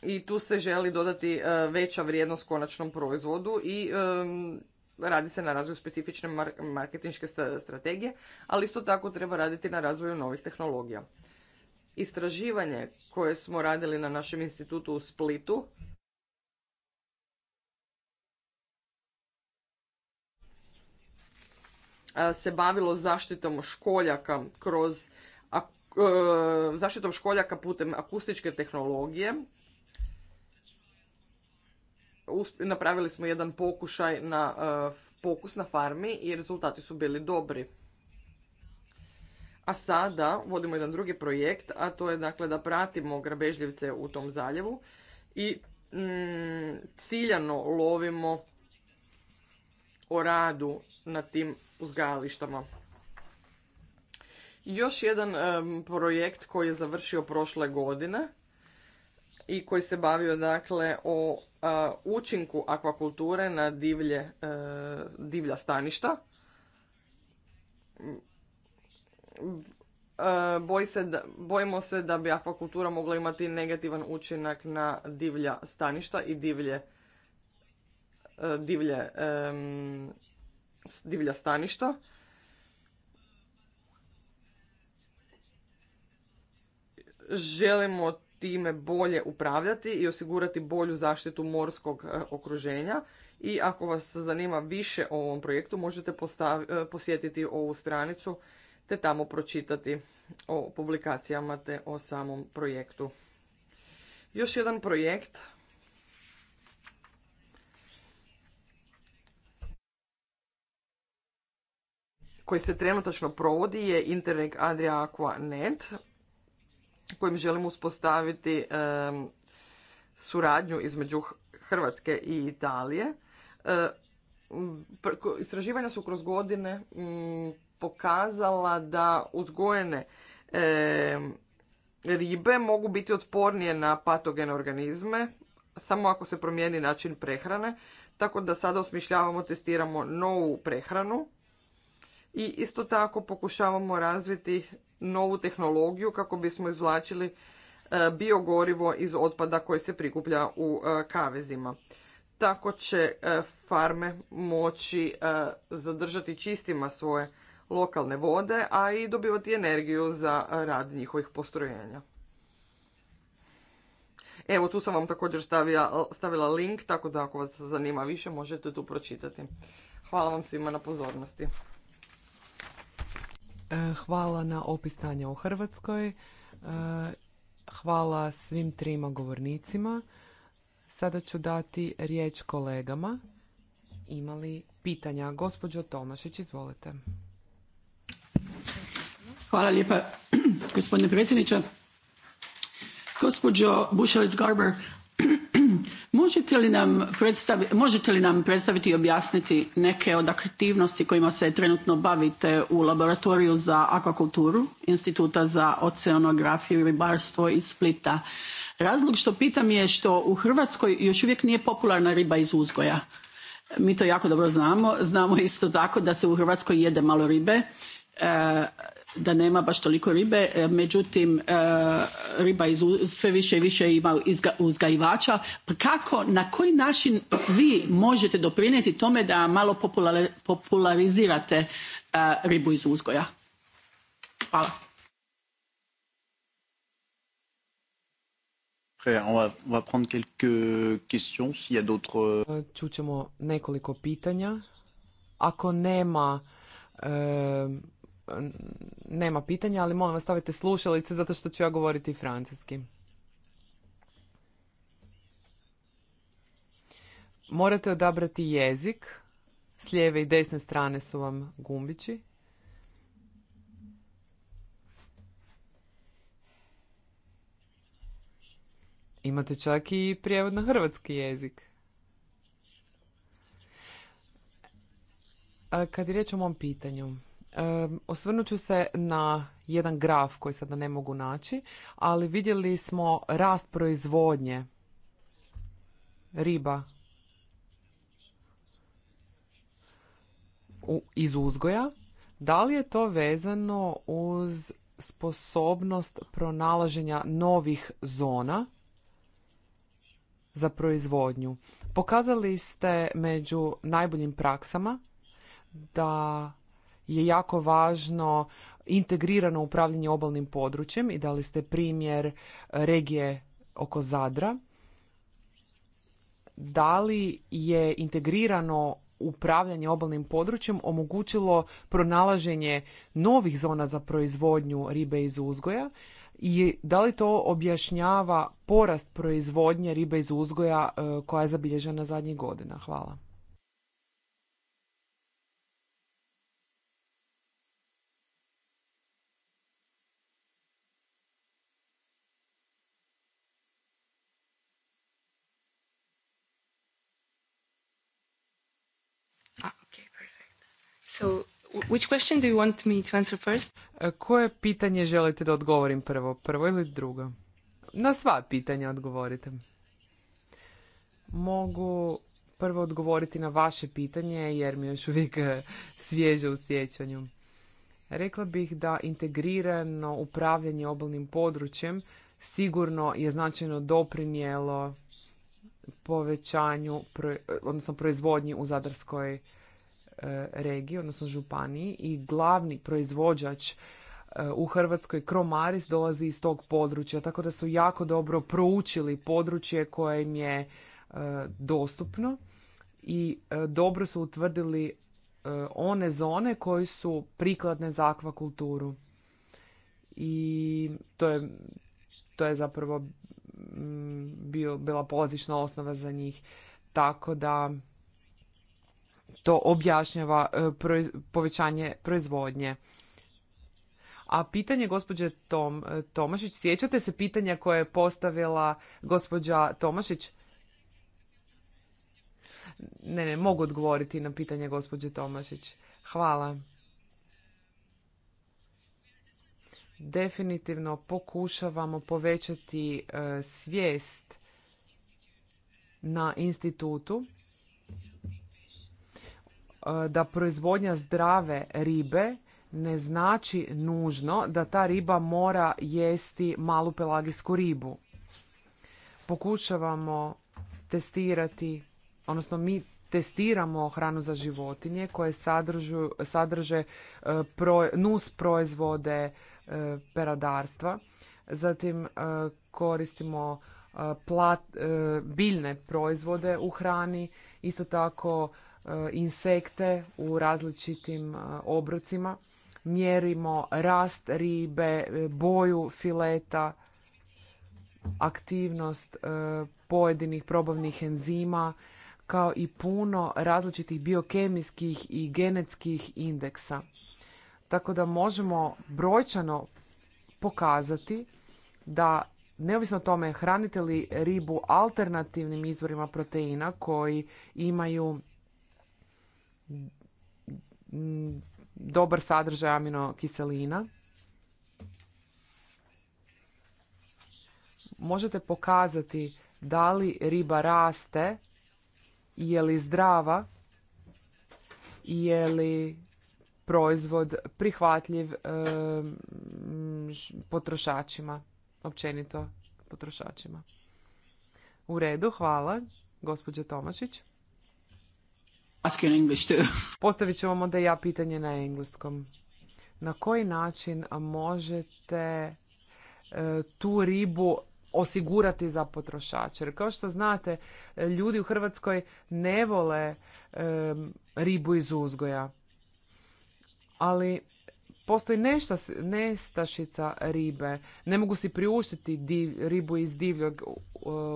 I tu se želi dodati veća vrijednost konačnom proizvodu i radi se na razvoju specifične marketinške strategije, ali isto tako treba raditi na razvoju novih tehnologija. Istraživanje koje smo radili na našem institutu u Splitu se bavilo zaštitom školjaka kroz e, zaštitom školjaka putem akustičke tehnologije napravili smo jedan pokušaj na e, pokus na farmi i rezultati su bili dobri. A sada vodimo jedan drugi projekt, a to je dakle da pratimo grabežljivce u tom zaljevu i mm, ciljano lovimo o radu na tim uzgajalištama. Još jedan e, projekt koji je završio prošle godine i koji se bavio dakle o učinku akvakulture na divlje, e, divlja staništa. E, boj se da, bojimo se da bi akvakultura mogla imati negativan učinak na divlja staništa i divlje, e, divlje, divlja staništa. Želimo time bolje upravljati i osigurati bolju zaštitu morskog e, okruženja. I ako vas zanima više o ovom projektu, možete e, posjetiti ovu stranicu te tamo pročitati o publikacijama te o samom projektu. Još jedan projekt koji se trenutačno provodi je Interreg Adria Aqua Net kojim želimo uspostaviti e, suradnju između Hrvatske i Italije. E, istraživanja su kroz godine mm, pokazala da uzgojene e, ribe mogu biti otpornije na patogene organizme samo ako se promijeni način prehrane, tako da sada osmišljavamo, testiramo novu prehranu i isto tako pokušavamo razviti novu tehnologiju kako bismo izvlačili e, biogorivo iz otpada koji se prikuplja u e, kavezima. Tako će e, farme moći zadržati čistima svoje lokalne vode, a i dobivati energiju za rad njihovih postrojenja. Evo, tu sam vam također stavila, stavila link, tako da ako vas zanima više možete tu pročitati. Hvala vam svima na pozornosti. Hvala na opis stanja u Hrvatskoj. E, hvala svim trima govornicima. Sada ću dati riječ kolegama. Imali pitanja? Gospođo Tomašić, izvolite. Hvala lijepa, gospodine predsjedniče. Gospođo Bušalić-Garber, možete li nam, predstaviti i objasniti neke od aktivnosti kojima se trenutno bavite u laboratoriju za akvakulturu instituta za oceanografiju i ribarstvo iz splita razlog što pitam je što u hrvatskoj još uvijek nije popularna riba iz uzgoja mi to jako dobro znamo znamo isto tako da se u hrvatskoj jede malo ribe e, da nema baš toliko ribe e, međutim e, riba sve više i više ima uzgajivača kako na koji način vi možete doprinijeti tome da malo popularizirate e, ribu iz uzgoja hvala euh. Čućemo nekoliko pitanja. Ako nema nema pitanja, ali molim vas stavite slušalice zato što ću ja govoriti francuski. Morate odabrati jezik. S lijeve i desne strane su vam gumbići. Imate čak i prijevod na hrvatski jezik. Kad je riječ o mom pitanju, Osvrnut ću se na jedan graf koji sada ne mogu naći, ali vidjeli smo rast proizvodnje riba iz uzgoja. Da li je to vezano uz sposobnost pronalaženja novih zona za proizvodnju? Pokazali ste među najboljim praksama da je jako važno integrirano upravljanje obalnim područjem i dali ste primjer e, regije oko Zadra. Da li je integrirano upravljanje obalnim područjem omogućilo pronalaženje novih zona za proizvodnju ribe iz uzgoja i da li to objašnjava porast proizvodnje ribe iz uzgoja e, koja je zabilježena zadnjih godina? Hvala. So, which question do you want me to answer first? E, koje pitanje želite da odgovorim prvo? Prvo ili drugo? Na sva pitanja odgovorite. Mogu prvo odgovoriti na vaše pitanje jer mi još uvijek e, svježe u sjećanju. Rekla bih da integrirano upravljanje obalnim područjem sigurno je značajno doprinijelo povećanju, odnosno proizvodnji u Zadarskoj E, regiji, odnosno županiji i glavni proizvođač e, u Hrvatskoj Kromaris dolazi iz tog područja, tako da su jako dobro proučili područje koje im je e, dostupno i dobro su utvrdili one zone koje su prikladne za akvakulturu. I to je, to je zapravo bio, bila polazična osnova za njih. Tako da to objašnjava e, povećanje proizvodnje. A pitanje gospođe Tom, e, Tomašić, sjećate se pitanja koje je postavila gospođa Tomašić? Ne, ne, mogu odgovoriti na pitanje gospođe Tomašić. Hvala. Definitivno pokušavamo povećati e, svijest na institutu E, da proizvodnja zdrave ribe ne znači nužno da ta riba mora jesti malu pelagijsku ribu. Pokušavamo testirati, odnosno mi testiramo hranu za životinje koje sadržu, sadrže e, nus proizvode e, peradarstva. Zatim koristimo plat, biljne proizvode u hrani, isto tako insekte u različitim obrocima, mjerimo rast ribe, boju fileta, aktivnost e, pojedinih probavnih enzima, kao i puno različitih biokemijskih i genetskih indeksa. Tako da možemo brojčano pokazati da neovisno o tome hranite li ribu alternativnim izvorima proteina koji imaju Mm, dobar sadržaj aminokiselina. Možete pokazati da li riba raste, je li zdrava, je li proizvod prihvatljiv e, potrošačima, općenito potrošačima. U redu, hvala, gospođo Tomašić ask you in English too. Postavit ću vam onda ja pitanje na engleskom. Na koji način možete e, tu ribu osigurati za potrošače. Jer kao što znate, ljudi u Hrvatskoj ne vole e, ribu iz uzgoja. Ali postoji nešto nestašica ribe. Ne mogu si priuštiti ribu iz divljeg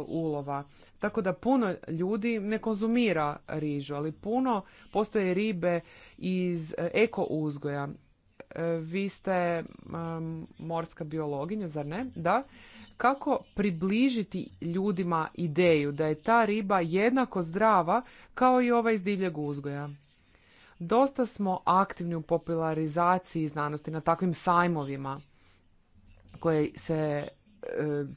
ulova. Tako da puno ljudi ne konzumira rižu, ali puno postoje ribe iz e, eko uzgoja. E, vi ste morska biologinja, zar ne? Da. Kako približiti ljudima ideju da je ta riba jednako zdrava kao i ova iz divljeg uzgoja? Dosta smo aktivni u popularizaciji znanosti na takvim sajmovima koje se e,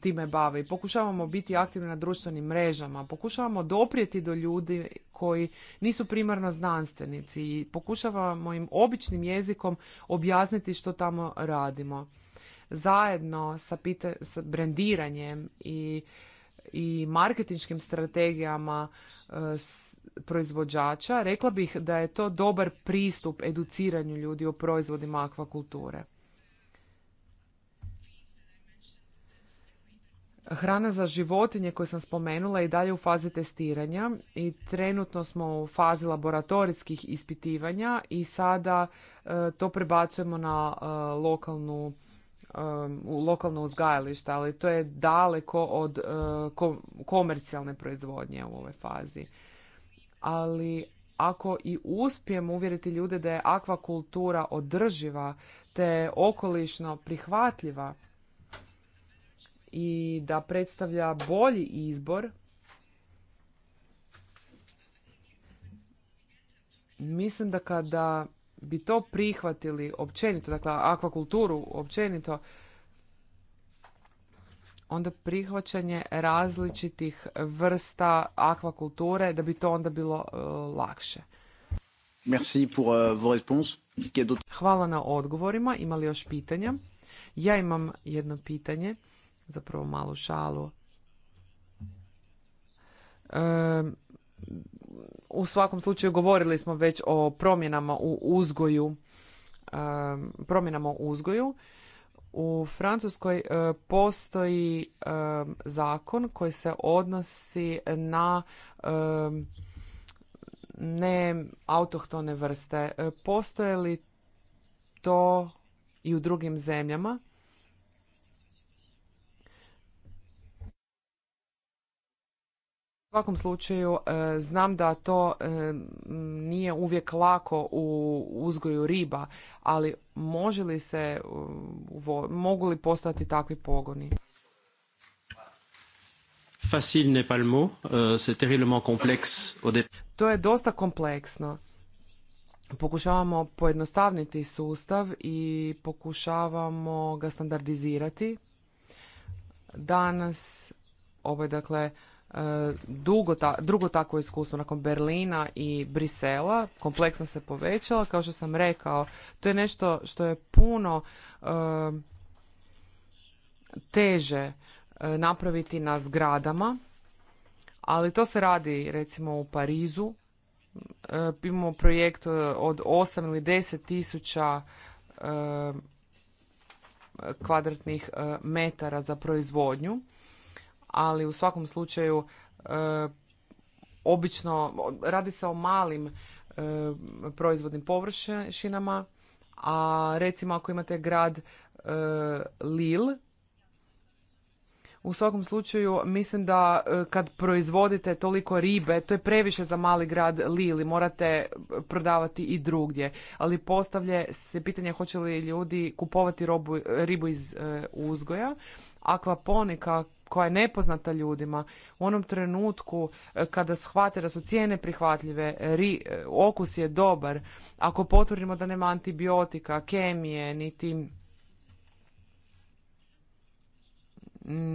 time bave i pokušavamo biti aktivni na društvenim mrežama, pokušavamo doprijeti do ljudi koji nisu primarno znanstvenici i pokušavamo im običnim jezikom objasniti što tamo radimo. Zajedno sa, pita sa brandiranjem i, i marketinškim strategijama e, s, proizvođača, rekla bih da je to dobar pristup educiranju ljudi o proizvodima akvakulture. Hrana za životinje koju sam spomenula i dalje u fazi testiranja i trenutno smo u fazi laboratorijskih ispitivanja i sada e, to prebacujemo na e, lokalnu e, lokalno uzgajalište, ali to je daleko od komercijalne proizvodnje u ovoj fazi ali ako i uspijemo uvjeriti ljude da je akvakultura održiva te okolišno prihvatljiva i da predstavlja bolji izbor, mislim da kada bi to prihvatili općenito, dakle akvakulturu općenito, onda prihvaćanje različitih vrsta akvakulture da bi to onda bilo e, lakše. Merci pour e, Hvala na odgovorima. imali li još pitanja? Ja imam jedno pitanje, zapravo malu šalu. E, u svakom slučaju govorili smo već o promjenama u uzgoju, promjenama u uzgoju u Francuskoj e, postoji e, zakon koji se odnosi na e, ne autohtone vrste. Postoje li to i u drugim zemljama? svakom slučaju e, znam da to e, nije uvijek lako u uzgoju riba, ali može li se, e, mogu li postati takvi pogoni? Facile To je dosta kompleksno. Pokušavamo pojednostavniti sustav i pokušavamo ga standardizirati. Danas, ovo je dakle E, dugo drugo takvo iskustvo nakon Berlina i Brisela, kompleksno se povećala, kao što sam rekao, to je nešto što je puno e, teže e, napraviti na zgradama, ali to se radi recimo u Parizu. imamo projekt od 8 ili 10 tisuća kvadratnih metara za proizvodnju ali u svakom slučaju e, obično radi se o malim e, proizvodnim površinama, a recimo ako imate grad e, Lil, u svakom slučaju mislim da kad proizvodite toliko ribe, to je previše za mali grad Lili, morate prodavati i drugdje. Ali postavlja se pitanje hoće li ljudi kupovati robu, ribu iz uzgoja akvaponika koja je nepoznata ljudima, u onom trenutku e, kada shvate da su cijene prihvatljive, ri, e, okus je dobar, ako potvrdimo da nema antibiotika, kemije, niti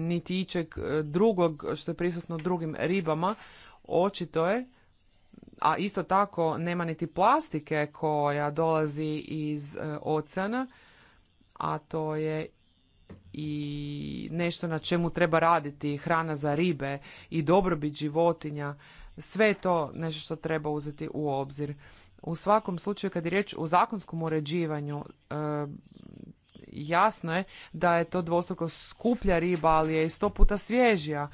niti ičeg e, drugog što je prisutno drugim ribama, očito je, a isto tako nema niti plastike koja dolazi iz oceana, a to je i nešto na čemu treba raditi, hrana za ribe i dobrobit životinja, sve je to nešto što treba uzeti u obzir. U svakom slučaju kad je riječ o zakonskom uređivanju, eh, jasno je da je to dvostruko skuplja riba, ali je i sto puta svježija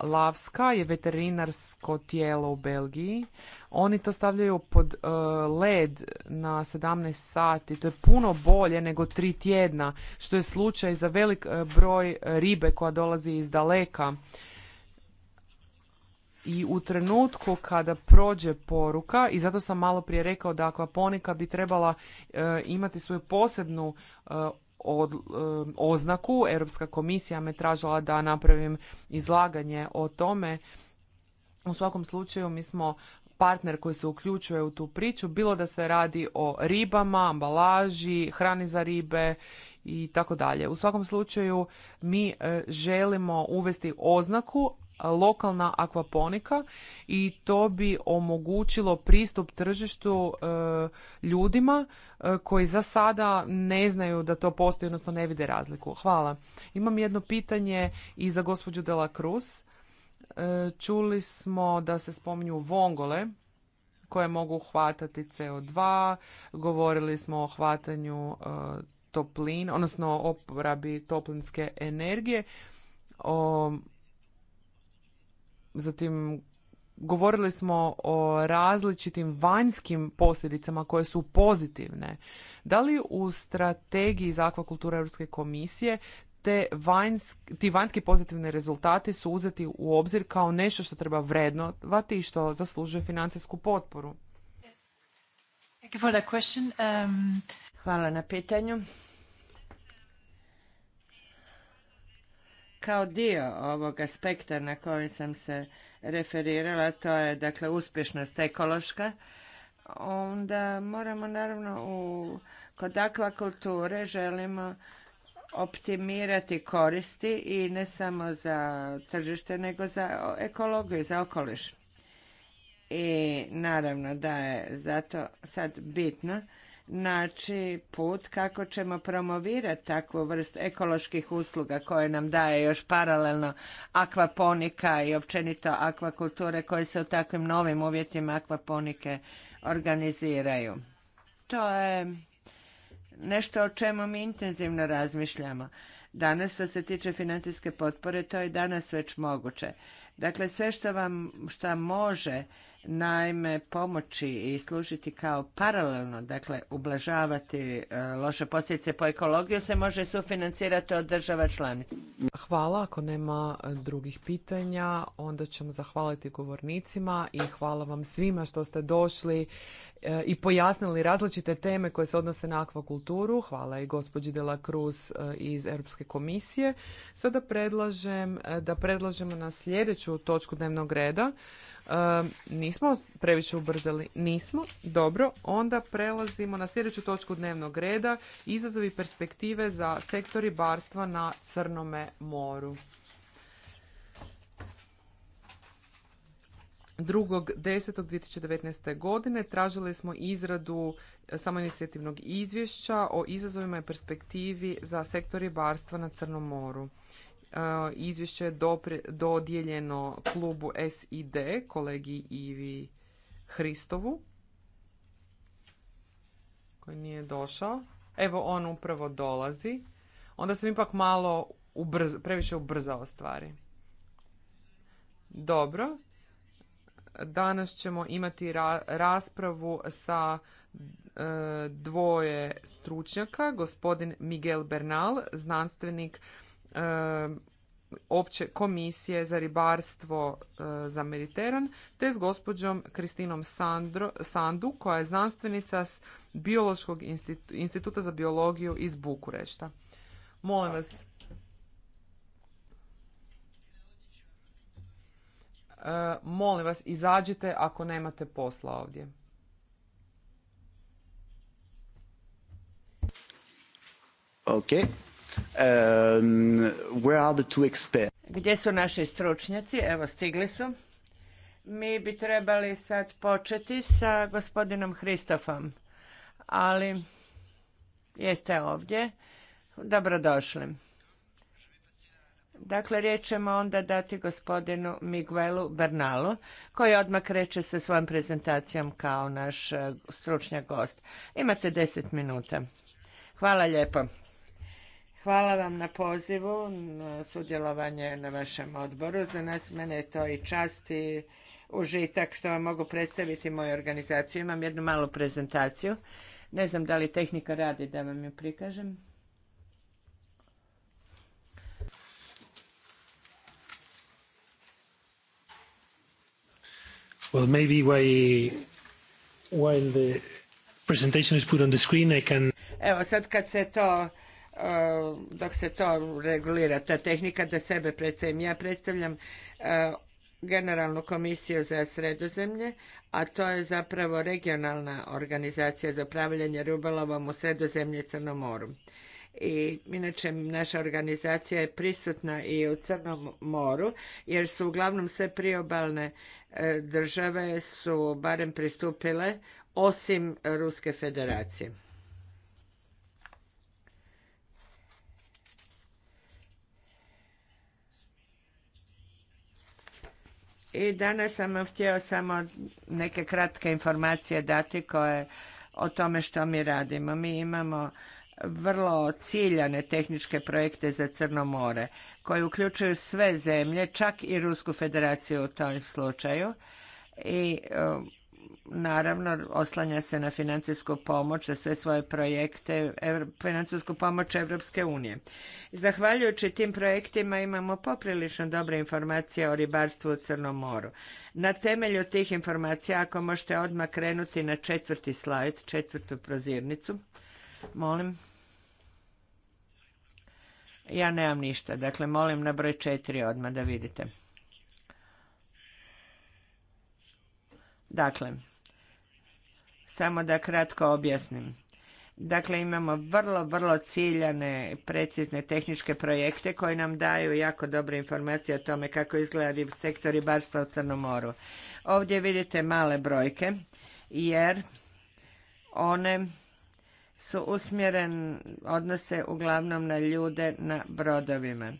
Lavska je veterinarsko tijelo u Belgiji. Oni to stavljaju pod e, led na 17 sati. To je puno bolje nego tri tjedna, što je slučaj za velik e, broj ribe koja dolazi iz daleka. I u trenutku kada prođe poruka, i zato sam malo prije rekao da akvaponika bi trebala e, imati svoju posebnu od, oznaku. Europska komisija me tražila da napravim izlaganje o tome. U svakom slučaju mi smo partner koji se uključuje u tu priču, bilo da se radi o ribama, ambalaži, hrani za ribe i tako dalje. U svakom slučaju mi eh, želimo uvesti oznaku lokalna akvaponika i to bi omogućilo pristup tržištu e, ljudima e, koji za sada ne znaju da to postoji, odnosno ne vide razliku. Hvala. Imam jedno pitanje i za gospođu Dela Cruz. E, čuli smo da se spominju vongole koje mogu hvatati CO2, govorili smo o hvatanju toplin, odnosno oporabi toplinske energije, o Zatim govorili smo o različitim vanjskim posljedicama koje su pozitivne. Da li u strategiji za akvakulturu Europske komisije te vanjski, ti vanjski pozitivni rezultati su uzeti u obzir kao nešto što treba vrednovati i što zaslužuje financijsku potporu. Um, Hvala na pitanju. Kao dio ovog aspekta na koji sam se referirala, to je dakle uspješnost ekološka, onda moramo naravno u, kod akvakulture želimo optimirati koristi i ne samo za tržište nego za ekologiju i za okoliš. I naravno da je zato sad bitno naći put kako ćemo promovirati takvu vrst ekoloških usluga koje nam daje još paralelno akvaponika i općenito akvakulture koje se u takvim novim uvjetima akvaponike organiziraju. To je nešto o čemu mi intenzivno razmišljamo. Danas što se tiče financijske potpore to je danas već moguće. Dakle sve što vam što može naime pomoći i služiti kao paralelno, dakle ublažavati e, loše posljedice po ekologiju se može sufinancirati od država članica. Hvala, ako nema drugih pitanja, onda ćemo zahvaliti govornicima i hvala vam svima što ste došli E, i pojasnili različite teme koje se odnose na akvakulturu. Hvala i gospođi La Cruz e, iz Europske komisije. Sada predlažem e, da predlažemo na sljedeću točku dnevnog reda. Nismo previše ubrzali? Nismo. Dobro, onda prelazimo na sljedeću točku dnevnog reda. Izazovi perspektive za sektor ribarstva na Crnome moru. 2.10.2019. godine tražili smo izradu e, samoinicijativnog izvješća o izazovima i perspektivi za sektor ribarstva na Crnom moru. E, izvješće je dodijeljeno klubu SID, kolegi Ivi Hristovu, koji nije došao. Evo, on upravo dolazi. Onda sam ipak malo previše ubrzao stvari. Dobro, Danas ćemo imati raspravu sa e, dvoje stručnjaka, gospodin Miguel Bernal, znanstvenik e, opće komisije za ribarstvo e, za Mediteran, te s gospođom Kristinom Sandu, koja je znanstvenica s Biološkog instituta za biologiju iz Bukurešta. Molim vas, E, molim vas izađite ako nemate posla ovdje. E, Gdje su naši stručnjaci? Evo, stigli su. Mi bi trebali sad početi sa gospodinom Hristofom, ali jeste ovdje. Dobrodošli. Dakle, riječ ćemo onda dati gospodinu Miguelu Bernalu, koji odmah kreće sa svojom prezentacijom kao naš e, stručnjak gost. Imate deset minuta. Hvala lijepo. Hvala vam na pozivu, na sudjelovanje na vašem odboru. Za nas mene je to i čast i užitak što vam mogu predstaviti moju organizaciju. Imam jednu malu prezentaciju. Ne znam da li tehnika radi da vam ju prikažem. Well, maybe the presentation is put on the screen, I can... Evo, sad kad se to e, dok se to regulira ta tehnika da sebe predstavim. Ja predstavljam e, Generalnu komisiju za sredozemlje, a to je zapravo regionalna organizacija za upravljanje rubalovom u sredozemlje Crnomoru. moru i inače naša organizacija je prisutna i u Crnom moru jer su uglavnom sve priobalne e, države su barem pristupile osim Ruske federacije. I danas sam htjela samo neke kratke informacije dati koje o tome što mi radimo. Mi imamo vrlo ciljane tehničke projekte za Crno more koji uključuju sve zemlje, čak i Rusku federaciju u tom slučaju i um, naravno oslanja se na financijsku pomoć za sve svoje projekte, financijsku pomoć Evropske unije. Zahvaljujući tim projektima imamo poprilično dobre informacije o ribarstvu u Crnom moru. Na temelju tih informacija, ako možete odmah krenuti na četvrti slajd, četvrtu prozirnicu, Molim. Ja nemam ništa. Dakle, molim na broj četiri odmah da vidite. Dakle, samo da kratko objasnim. Dakle, imamo vrlo, vrlo ciljane, precizne tehničke projekte koji nam daju jako dobre informacije o tome kako izgleda sektor ribarstva u Crnom moru. Ovdje vidite male brojke jer one su usmjeren, odnose uglavnom na ljude na brodovima.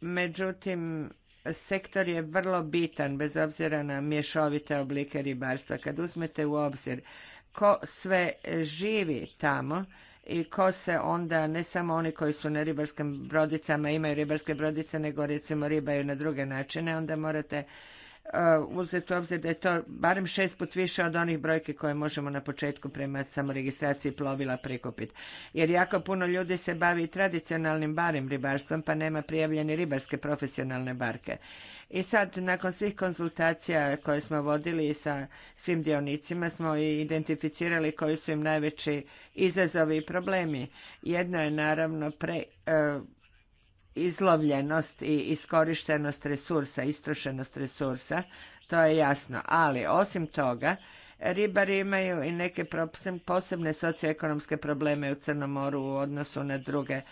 Međutim, sektor je vrlo bitan, bez obzira na mješovite oblike ribarstva. Kad uzmete u obzir ko sve živi tamo i ko se onda, ne samo oni koji su na ribarskim brodicama, imaju ribarske brodice, nego recimo ribaju na druge načine, onda morate Uh, uzeti u obzir da je to barem šest put više od onih brojke koje možemo na početku prema samoregistraciji plovila prikupiti. Jer jako puno ljudi se bavi tradicionalnim barim ribarstvom pa nema prijavljene ribarske profesionalne barke. I sad, nakon svih konzultacija koje smo vodili i sa svim dionicima, smo i identificirali koji su im najveći izazovi i problemi. Jedno je naravno pre, uh, izlovljenost i iskorištenost resursa, istrošenost resursa, to je jasno. Ali osim toga, ribari imaju i neke posebne socioekonomske probleme u Crnom moru u odnosu na druge e,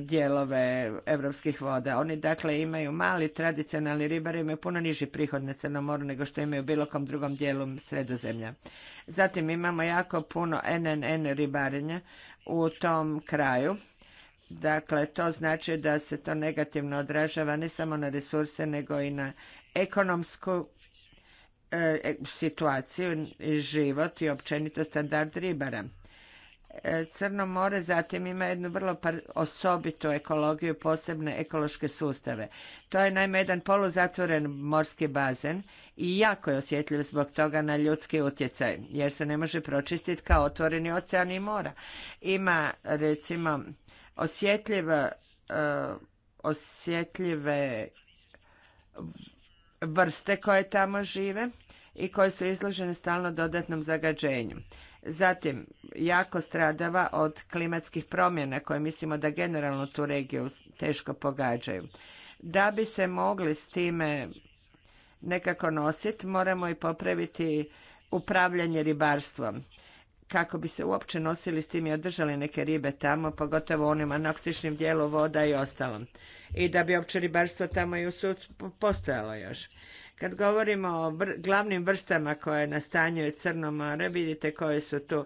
dijelove europskih voda. Oni dakle imaju mali tradicionalni ribari imaju puno niži prihod na Crnom moru nego što imaju u bilo kom drugom dijelu sredozemlja. Zatim imamo jako puno NNN ribarenja u tom kraju Dakle, to znači da se to negativno odražava ne samo na resurse, nego i na ekonomsku e, e situaciju, život i općenito standard ribara. E, Crno more zatim ima jednu vrlo osobitu ekologiju, posebne ekološke sustave. To je naime jedan poluzatvoren morski bazen i jako je osjetljiv zbog toga na ljudski utjecaj, jer se ne može pročistiti kao otvoreni ocean i mora. Ima recimo osjetljive, eh, osjetljive vrste koje tamo žive i koje su izložene stalno dodatnom zagađenju. Zatim, jako stradava od klimatskih promjena koje mislimo da generalno tu regiju teško pogađaju. Da bi se mogli s time nekako nositi, moramo i popraviti upravljanje ribarstvom kako bi se uopće nosili s tim i održali neke ribe tamo, pogotovo onim anoksičnim dijelu voda i ostalom. I da bi opće ribarstvo tamo i u postojalo još. Kad govorimo o glavnim vrstama koje nastanjuje Crno more, vidite koje su tu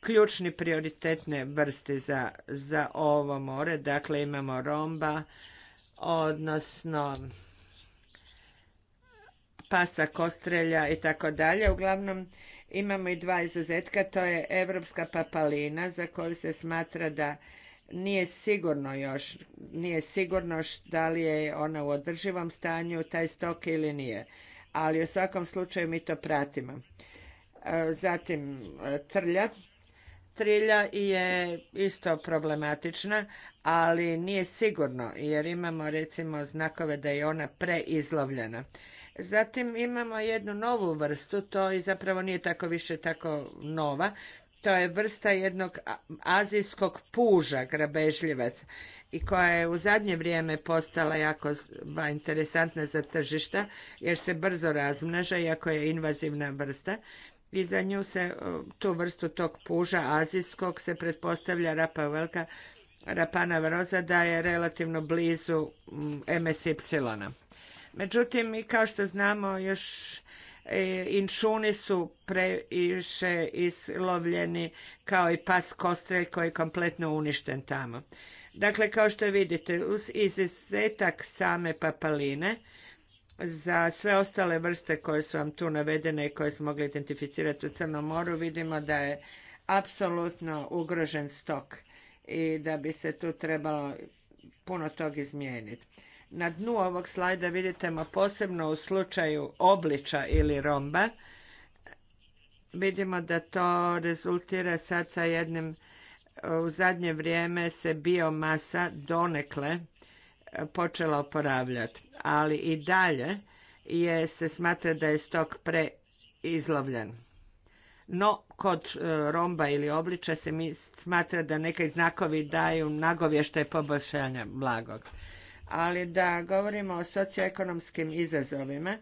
ključni prioritetne vrste za, za ovo more. Dakle, imamo romba, odnosno pasa kostrelja i tako dalje. Uglavnom, Imamo i dva izuzetka, to je evropska papalina za koju se smatra da nije sigurno još, nije sigurno da li je ona u održivom stanju, taj stok ili nije. Ali u svakom slučaju mi to pratimo. E, zatim e, trlja. Trilja je isto problematična, ali nije sigurno jer imamo recimo znakove da je ona preizlovljena. Zatim imamo jednu novu vrstu, to i zapravo nije tako više tako nova, to je vrsta jednog azijskog puža, grabežljivac, i koja je u zadnje vrijeme postala jako interesantna za tržišta, jer se brzo razmnaža, iako je invazivna vrsta. I za nju se, tu vrstu tog puža azijskog se pretpostavlja rapa velika, rapana vroza da je relativno blizu MSY. Međutim, mi kao što znamo još e, inšuni su previše islovljeni kao i pas kostre koji je kompletno uništen tamo. Dakle, kao što vidite, uz izuzetak same papaline, za sve ostale vrste koje su vam tu navedene i koje smo mogli identificirati u Crnom moru, vidimo da je apsolutno ugrožen stok i da bi se tu trebalo puno tog izmijeniti. Na dnu ovog slajda vidite posebno u slučaju obliča ili romba. Vidimo da to rezultira sad sa jednim, u zadnje vrijeme se biomasa donekle e, počela oporavljati, ali i dalje je, se smatra da je stok preizlovljen. No, kod e, romba ili obliča se smatra da neki znakovi daju nagovještaj poboljšanja blagog ali da govorimo o socioekonomskim izazovima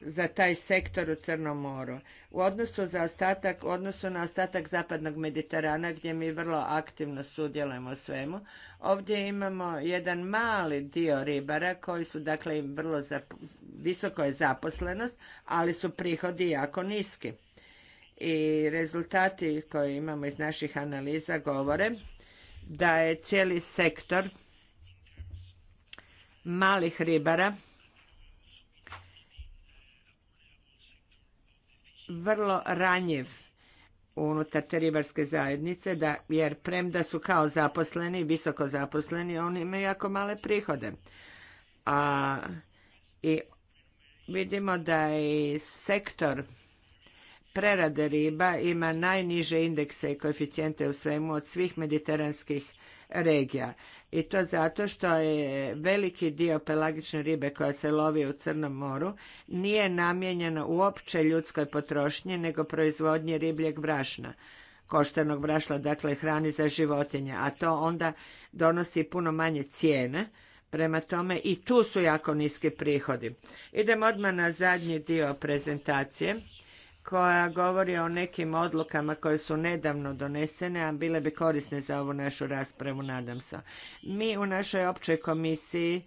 za taj sektor u Crnom moru. U odnosu, za ostatak, u odnosu na ostatak zapadnog Mediterana gdje mi vrlo aktivno sudjelujemo svemu, ovdje imamo jedan mali dio ribara koji su dakle vrlo zap, visoko je zaposlenost, ali su prihodi jako niski. I rezultati koje imamo iz naših analiza govore da je cijeli sektor malih ribara vrlo ranjiv unutar te ribarske zajednice, da, jer premda su kao zaposleni, visoko zaposleni, oni imaju jako male prihode. A, I vidimo da je sektor prerade riba ima najniže indekse i koeficijente u svemu od svih mediteranskih regija i to zato što je veliki dio pelagične ribe koja se lovi u Crnom moru nije namijenjena uopće ljudskoj potrošnji nego proizvodnje ribljeg brašna koštanog brašna, dakle hrani za životinje, a to onda donosi puno manje cijene, prema tome i tu su jako niski prihodi. Idemo odmah na zadnji dio prezentacije koja govori o nekim odlukama koje su nedavno donesene, a bile bi korisne za ovu našu raspravu, nadam se. Mi u našoj općoj komisiji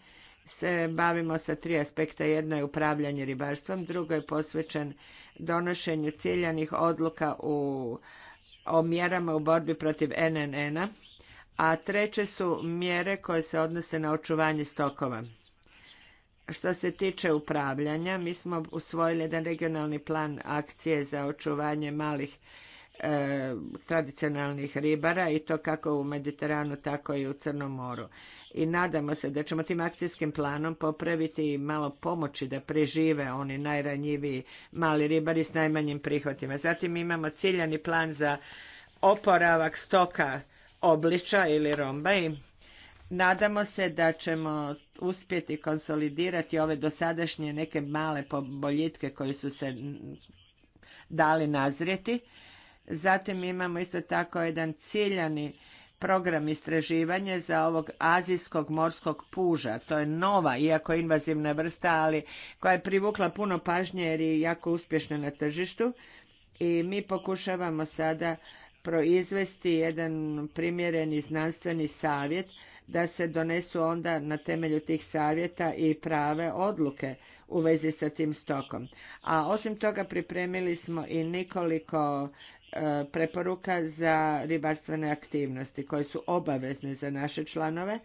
se bavimo sa tri aspekta. Jedno je upravljanje ribarstvom, drugo je posvećen donošenju ciljanih odluka u, o mjerama u borbi protiv NNN-a, a treće su mjere koje se odnose na očuvanje stokova. Što se tiče upravljanja, mi smo usvojili jedan regionalni plan akcije za očuvanje malih e, tradicionalnih ribara i to kako u Mediteranu, tako i u Crnom moru. I nadamo se da ćemo tim akcijskim planom popraviti i malo pomoći da prežive oni najranjiviji mali ribari s najmanjim prihvatima. Zatim imamo ciljani plan za oporavak stoka obliča ili romba Nadamo se da ćemo uspjeti konsolidirati ove dosadašnje neke male poboljitke koji su se dali nazrijeti. Zatim imamo isto tako jedan ciljani program istraživanja za ovog azijskog morskog puža. To je nova, iako invazivna vrsta, ali koja je privukla puno pažnje jer je jako uspješna na tržištu. I mi pokušavamo sada proizvesti jedan primjereni znanstveni savjet da se donesu onda na temelju tih savjeta i prave odluke u vezi sa tim stokom. A osim toga pripremili smo i nekoliko e, preporuka za ribarstvene aktivnosti koje su obavezne za naše članove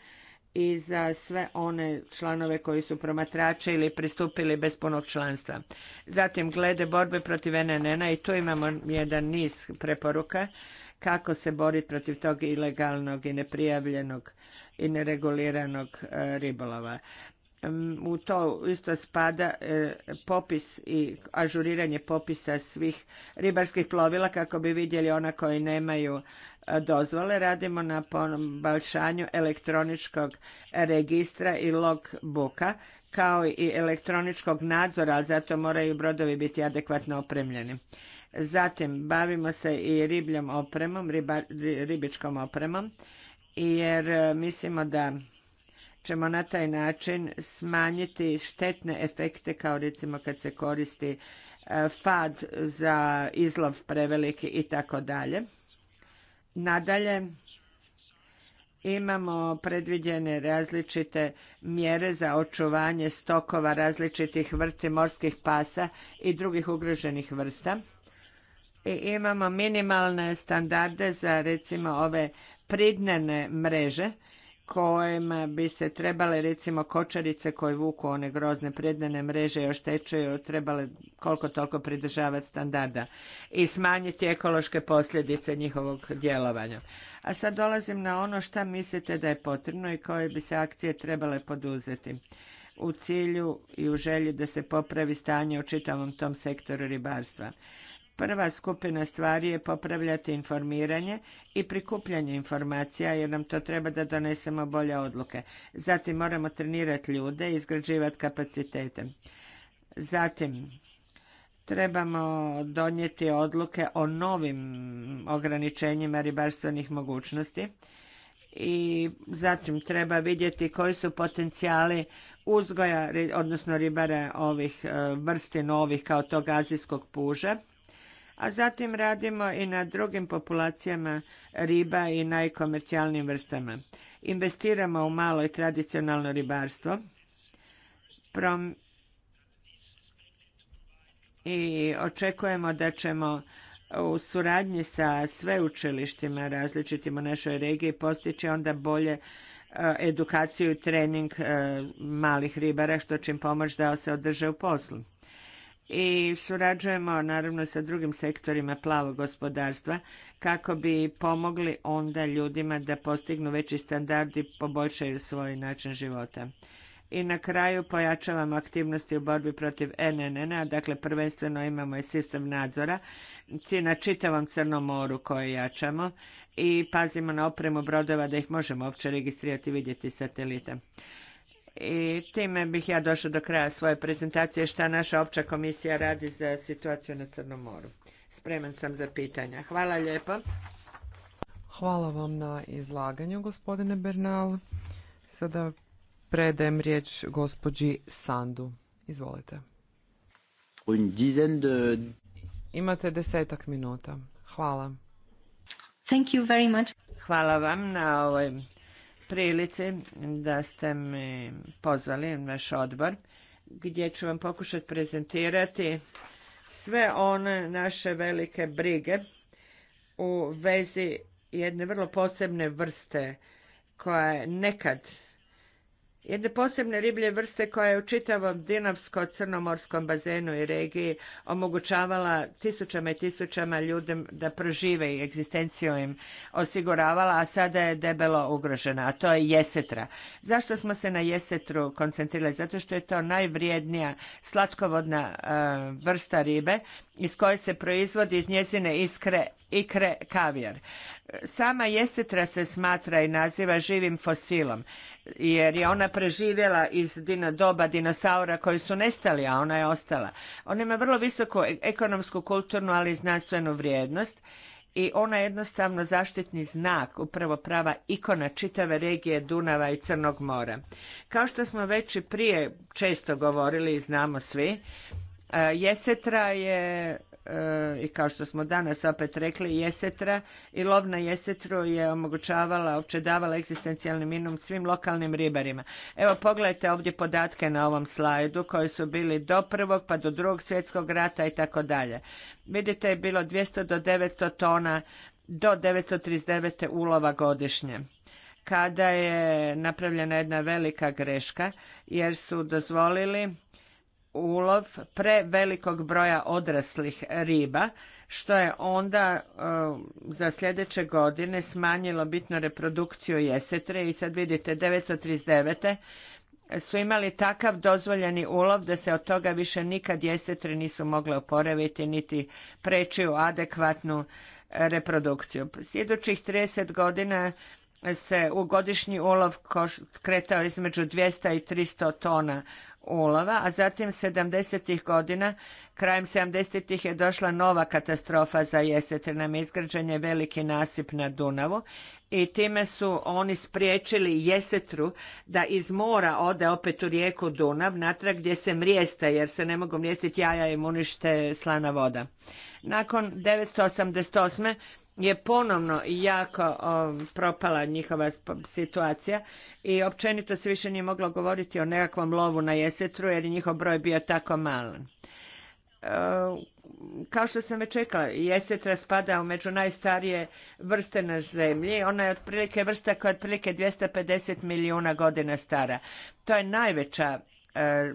i za sve one članove koji su promatrače ili pristupili bez punog članstva. Zatim, glede borbe protiv NNN-a i tu imamo jedan niz preporuka kako se boriti protiv tog ilegalnog i neprijavljenog i nereguliranog e, ribolova. U to isto spada e, popis i ažuriranje popisa svih ribarskih plovila kako bi vidjeli ona koji nemaju e, dozvole. Radimo na poboljšanju elektroničkog registra i log kao i elektroničkog nadzora, ali zato moraju brodovi biti adekvatno opremljeni. Zatim bavimo se i ribljom opremom, ribičkom opremom jer e, mislimo da ćemo na taj način smanjiti štetne efekte kao recimo kad se koristi e, fad za izlov preveliki i tako dalje. Nadalje, imamo predviđene različite mjere za očuvanje stokova različitih vrti morskih pasa i drugih ugroženih vrsta. I imamo minimalne standarde za recimo ove pridnene mreže kojima bi se trebale recimo kočarice koje vuku one grozne prednene mreže i oštećuju trebale koliko toliko pridržavati standarda i smanjiti ekološke posljedice njihovog djelovanja. A sad dolazim na ono šta mislite da je potrebno i koje bi se akcije trebale poduzeti u cilju i u želji da se popravi stanje u čitavom tom sektoru ribarstva. Prva skupina stvari je popravljati informiranje i prikupljanje informacija jer nam to treba da donesemo bolje odluke. Zatim moramo trenirati ljude i izgrađivati kapacitete. Zatim trebamo donijeti odluke o novim ograničenjima ribarstvenih mogućnosti i zatim treba vidjeti koji su potencijali uzgoja, odnosno ribara ovih e, vrsti novih kao tog azijskog puža a zatim radimo i na drugim populacijama riba i najkomercijalnim vrstama. Investiramo u malo i tradicionalno ribarstvo i očekujemo da ćemo u suradnji sa sveučilištima različitim u našoj regiji postići onda bolje e, edukaciju i trening e, malih ribara što će im pomoći da se održe u poslu i surađujemo naravno sa drugim sektorima plavog gospodarstva kako bi pomogli onda ljudima da postignu veći standard i poboljšaju svoj način života. I na kraju pojačavamo aktivnosti u borbi protiv NNN-a, dakle prvenstveno imamo i sistem nadzora na čitavom Crnom moru koje jačamo i pazimo na opremu brodova da ih možemo uopće registrirati i vidjeti satelita. I time bih ja došla do kraja svoje prezentacije šta naša opća komisija radi za situaciju na Crnom moru. Spreman sam za pitanja. Hvala lijepo. Hvala vam na izlaganju, gospodine Bernal. Sada predajem riječ gospođi Sandu. Izvolite. Imate desetak minuta. Hvala. Hvala vam na ovoj prilici da ste mi pozvali naš odbor gdje ću vam pokušati prezentirati sve one naše velike brige u vezi jedne vrlo posebne vrste koja je nekad jedne posebne riblje vrste koja je u čitavom dinavsko-crnomorskom bazenu i regiji omogućavala tisućama i tisućama ljudem da prožive i egzistenciju im osiguravala, a sada je debelo ugrožena, a to je jesetra. Zašto smo se na jesetru koncentrirali? Zato što je to najvrijednija slatkovodna e, vrsta ribe iz koje se proizvodi iz njezine iskre, ikre kavijar. Sama Jesetra se smatra i naziva živim fosilom, jer je ona preživjela iz dino, doba dinosaura koji su nestali, a ona je ostala. Ona ima vrlo visoku e-, ekonomsku, kulturnu, ali i znanstvenu vrijednost i ona je jednostavno zaštitni znak, upravo prava ikona čitave regije Dunava i Crnog mora. Kao što smo već i prije često govorili i znamo svi, e, jesetra je i kao što smo danas opet rekli jesetra i lov na jesetru je omogućavala, opće davala egzistencijalni minimum svim lokalnim ribarima. Evo pogledajte ovdje podatke na ovom slajdu koji su bili do prvog pa do drugog svjetskog rata i tako dalje. Vidite je bilo 200 do 900 tona do 939. ulova godišnje kada je napravljena jedna velika greška jer su dozvolili ulov prevelikog broja odraslih riba, što je onda e, za sljedeće godine smanjilo bitno reprodukciju jesetre i sad vidite 939 su imali takav dozvoljeni ulov da se od toga više nikad jesetre nisu mogle oporaviti niti preći u adekvatnu e, reprodukciju. Sljedećih 30 godina se u godišnji ulov kretao između 200 i 300 tona ulova, a zatim 70. godina, krajem 70. je došla nova katastrofa za jesetre nam izgrađen je veliki nasip na Dunavu i time su oni spriječili jesetru da iz mora ode opet u rijeku Dunav, natrag gdje se mrijeste, jer se ne mogu mrijestiti jaja i munište slana voda. Nakon 988 je ponovno jako um, propala njihova situacija i općenito se više nije moglo govoriti o nekakvom lovu na jesetru jer je njihov broj bio tako malen. Uh, kao što sam već rekla, jesetra spada u među najstarije vrste na zemlji. Ona je otprilike vrsta koja je otprilike 250 milijuna godina stara. To je najveća E,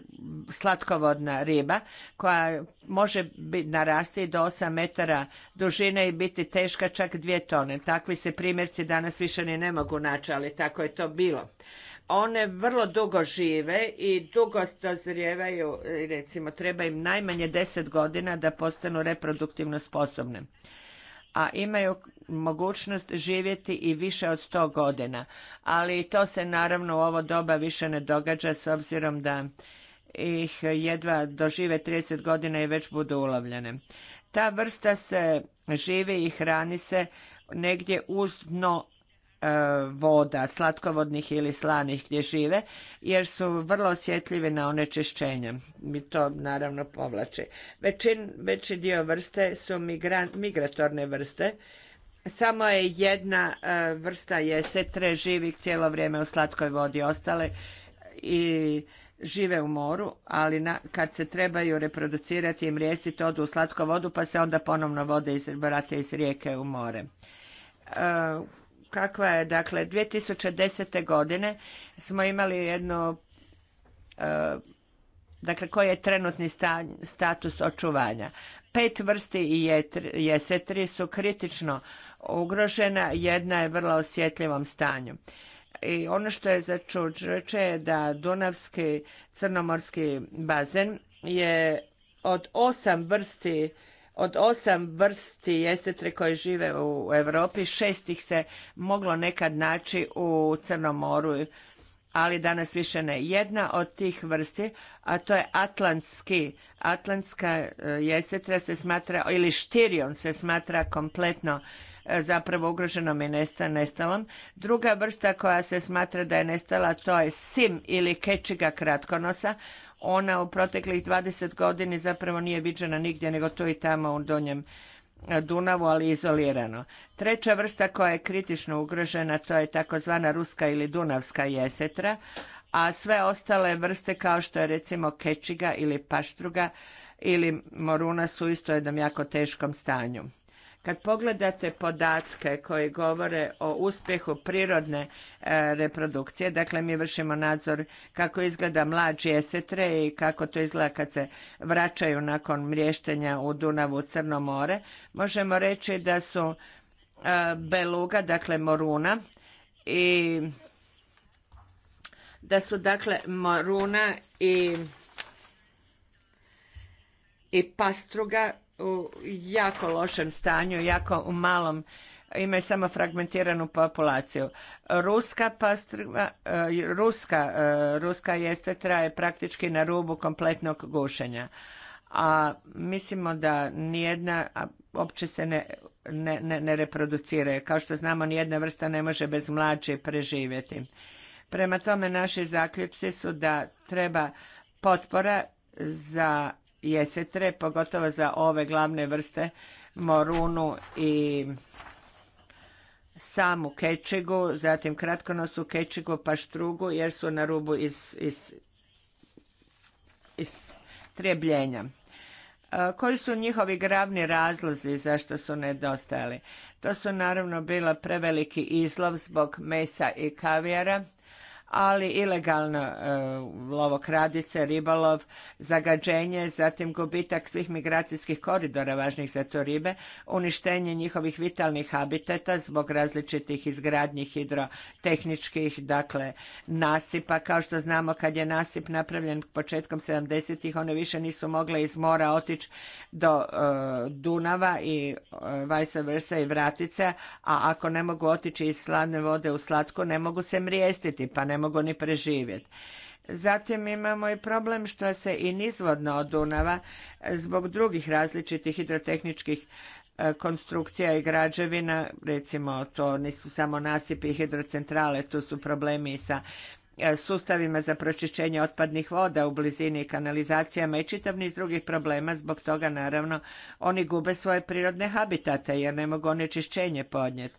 slatkovodna riba koja može narasti do 8 metara dužine i biti teška čak 2 tone. Takvi se primjerci danas više ni ne mogu naći, ali tako je to bilo. One vrlo dugo žive i dugo dozrijevaju, e, recimo treba im najmanje 10 godina da postanu reproduktivno sposobne a imaju mogućnost živjeti i više od 100 godina. Ali to se naravno u ovo doba više ne događa s obzirom da ih jedva dožive 30 godina i već budu ulovljene. Ta vrsta se živi i hrani se negdje uz dno E, voda, slatkovodnih ili slanih gdje žive, jer su vrlo osjetljivi na onečišćenje. Mi to naravno povlači. Većin, veći dio vrste su migratorne vrste. Samo je jedna e, vrsta je setre živih cijelo vrijeme u slatkoj vodi ostale i žive u moru, ali kad se trebaju reproducirati i mrijestiti, odu u slatko vodu, pa se onda ponovno vode iz, iz rijeke u more. E, kakva je, dakle, 2010. godine smo imali jednu, e, dakle, koji je trenutni status očuvanja. Pet vrsti i jesetri su kritično ugrožena, jedna je vrlo osjetljivom stanju. I ono što je začuđujuće je da Dunavski crnomorski bazen je od osam vrsti od osam vrsti jesetre koje žive u Europi, šest ih se moglo nekad naći u Crnom moru, ali danas više ne. Jedna od tih vrsti, a to je atlantski, atlantska e, jesetra se smatra, ili štirion se smatra kompletno e, zapravo ugroženom i nestalom. Druga vrsta koja se smatra da je nestala to je sim ili kečiga kratkonosa ona u proteklih 20 godini zapravo nije viđena nigdje nego to i tamo u donjem e, Dunavu, ali izolirano. Treća vrsta koja je kritično ugrožena to je takozvana ruska ili dunavska jesetra, a sve ostale vrste kao što je recimo kečiga ili paštruga ili moruna su isto u jednom jako teškom stanju. Kad pogledate podatke koji govore o uspjehu prirodne e, reprodukcije, dakle mi vršimo nadzor kako izgleda mlađi jesetre i kako to izgleda kad se vraćaju nakon mriještenja u Dunavu Crno more, možemo reći da su e, beluga, dakle moruna i da su dakle moruna i i pastruga u jako lošem stanju, jako u malom imaju samo fragmentiranu populaciju. Ruska pastrva, e, ruska, e, ruska jestetra praktički na rubu kompletnog gušenja. A mislimo da nijedna opće se ne, ne, ne, ne Kao što znamo, nijedna vrsta ne može bez mlađe preživjeti. Prema tome, naši zaključci su da treba potpora za jesetre, pogotovo za ove glavne vrste, morunu i samu kečegu, zatim kratkonosu kečegu pa štrugu jer su na rubu iz, e, Koji su njihovi gravni razlozi zašto su nedostajali? To su naravno bila preveliki izlov zbog mesa i kavijara ali ilegalno e, lovokradice, ribolov, zagađenje, zatim gubitak svih migracijskih koridora važnih za to ribe, uništenje njihovih vitalnih habitata zbog različitih izgradnji hidrotehničkih, dakle, nasipa. Kao što znamo, kad je nasip napravljen početkom 70-ih, one više nisu mogle iz mora otići do e, Dunava i e, vice versa i vratice, a ako ne mogu otići iz slane vode u slatku, ne mogu se mrijestiti, pa ne mogu ni preživjeti. Zatim imamo i problem što se i nizvodno od Dunava zbog drugih različitih hidrotehničkih e, konstrukcija i građevina, recimo to nisu samo nasipi i hidrocentrale, tu su problemi i sa e, sustavima za pročišćenje otpadnih voda u blizini i kanalizacijama i čitav niz drugih problema. Zbog toga naravno oni gube svoje prirodne habitate jer ne mogu onečišćenje podnijeti.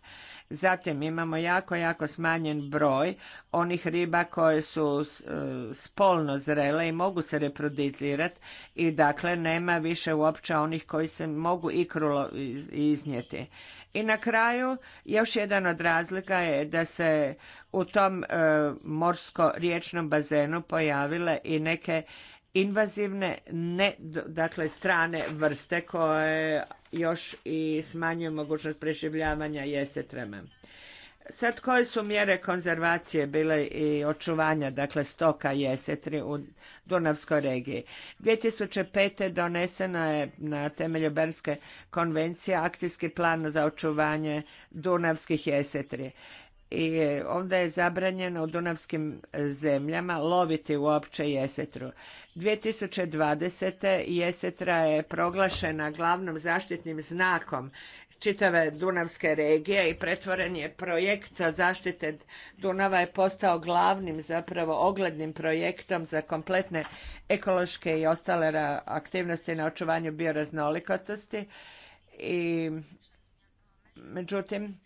Zatim imamo jako, jako smanjen broj onih riba koje su e, spolno zrele i mogu se reproducirati i dakle nema više uopće onih koji se mogu ikrulo iznijeti. I na kraju još jedan od razlika je da se u tom e, morsko-riječnom bazenu pojavile i neke invazivne ne, dakle, strane vrste koje još i smanjuje mogućnost preživljavanja jesetrema. Sad koje su mjere konzervacije bile i očuvanja, dakle stoka jesetri u Dunavskoj regiji? 2005. donesena je na temelju Bernske konvencije akcijski plan za očuvanje Dunavskih jesetri i onda je zabranjeno u dunavskim zemljama loviti uopće jesetru. 2020. jesetra je proglašena glavnom zaštitnim znakom čitave Dunavske regije i pretvoren je projekt zaštite Dunava je postao glavnim zapravo oglednim projektom za kompletne ekološke i ostale aktivnosti na očuvanju bioraznolikosti i međutim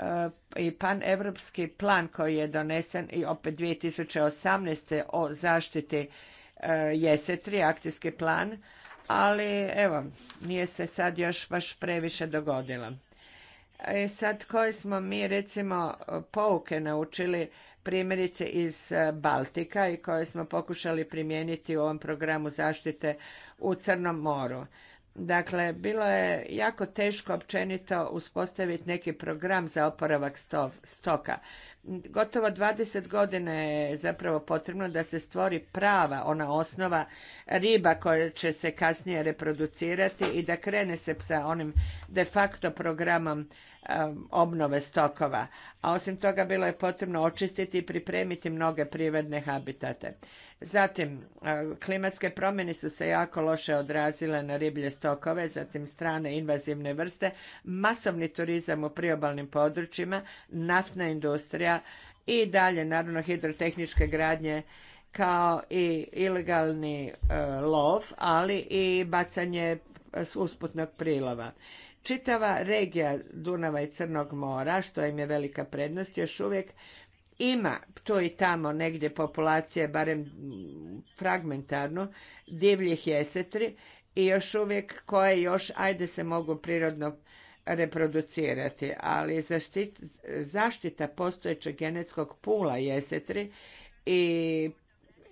E, i paneuropski plan koji je donesen i opet 2018. o zaštiti e, jesetri, akcijski plan, ali evo, nije se sad još baš previše dogodilo. I e, sad koje smo mi recimo pouke naučili primjerice iz Baltika i koje smo pokušali primijeniti u ovom programu zaštite u Crnom moru. Dakle, bilo je jako teško općenito uspostaviti neki program za oporavak stoka. Gotovo 20 godina je zapravo potrebno da se stvori prava, ona osnova riba koja će se kasnije reproducirati i da krene se sa onim de facto programom um, obnove stokova. A osim toga bilo je potrebno očistiti i pripremiti mnoge prirodne habitate. Zatim, e, klimatske promjene su se jako loše odrazile na riblje stokove, zatim strane invazivne vrste, masovni turizam u priobalnim područjima, naftna industrija i dalje, naravno, hidrotehničke gradnje kao i ilegalni e, lov, ali i bacanje usputnog prilova. Čitava regija Dunava i Crnog mora, što im je velika prednost, još uvijek ima tu i tamo negdje populacije, barem fragmentarno, divljih jesetri i još uvijek koje još, ajde se mogu prirodno reproducirati, ali zaštita postojećeg genetskog pula jesetri i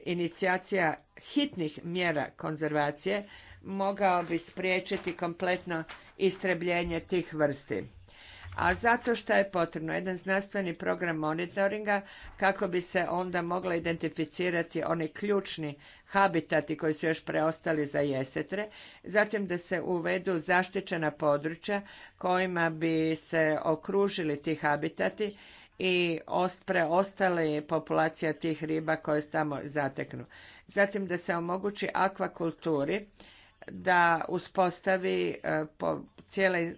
inicijacija hitnih mjera konzervacije mogao bi spriječiti kompletno istrebljenje tih vrsti a zato što je potrebno jedan znanstveni program monitoringa kako bi se onda mogla identificirati oni ključni habitati koji su još preostali za jesetre, zatim da se uvedu zaštićena područja kojima bi se okružili ti habitati i preostale populacija tih riba koje tamo zateknu. Zatim da se omogući akvakulturi da uspostavi e, po cijele e,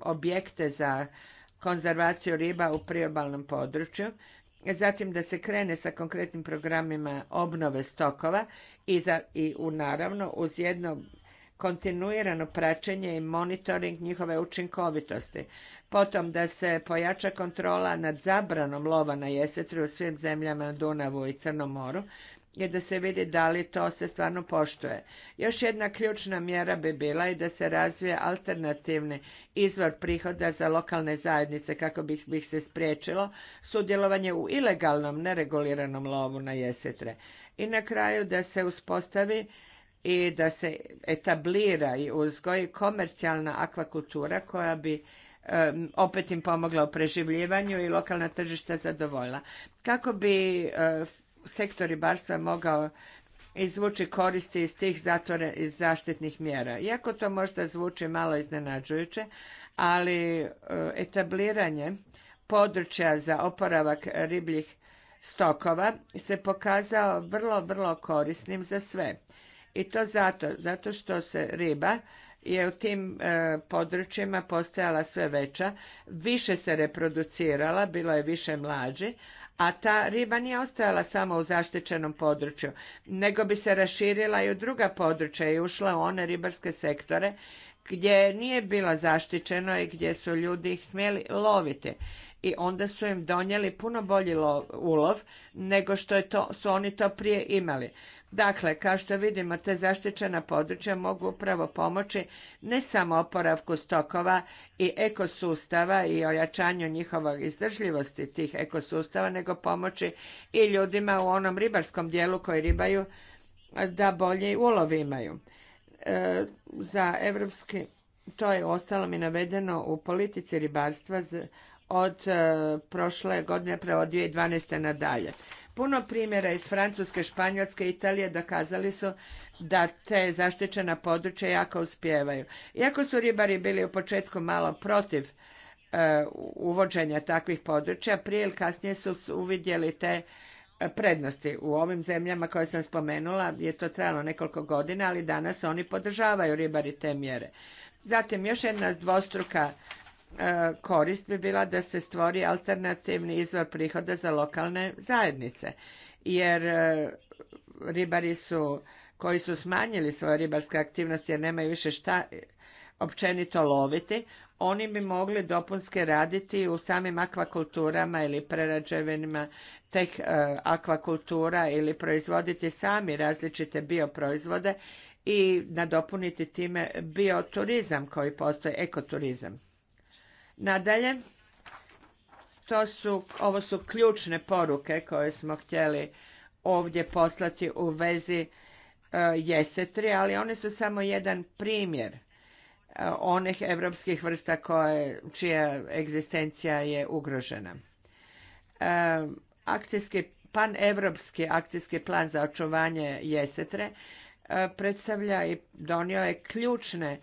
objekte za konzervaciju riba u priobalnom području, zatim da se krene sa konkretnim programima obnove stokova i, za, i u, naravno uz jedno kontinuirano praćenje i monitoring njihove učinkovitosti. Potom da se pojača kontrola nad zabranom lova na jesetri u svim zemljama Dunavu i Crnom moru, je da se vidi da li to se stvarno poštuje. Još jedna ključna mjera bi bila i da se razvije alternativni izvor prihoda za lokalne zajednice kako bi ih se spriječilo sudjelovanje u ilegalnom, nereguliranom lovu na jesetre. I na kraju da se uspostavi i da se etablira i uzgoji komercijalna akvakultura koja bi opet im pomogla u preživljivanju i lokalna tržišta zadovoljila. Kako bi sektor ribarstva mogao izvući koristi iz tih zatvore, iz zaštitnih mjera. Iako to možda zvuči malo iznenađujuće, ali e, etabliranje područja za oporavak ribljih stokova se pokazao vrlo, vrlo korisnim za sve. I to zato, zato što se riba je u tim e, područjima postajala sve veća, više se reproducirala, bilo je više mlađi, a ta riba nije ostajala samo u zaštićenom području, nego bi se raširila i u druga područja i ušla u one ribarske sektore gdje nije bila zaštićeno i gdje su ljudi ih smjeli loviti. I onda su im donijeli puno bolji ulov nego što je to, su oni to prije imali. Dakle, kao što vidimo, te zaštićena područja mogu upravo pomoći ne samo oporavku stokova i ekosustava i ojačanju njihovog izdržljivosti tih ekosustava, nego pomoći i ljudima u onom ribarskom dijelu koji ribaju da bolje ulov imaju. E, za evropski, to je ostalo mi navedeno u politici ribarstva od e, prošle godine, pravo od 2012. nadalje puno primjera iz Francuske, Španjolske, i Italije dokazali su da te zaštićena područja jako uspijevaju. Iako su ribari bili u početku malo protiv e, uvođenja takvih područja, prije ili kasnije su uvidjeli te e, prednosti. U ovim zemljama koje sam spomenula je to trajalo nekoliko godina, ali danas oni podržavaju ribari te mjere. Zatim još jedna dvostruka E, korist bi bila da se stvori alternativni izvor prihoda za lokalne zajednice. Jer e, ribari su, koji su smanjili svoje ribarske aktivnosti jer nemaju više šta e, općenito loviti, oni bi mogli dopunske raditi u samim akvakulturama ili prerađevinima teh akvakultura ili proizvoditi sami različite bioproizvode i nadopuniti time bioturizam koji postoji, ekoturizam. Nadalje, to su, ovo su ključne poruke koje smo htjeli ovdje poslati u vezi e, jesetri, ali one su samo jedan primjer e, onih evropskih vrsta koje, čija egzistencija je ugrožena. akcijski e, akcijski, pan-evropski akcijski plan za očuvanje jesetre predstavlja i donio je ključne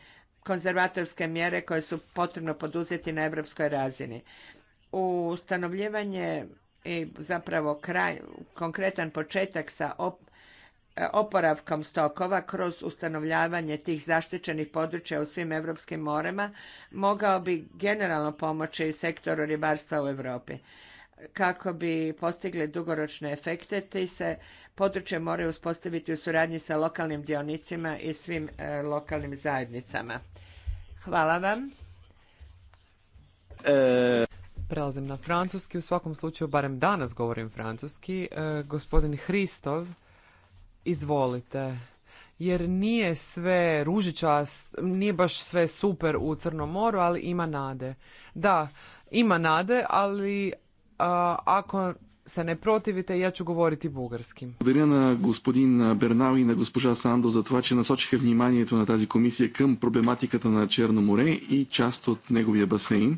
konzervatorske mjere koje su potrebno poduzeti na europskoj razini. U Ustanovljivanje i zapravo kraj, konkretan početak sa e, oporavkom stokova kroz ustanovljavanje tih zaštićenih područja u svim europskim morema mogao bi generalno pomoći sektoru ribarstva u Europi kako bi postigli dugoročne efekte, te se područje moraju uspostaviti u suradnji sa lokalnim dionicima i svim e, lokalnim zajednicama. Hvala vam. E, Prelazim na francuski, u svakom slučaju barem danas govorim francuski. E, gospodin Hristov, izvolite jer nije sve ružičast, nije baš sve super u Crnom moru, ali ima nade. Da, ima nade, ali ako se ne protivite, ja ću govoriti bugarski. Благодаря на господин Бернал и на госпожа Сандо за това, че насочиха вниманието на тази комисия към проблематиката на Черно море и част от неговия басейн.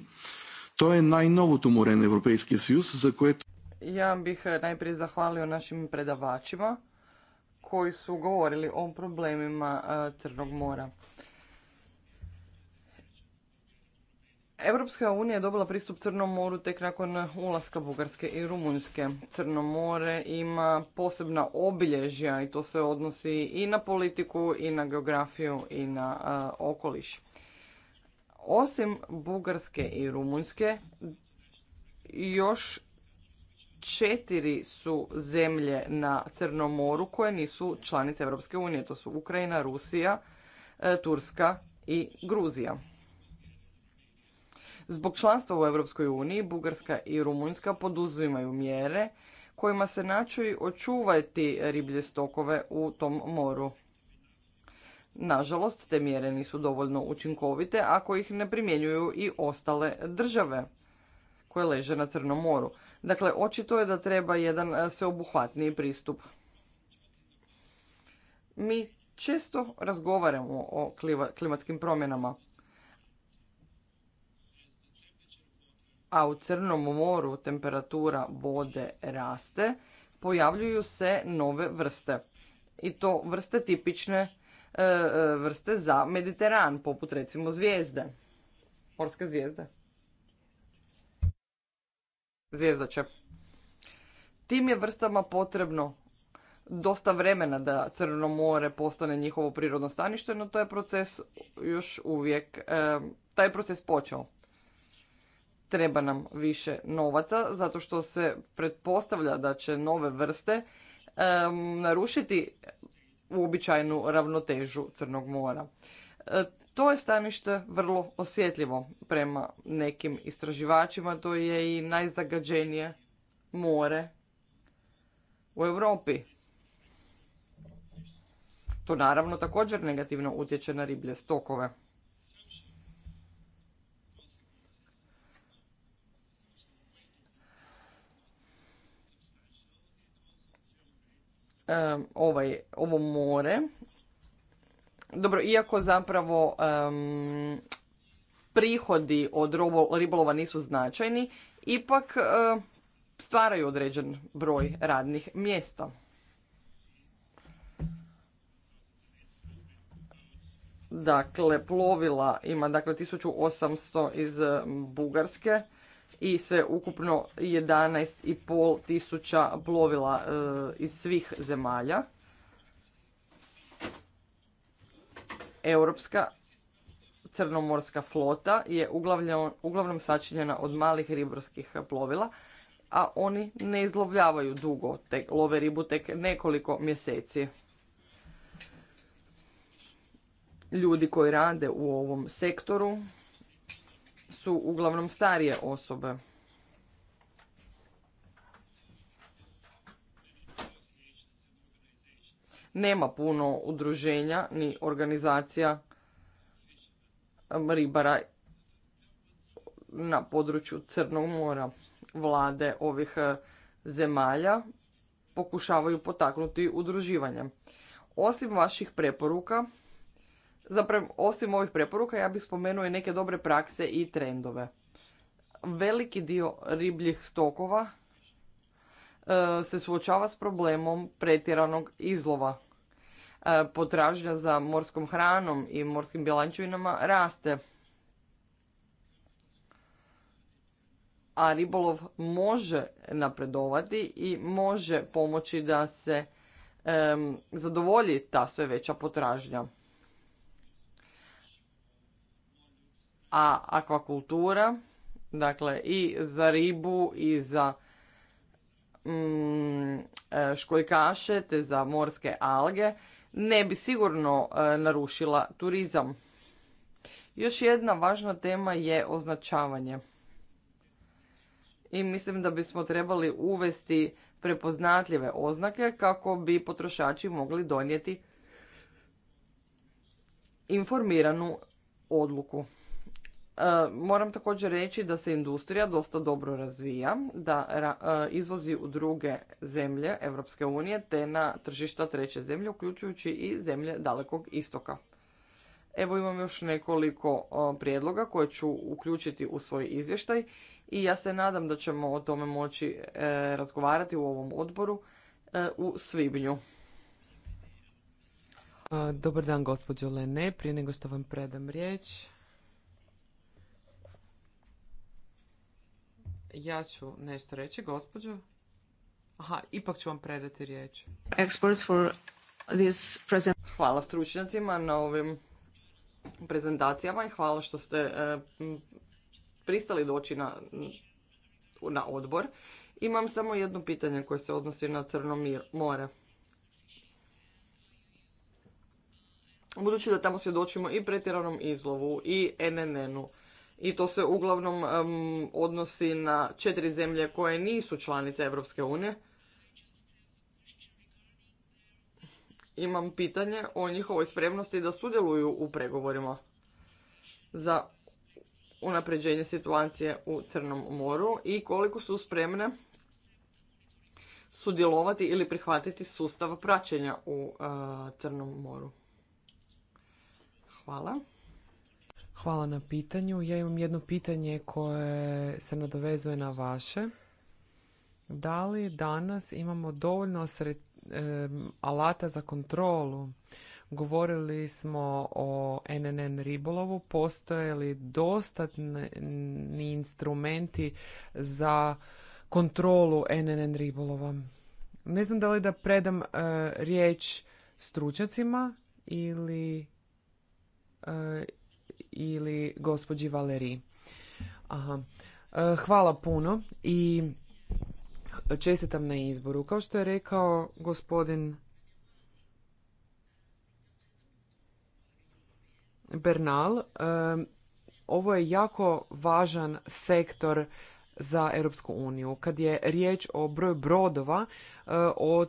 To je najnovoto more na Europejski sijus, za koje... Ja bih najprije zahvalio našim predavačima koji su govorili o problemima Crnog mora. Europska unija je dobila pristup Crnom moru tek nakon ulaska Bugarske i Rumunjske. Crno more ima posebna obilježja i to se odnosi i na politiku i na geografiju i na okoliš. Osim Bugarske i Rumunjske, još četiri su zemlje na Crnom moru koje nisu članice Europske unije. To su Ukrajina, Rusija, e, Turska i Gruzija. Zbog članstva u Europskoj uniji Bugarska i Rumunjska poduzimaju mjere kojima se načuju očuvati riblje stokove u tom moru. Nažalost, te mjere nisu dovoljno učinkovite ako ih ne primjenjuju i ostale države koje leže na Crnom moru. Dakle, očito je da treba jedan sveobuhvatniji pristup. Mi često razgovaramo o klimatskim promjenama. a u Crnom moru temperatura vode raste, pojavljuju se nove vrste. I to vrste tipične e, e, vrste za Mediteran, poput recimo zvijezde. Morske zvijezde. će Tim je vrstama potrebno dosta vremena da Crno more postane njihovo prirodno stanište, no to je proces još uvijek, e, taj proces počeo treba nam više novaca zato što se pretpostavlja da će nove vrste narušiti uobičajenu ravnotežu Crnog mora. E, to je stanište vrlo osjetljivo prema nekim istraživačima. To je i najzagađenije more u Europi. To naravno također negativno utječe na riblje stokove. Ovaj, ovo more. Dobro, iako zapravo prihodi od ribolova nisu značajni, ipak stvaraju određen broj radnih mjesta. Dakle, plovila ima dakle 1800 iz Bugarske, i sve ukupno 11,5 tisuća plovila e, iz svih zemalja. Europska crnomorska flota je uglavnom sačinjena od malih ribarskih plovila, a oni ne izlovljavaju dugo, te love ribu tek nekoliko mjeseci. Ljudi koji rade u ovom sektoru su uglavnom starije osobe. Nema puno udruženja ni organizacija um, ribara na području Crnog mora. Vlade ovih uh, zemalja pokušavaju potaknuti udruživanje. Osim vaših preporuka, Zapravo, osim ovih preporuka, ja bih spomenuo i neke dobre prakse i trendove. Veliki dio ribljih stokova e, se suočava s problemom pretjeranog izlova. E, potražnja za morskom hranom i morskim bjelančevinama raste. A ribolov može napredovati i može pomoći da se zadovolji ta sve veća potražnja. a akvakultura, dakle i za ribu i za mm, e, školjkaše te za morske alge, ne bi sigurno e, narušila turizam. Još jedna važna tema je označavanje. I mislim da bismo trebali uvesti prepoznatljive oznake kako bi potrošači mogli donijeti informiranu odluku. E, moram također reći da se industrija dosta dobro razvija, da e, izvozi u druge zemlje Europske unije te na tržišta treće zemlje, uključujući i zemlje dalekog istoka. Evo imam još nekoliko e, prijedloga koje ću uključiti u svoj izvještaj i ja se nadam da ćemo o tome moći razgovarati u ovom odboru u svibnju. Dobar dan, gospođo Lene. Prije nego što vam predam riječ, Ja ću nešto reći, gospođo. Aha, ipak ću vam predati riječ. Hvala stručnjacima na ovim prezentacijama i hvala što ste e, pristali doći na, na odbor. Imam samo jedno pitanje koje se odnosi na Crno more. Budući da tamo svjedočimo i pretjeranom izlovu i NNN-u, i to se uglavnom odnosi na četiri zemlje koje nisu članice Europske unije. Imam pitanje o njihovoj spremnosti da sudjeluju u pregovorima za unapređenje situacije u Crnom moru i koliko su spremne sudjelovati ili prihvatiti sustav praćenja u eh, Crnom moru. Hvala. Hvala na pitanju. Ja imam jedno pitanje koje se nadovezuje na vaše. Da li danas imamo dovoljno alata za kontrolu? Govorili smo o NNN ribolovu. Postoje li dostatni instrumenti za kontrolu NNN ribolova? Ne znam da li da predam e, riječ stručnjacima ili e, ili gospođi valeri Aha. E, hvala puno i čestitam na izboru. Kao što je rekao gospodin Bernal, e, ovo je jako važan sektor za Europsku uniju. Kad je riječ o broju brodova, e, o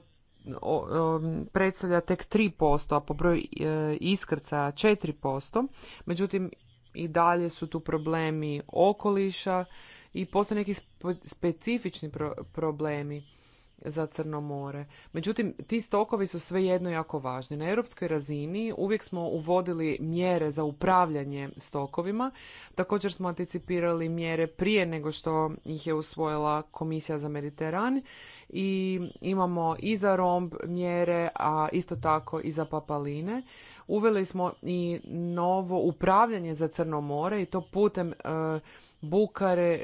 predstavlja tek 3%, a po broju e, iskrca 4%. Međutim, i dalje su tu problemi okoliša i postoje neki specifični problemi za Crno more. Međutim, ti stokovi su svejedno jako važni. Na europskoj razini uvijek smo uvodili mjere za upravljanje stokovima. Također smo anticipirali mjere prije nego što ih je usvojila Komisija za Mediteran i imamo i za romb mjere, a isto tako i za papaline. Uveli smo i novo upravljanje za Crno more i to putem e, Bukare,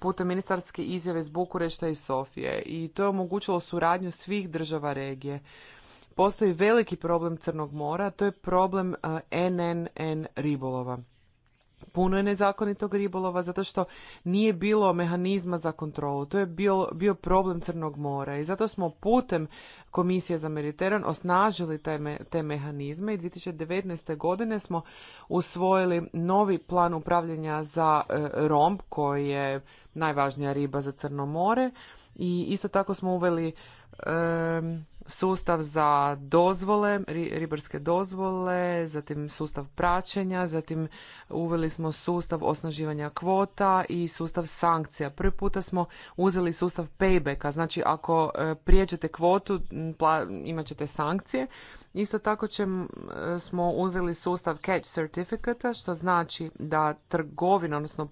putem ministarske izjave z Bukurešta i Sofije i to je omogućilo suradnju svih država regije. Postoji veliki problem Crnog mora, to je problem NNN ribolova puno je nezakonitog ribolova zato što nije bilo mehanizma za kontrolu. To je bio, bio problem Crnog mora i zato smo putem Komisije za Mediteran osnažili te, me, te mehanizme i 2019. godine smo usvojili novi plan upravljanja za e, romb koji je najvažnija riba za Crno more i isto tako smo uveli sustav za dozvole, ribarske dozvole, zatim sustav praćenja, zatim uveli smo sustav osnaživanja kvota i sustav sankcija. Prvi puta smo uzeli sustav paybacka, znači ako e, prijeđete kvotu imat ćete sankcije, Isto tako e, smo uveli sustav catch certificata, što znači da trgovina, odnosno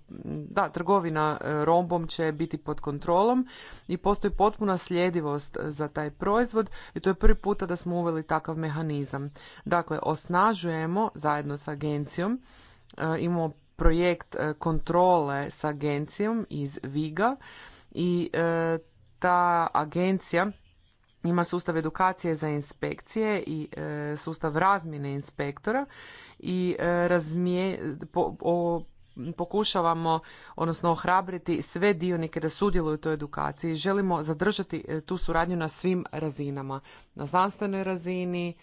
da trgovina e, robom će biti pod kontrolom i postoji potpuna sljedivost za taj proizvod i to je prvi puta da smo uveli takav mehanizam. Dakle, osnažujemo zajedno s agencijom, e, imamo projekt kontrole s agencijom iz Viga i ta agencija ima sustav edukacije za inspekcije i e, sustav razmjene inspektora i e, o, pokušavamo, odnosno ohrabriti sve dionike da sudjeluju u toj edukaciji. Želimo zadržati e, tu suradnju na svim razinama. Na znanstvenoj razini,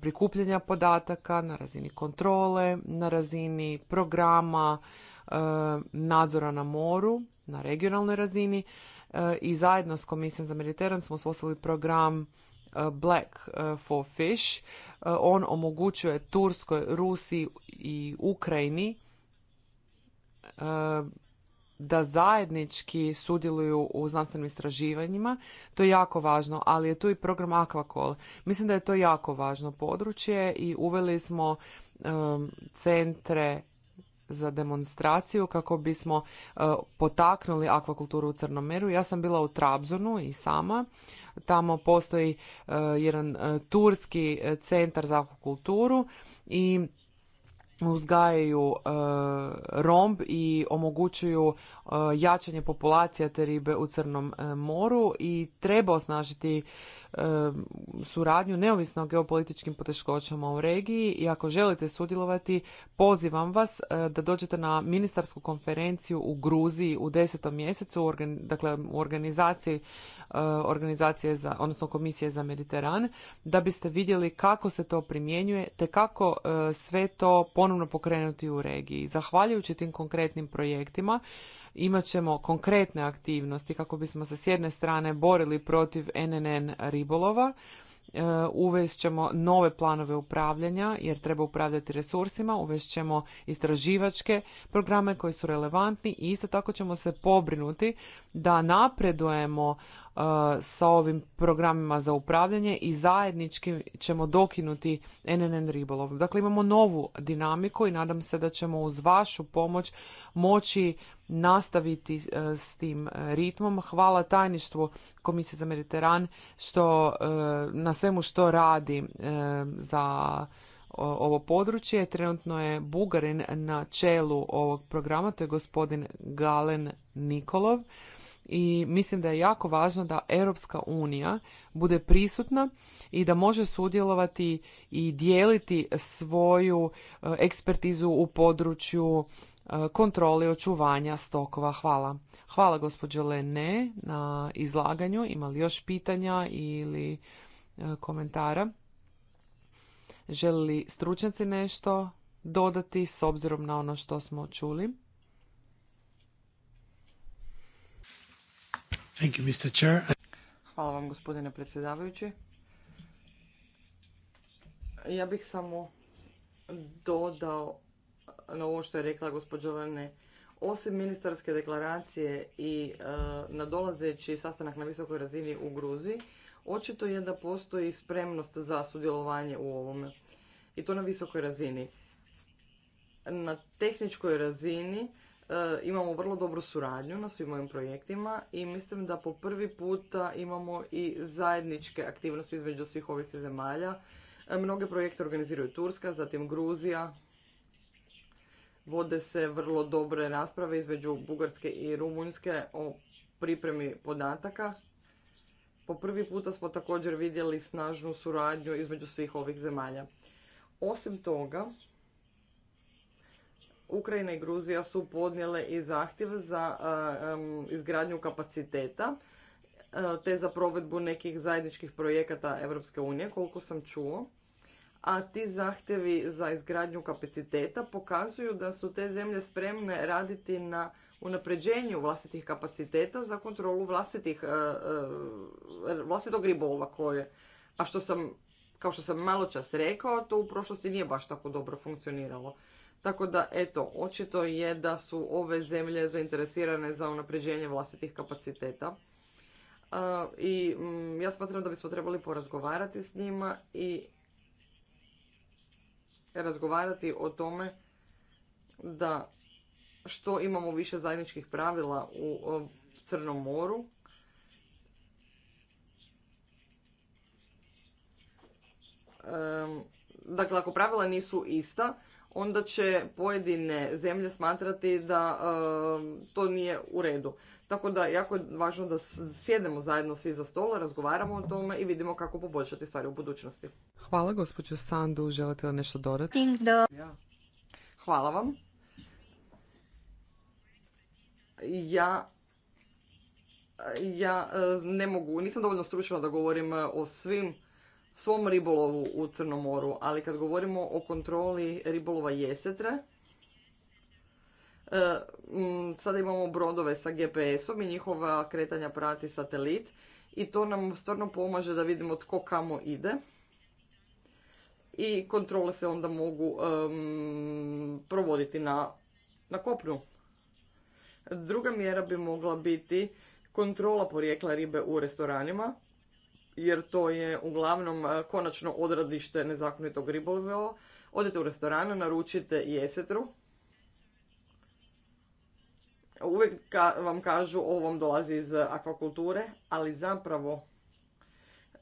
prikupljanja podataka, na razini kontrole, na razini programa, nadzora na moru, na regionalnoj razini. E, i zajedno s Komisijom za Mediteran smo uspostavili program e, Black e, for Fish. On omogućuje Turskoj, Rusiji i Ukrajini da zajednički sudjeluju u znanstvenim istraživanjima. To je jako važno, ali je tu i program Aquacol. Mislim da je to jako važno područje i uveli smo centre za demonstraciju kako bismo e, potaknuli akvakulturu u Crnom meru. Ja sam bila u Trabzonu i sama. Tamo postoji e, jedan e, turski centar za akvakulturu i uzgajaju romb i omogućuju jačanje populacija te ribe u Crnom moru i treba osnažiti suradnju neovisno o geopolitičkim poteškoćama u regiji i ako želite sudjelovati, pozivam vas e, da dođete na ministarsku konferenciju u Gruziji u desetom mjesecu, dakle u organizaciji e, organizacije za, odnosno Komisije za Mediteran, da biste vidjeli kako se to primjenjuje te kako e, sve to ponovno pokrenuti u regiji. Zahvaljujući tim konkretnim projektima, imat ćemo konkretne aktivnosti kako bismo se s jedne strane borili protiv NNN ribolova, e, uvest ćemo nove planove upravljanja jer treba upravljati resursima, uvest ćemo istraživačke programe koji su relevantni i isto tako ćemo se pobrinuti da napredujemo sa ovim programima za upravljanje i zajednički ćemo dokinuti NNN ribolov. Dakle, imamo novu dinamiku i nadam se da ćemo uz vašu pomoć moći nastaviti e, s tim e, ritmom. Hvala tajništvu Komisije za Mediteran što, e, na svemu što radi za ovo područje. Trenutno je Bugarin na čelu ovog programa, to je gospodin Galen Nikolov i mislim da je jako važno da Europska unija bude prisutna i da može sudjelovati i dijeliti svoju e, ekspertizu u području e, kontrole očuvanja stokova. Hvala. Hvala gospođo Lene na izlaganju. Ima li još pitanja ili e, komentara? Želi li stručnjaci nešto dodati s obzirom na ono što smo čuli? Hvala vam gospodine predsjedavajući. Ja bih samo dodao na ovo što je rekla gospođa Lene. Osim ministarske deklaracije i e, nadolazeći sastanak na visokoj razini u Gruziji, očito je da postoji spremnost za sudjelovanje u ovome. I to na visokoj razini. Na tehničkoj razini E, imamo vrlo dobru suradnju na svim ovim projektima i mislim da po prvi puta imamo i zajedničke aktivnosti između svih ovih zemalja. E, mnoge projekte organiziraju Turska, zatim Gruzija. Vode se vrlo dobre rasprave između Bugarske i Rumunjske o pripremi podataka. Po prvi puta smo također vidjeli snažnu suradnju između svih ovih zemalja. Osim toga, Ukrajina i Gruzija su podnijele i zahtjev za e, izgradnju kapaciteta e, te za provedbu nekih zajedničkih projekata Europske unije, koliko sam čuo. A ti zahtjevi za izgradnju kapaciteta pokazuju da su te zemlje spremne raditi na unapređenju vlastitih kapaciteta za kontrolu vlastitih, e, vlastitog ribolova koje, a što sam, kao što sam malo čas rekao, to u prošlosti nije baš tako dobro funkcioniralo. Tako da, eto, očito je da su ove zemlje zainteresirane za unapređenje vlastitih kapaciteta. E, I mm, ja smatram da bismo trebali porazgovarati s njima i razgovarati o tome da što imamo više zajedničkih pravila u e, Crnom moru, e, Dakle, ako pravila nisu ista, onda će pojedine zemlje smatrati da um, to nije u redu. Tako da jako je važno da sjednemo zajedno svi za stola, razgovaramo o tome i vidimo kako poboljšati stvari u budućnosti. Hvala gospođo Sandu, želite li nešto dodati? Hvala vam. Ja ja e, ne mogu, nisam dovoljno stručna da govorim e, o svim svom ribolovu u Crnom moru, ali kad govorimo o kontroli ribolova jesetra, e, sada imamo brodove sa GPS-om i njihova kretanja prati satelit i to nam stvarno pomaže da vidimo tko kamo ide. I kontrole se onda mogu e, provoditi na, na kopnu. Druga mjera bi mogla biti kontrola porijekla ribe u restoranima jer to je uglavnom e, konačno odradište nezakonitog ribolova. Odete u restoranu, naručite jesetru. Uvijek vam kažu ovom dolazi iz akvakulture, ali zapravo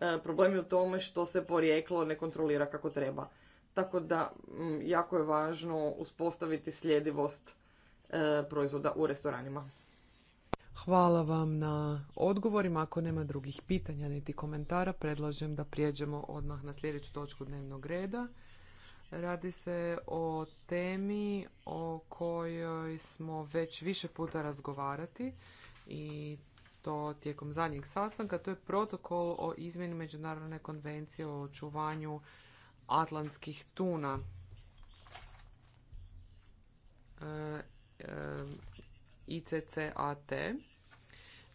e, problem je u tome što se porijeklo ne kontrolira kako treba. Tako da jako je važno uspostaviti sljedivost e, proizvoda u restoranima. Hvala vam na odgovorima. Ako nema drugih pitanja niti komentara, predlažem da prijeđemo odmah na sljedeću točku dnevnog reda. Radi se o temi o kojoj smo već više puta razgovarati i to tijekom zadnjeg sastanka. To je protokol o izmjeni Međunarodne konvencije o očuvanju atlantskih tuna. E, e, ICCAT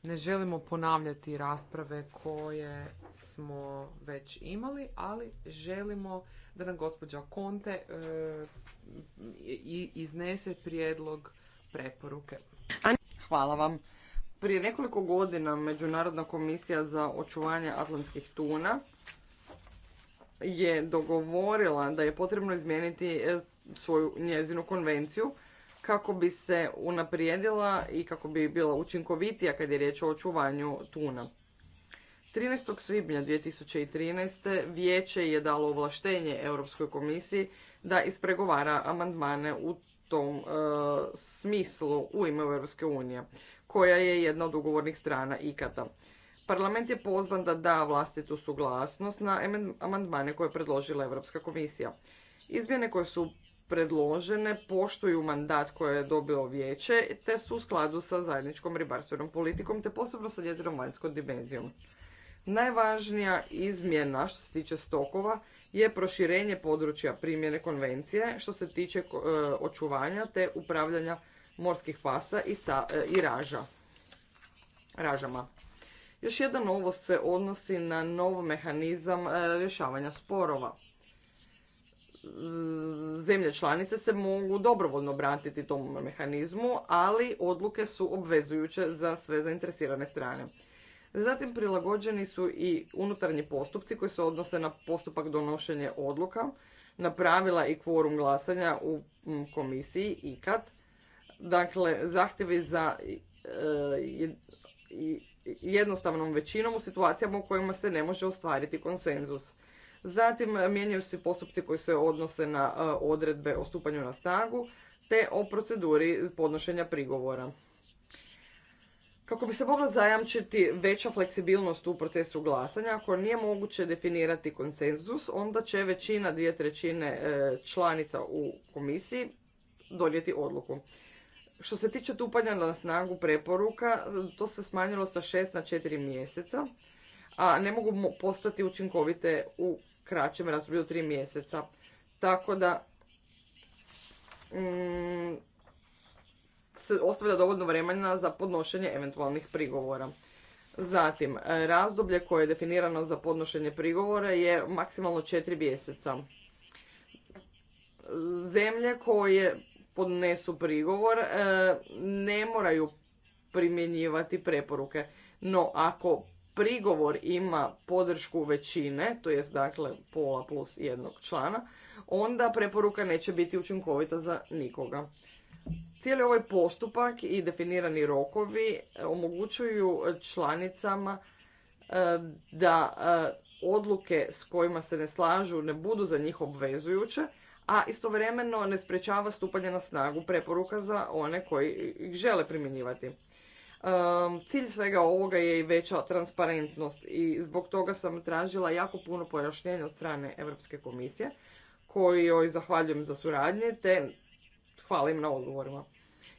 ne želimo ponavljati rasprave koje smo već imali, ali želimo da nam gospođa Konte e, iznese prijedlog preporuke. Hvala vam. Prije nekoliko godina Međunarodna komisija za očuvanje atlantskih tuna je dogovorila da je potrebno izmijeniti e, svoju njezinu konvenciju kako bi se unaprijedila i kako bi bila učinkovitija kad je riječ o očuvanju tuna. 13. svibnja 2013. vijeće je dalo ovlaštenje Europskoj komisiji da ispregovara amandmane u tom e, smislu u ime Europske unije, koja je jedna od ugovornih strana ikata. Parlament je pozvan da da vlastitu suglasnost na amandmane koje je predložila Europska komisija. Izmjene koje su predložene poštuju mandat koje je dobilo vijeće te su u skladu sa zajedničkom ribarstvenom politikom te posebno sa njezinom vanjskom dimenzijom. Najvažnija izmjena što se tiče stokova je proširenje područja primjene konvencije što se tiče e, očuvanja te upravljanja morskih pasa i, e, ražama. Još jedan ovo se odnosi na nov mehanizam e, rješavanja sporova zemlje članice se mogu dobrovoljno obratiti tom mehanizmu, ali odluke su obvezujuće za sve zainteresirane strane. Zatim prilagođeni su i unutarnji postupci koji se odnose na postupak donošenja odluka, na pravila i kvorum glasanja u komisiji ikad. Dakle, zahtjevi za e, jednostavnom većinom u situacijama u kojima se ne može ostvariti konsenzus. Zatim e, mijenjaju se postupci koji se odnose na e, odredbe o stupanju na snagu te o proceduri podnošenja prigovora. Kako bi se mogla zajamčiti veća fleksibilnost u procesu glasanja, ako nije moguće definirati konsenzus, onda će većina dvije trećine e, članica u komisiji donijeti odluku. Što se tiče tupanja na snagu preporuka, to se smanjilo sa šest na četiri mjeseca, a ne mogu postati učinkovite u kraćem razdoblju od tri mjeseca. Tako da mm, se ostavlja dovoljno vremena za podnošenje eventualnih prigovora. Zatim, razdoblje koje je definirano za podnošenje prigovora je maksimalno četiri mjeseca. Zemlje koje podnesu prigovor eh, ne moraju primjenjivati preporuke. No, ako prigovor ima podršku većine, to jest dakle pola plus jednog člana, onda preporuka neće biti učinkovita za nikoga. Cijeli ovaj postupak i definirani rokovi e, omogućuju članicama e, da e, odluke s kojima se ne slažu ne budu za njih obvezujuće, a istovremeno ne sprečava stupanje na snagu preporuka za one koji ih žele primjenjivati. Cilj svega ovoga je i veća transparentnost i zbog toga sam tražila jako puno pojašnjenja od strane Europske komisije koji joj zahvaljujem za suradnje te hvalim na odgovorima.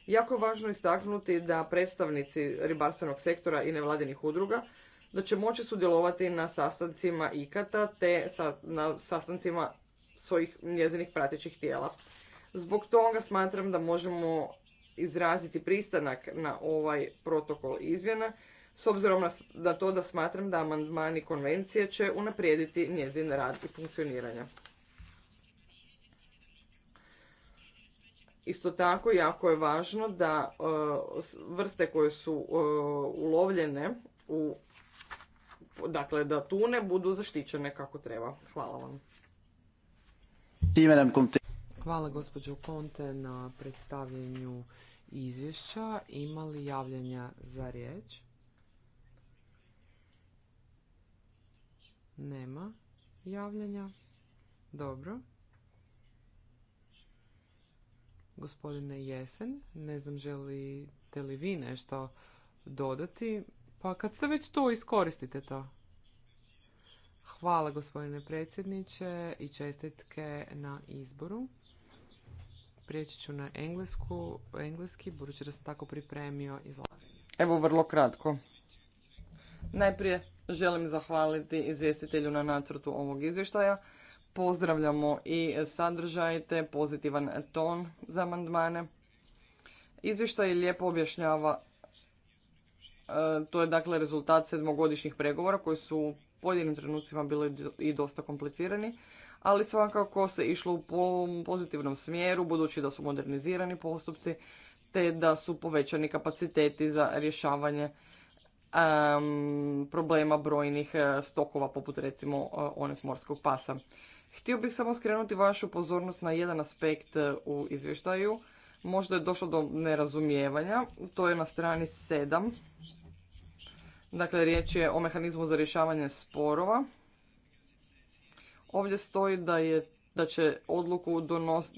Jako je važno istaknuti da predstavnici ribarstvenog sektora i nevladinih udruga da će moći sudjelovati na sastancima ikata te na sastancima svojih njezinih pratećih tijela. Zbog toga smatram da možemo izraziti pristanak na ovaj protokol izmjena s obzirom na to da smatram da amandmani konvencije će unaprijediti njezin rad i funkcioniranje. Isto tako jako je važno da e, vrste koje su e, ulovljene u dakle da tune budu zaštićene kako treba. Hvala vam. Hvala gospođo Konte na predstavljanju izvješća. Ima li javljanja za riječ? Nema javljanja. Dobro. Gospodine Jesen, ne znam želite li vi nešto dodati, pa kad ste već tu iskoristite to. Hvala gospodine predsjedniče i čestitke na izboru. Prijeći ću na englesku, engleski, budući da sam tako pripremio izlaganje. Evo vrlo kratko. Najprije želim zahvaliti izvjestitelju na nacrtu ovog izvještaja. Pozdravljamo i sadržaj pozitivan ton za amandmane. Izvještaj lijepo objašnjava, e, to je dakle rezultat sedmogodišnjih pregovora koji su u pojedinim trenucima bili i dosta komplicirani ali svakako se išlo u pozitivnom smjeru budući da su modernizirani postupci te da su povećani kapaciteti za rješavanje problema brojnih e, stokova poput recimo e, onih morskog pasa. Htio bih samo skrenuti vašu pozornost na jedan aspekt e, u izvještaju. Možda je došlo do nerazumijevanja. To je na strani 7. Dakle, riječ je o mehanizmu za rješavanje sporova. Ovdje stoji da, je, da će odluku donos,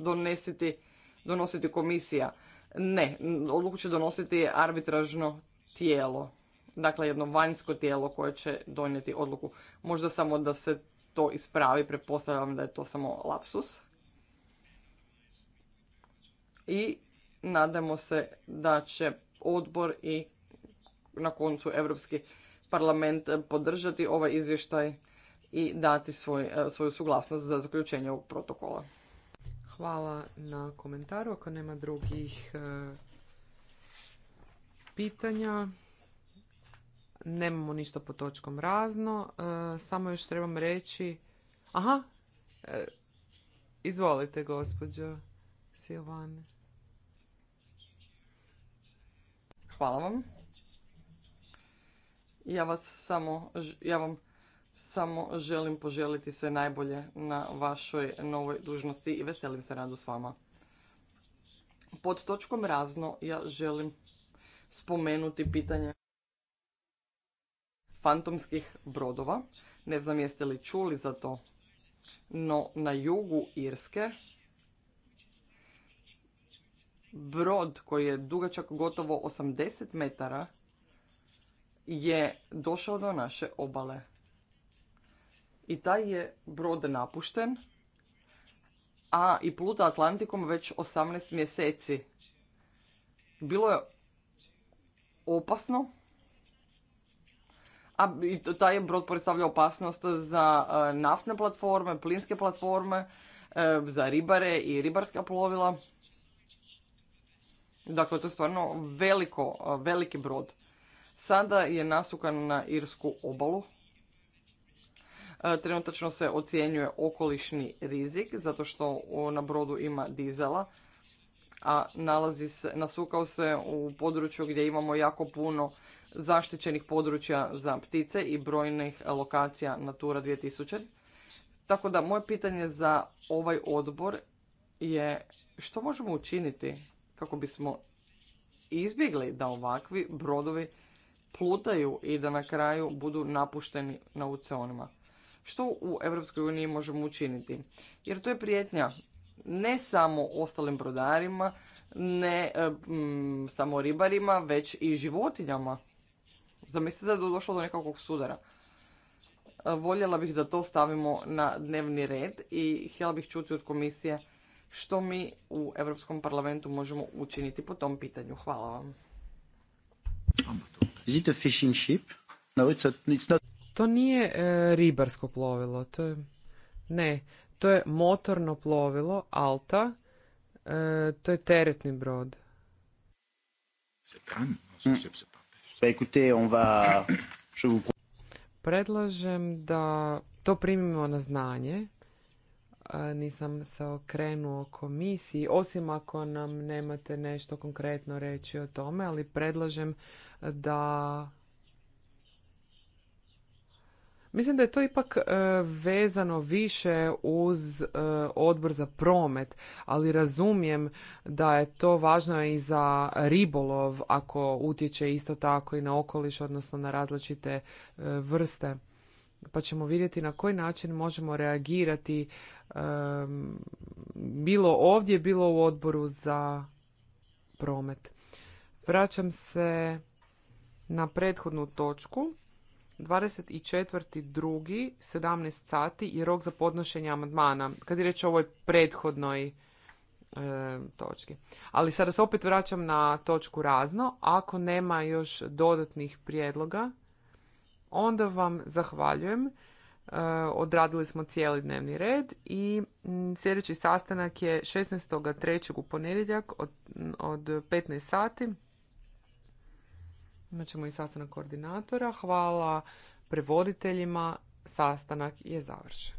donositi komisija. Ne, odluku će donositi arbitražno tijelo. Dakle, jedno vanjsko tijelo koje će donijeti odluku. Možda samo da se to ispravi, Prepostavljam da je to samo lapsus. I nadamo se da će odbor i na koncu Europski parlament podržati ovaj izvještaj i dati svoj, e, svoju suglasnost za zaključenje ovog protokola. Hvala na komentaru. Ako nema drugih e, pitanja, nemamo ništa po točkom razno. E, samo još trebam reći... Aha, izvolite gospođo Silvane. Hvala vam. Ja vas samo, ja vam samo želim poželiti sve najbolje na vašoj novoj dužnosti i veselim se radu s vama. Pod točkom razno ja želim spomenuti pitanje fantomskih brodova. Ne znam jeste li čuli za to, no na jugu Irske brod koji je dugačak gotovo 80 metara je došao do naše obale i taj je brod napušten, a i pluta Atlantikom već 18 mjeseci. Bilo je opasno, a taj je brod predstavlja opasnost za e, naftne platforme, plinske platforme, e, za ribare i ribarska plovila. Dakle, to je stvarno veliko, e, veliki brod. Sada je nasukan na irsku obalu, E, trenutačno se ocjenjuje okolišni rizik zato što na brodu ima dizela, a nalazi se, nasukao se u području gdje imamo jako puno zaštićenih područja za ptice i brojnih lokacija Natura 2000. Tako da moje pitanje za ovaj odbor je što možemo učiniti kako bismo izbjegli da ovakvi brodovi plutaju i da na kraju budu napušteni na oceanima što u EU možemo učiniti. Jer to je prijetnja ne samo ostalim brodarima, ne e, samo ribarima, već i životinjama. Zamislite da je došlo do nekakvog sudara. E, voljela bih da to stavimo na dnevni red i htjela bih čuti od komisije što mi u Europskom parlamentu možemo učiniti po tom pitanju. Hvala vam. fishing ship? To nije e, ribarsko plovilo, to je... Ne, to je motorno plovilo, Alta, e, to je teretni brod. Predlažem da to primimo na znanje. E, nisam se okrenuo komisiji, osim ako nam nemate nešto konkretno reći o tome, ali predlažem da Mislim da je to ipak e, vezano više uz e, odbor za promet, ali razumijem da je to važno i za ribolov ako utječe isto tako i na okoliš, odnosno na različite e, vrste. Pa ćemo vidjeti na koji način možemo reagirati bilo ovdje, bilo u odboru za promet. Vraćam se na prethodnu točku 24. drugi, 17 sati je rok za podnošenje amandmana. Kad je riječ o ovoj prethodnoj e, točki. Ali sada se opet vraćam na točku razno. Ako nema još dodatnih prijedloga, onda vam zahvaljujem. E, odradili smo cijeli dnevni red i sljedeći sastanak je 16.3. u ponedjeljak od 15 sati ćemo i sastanak koordinatora. Hvala prevoditeljima. Sastanak je završen.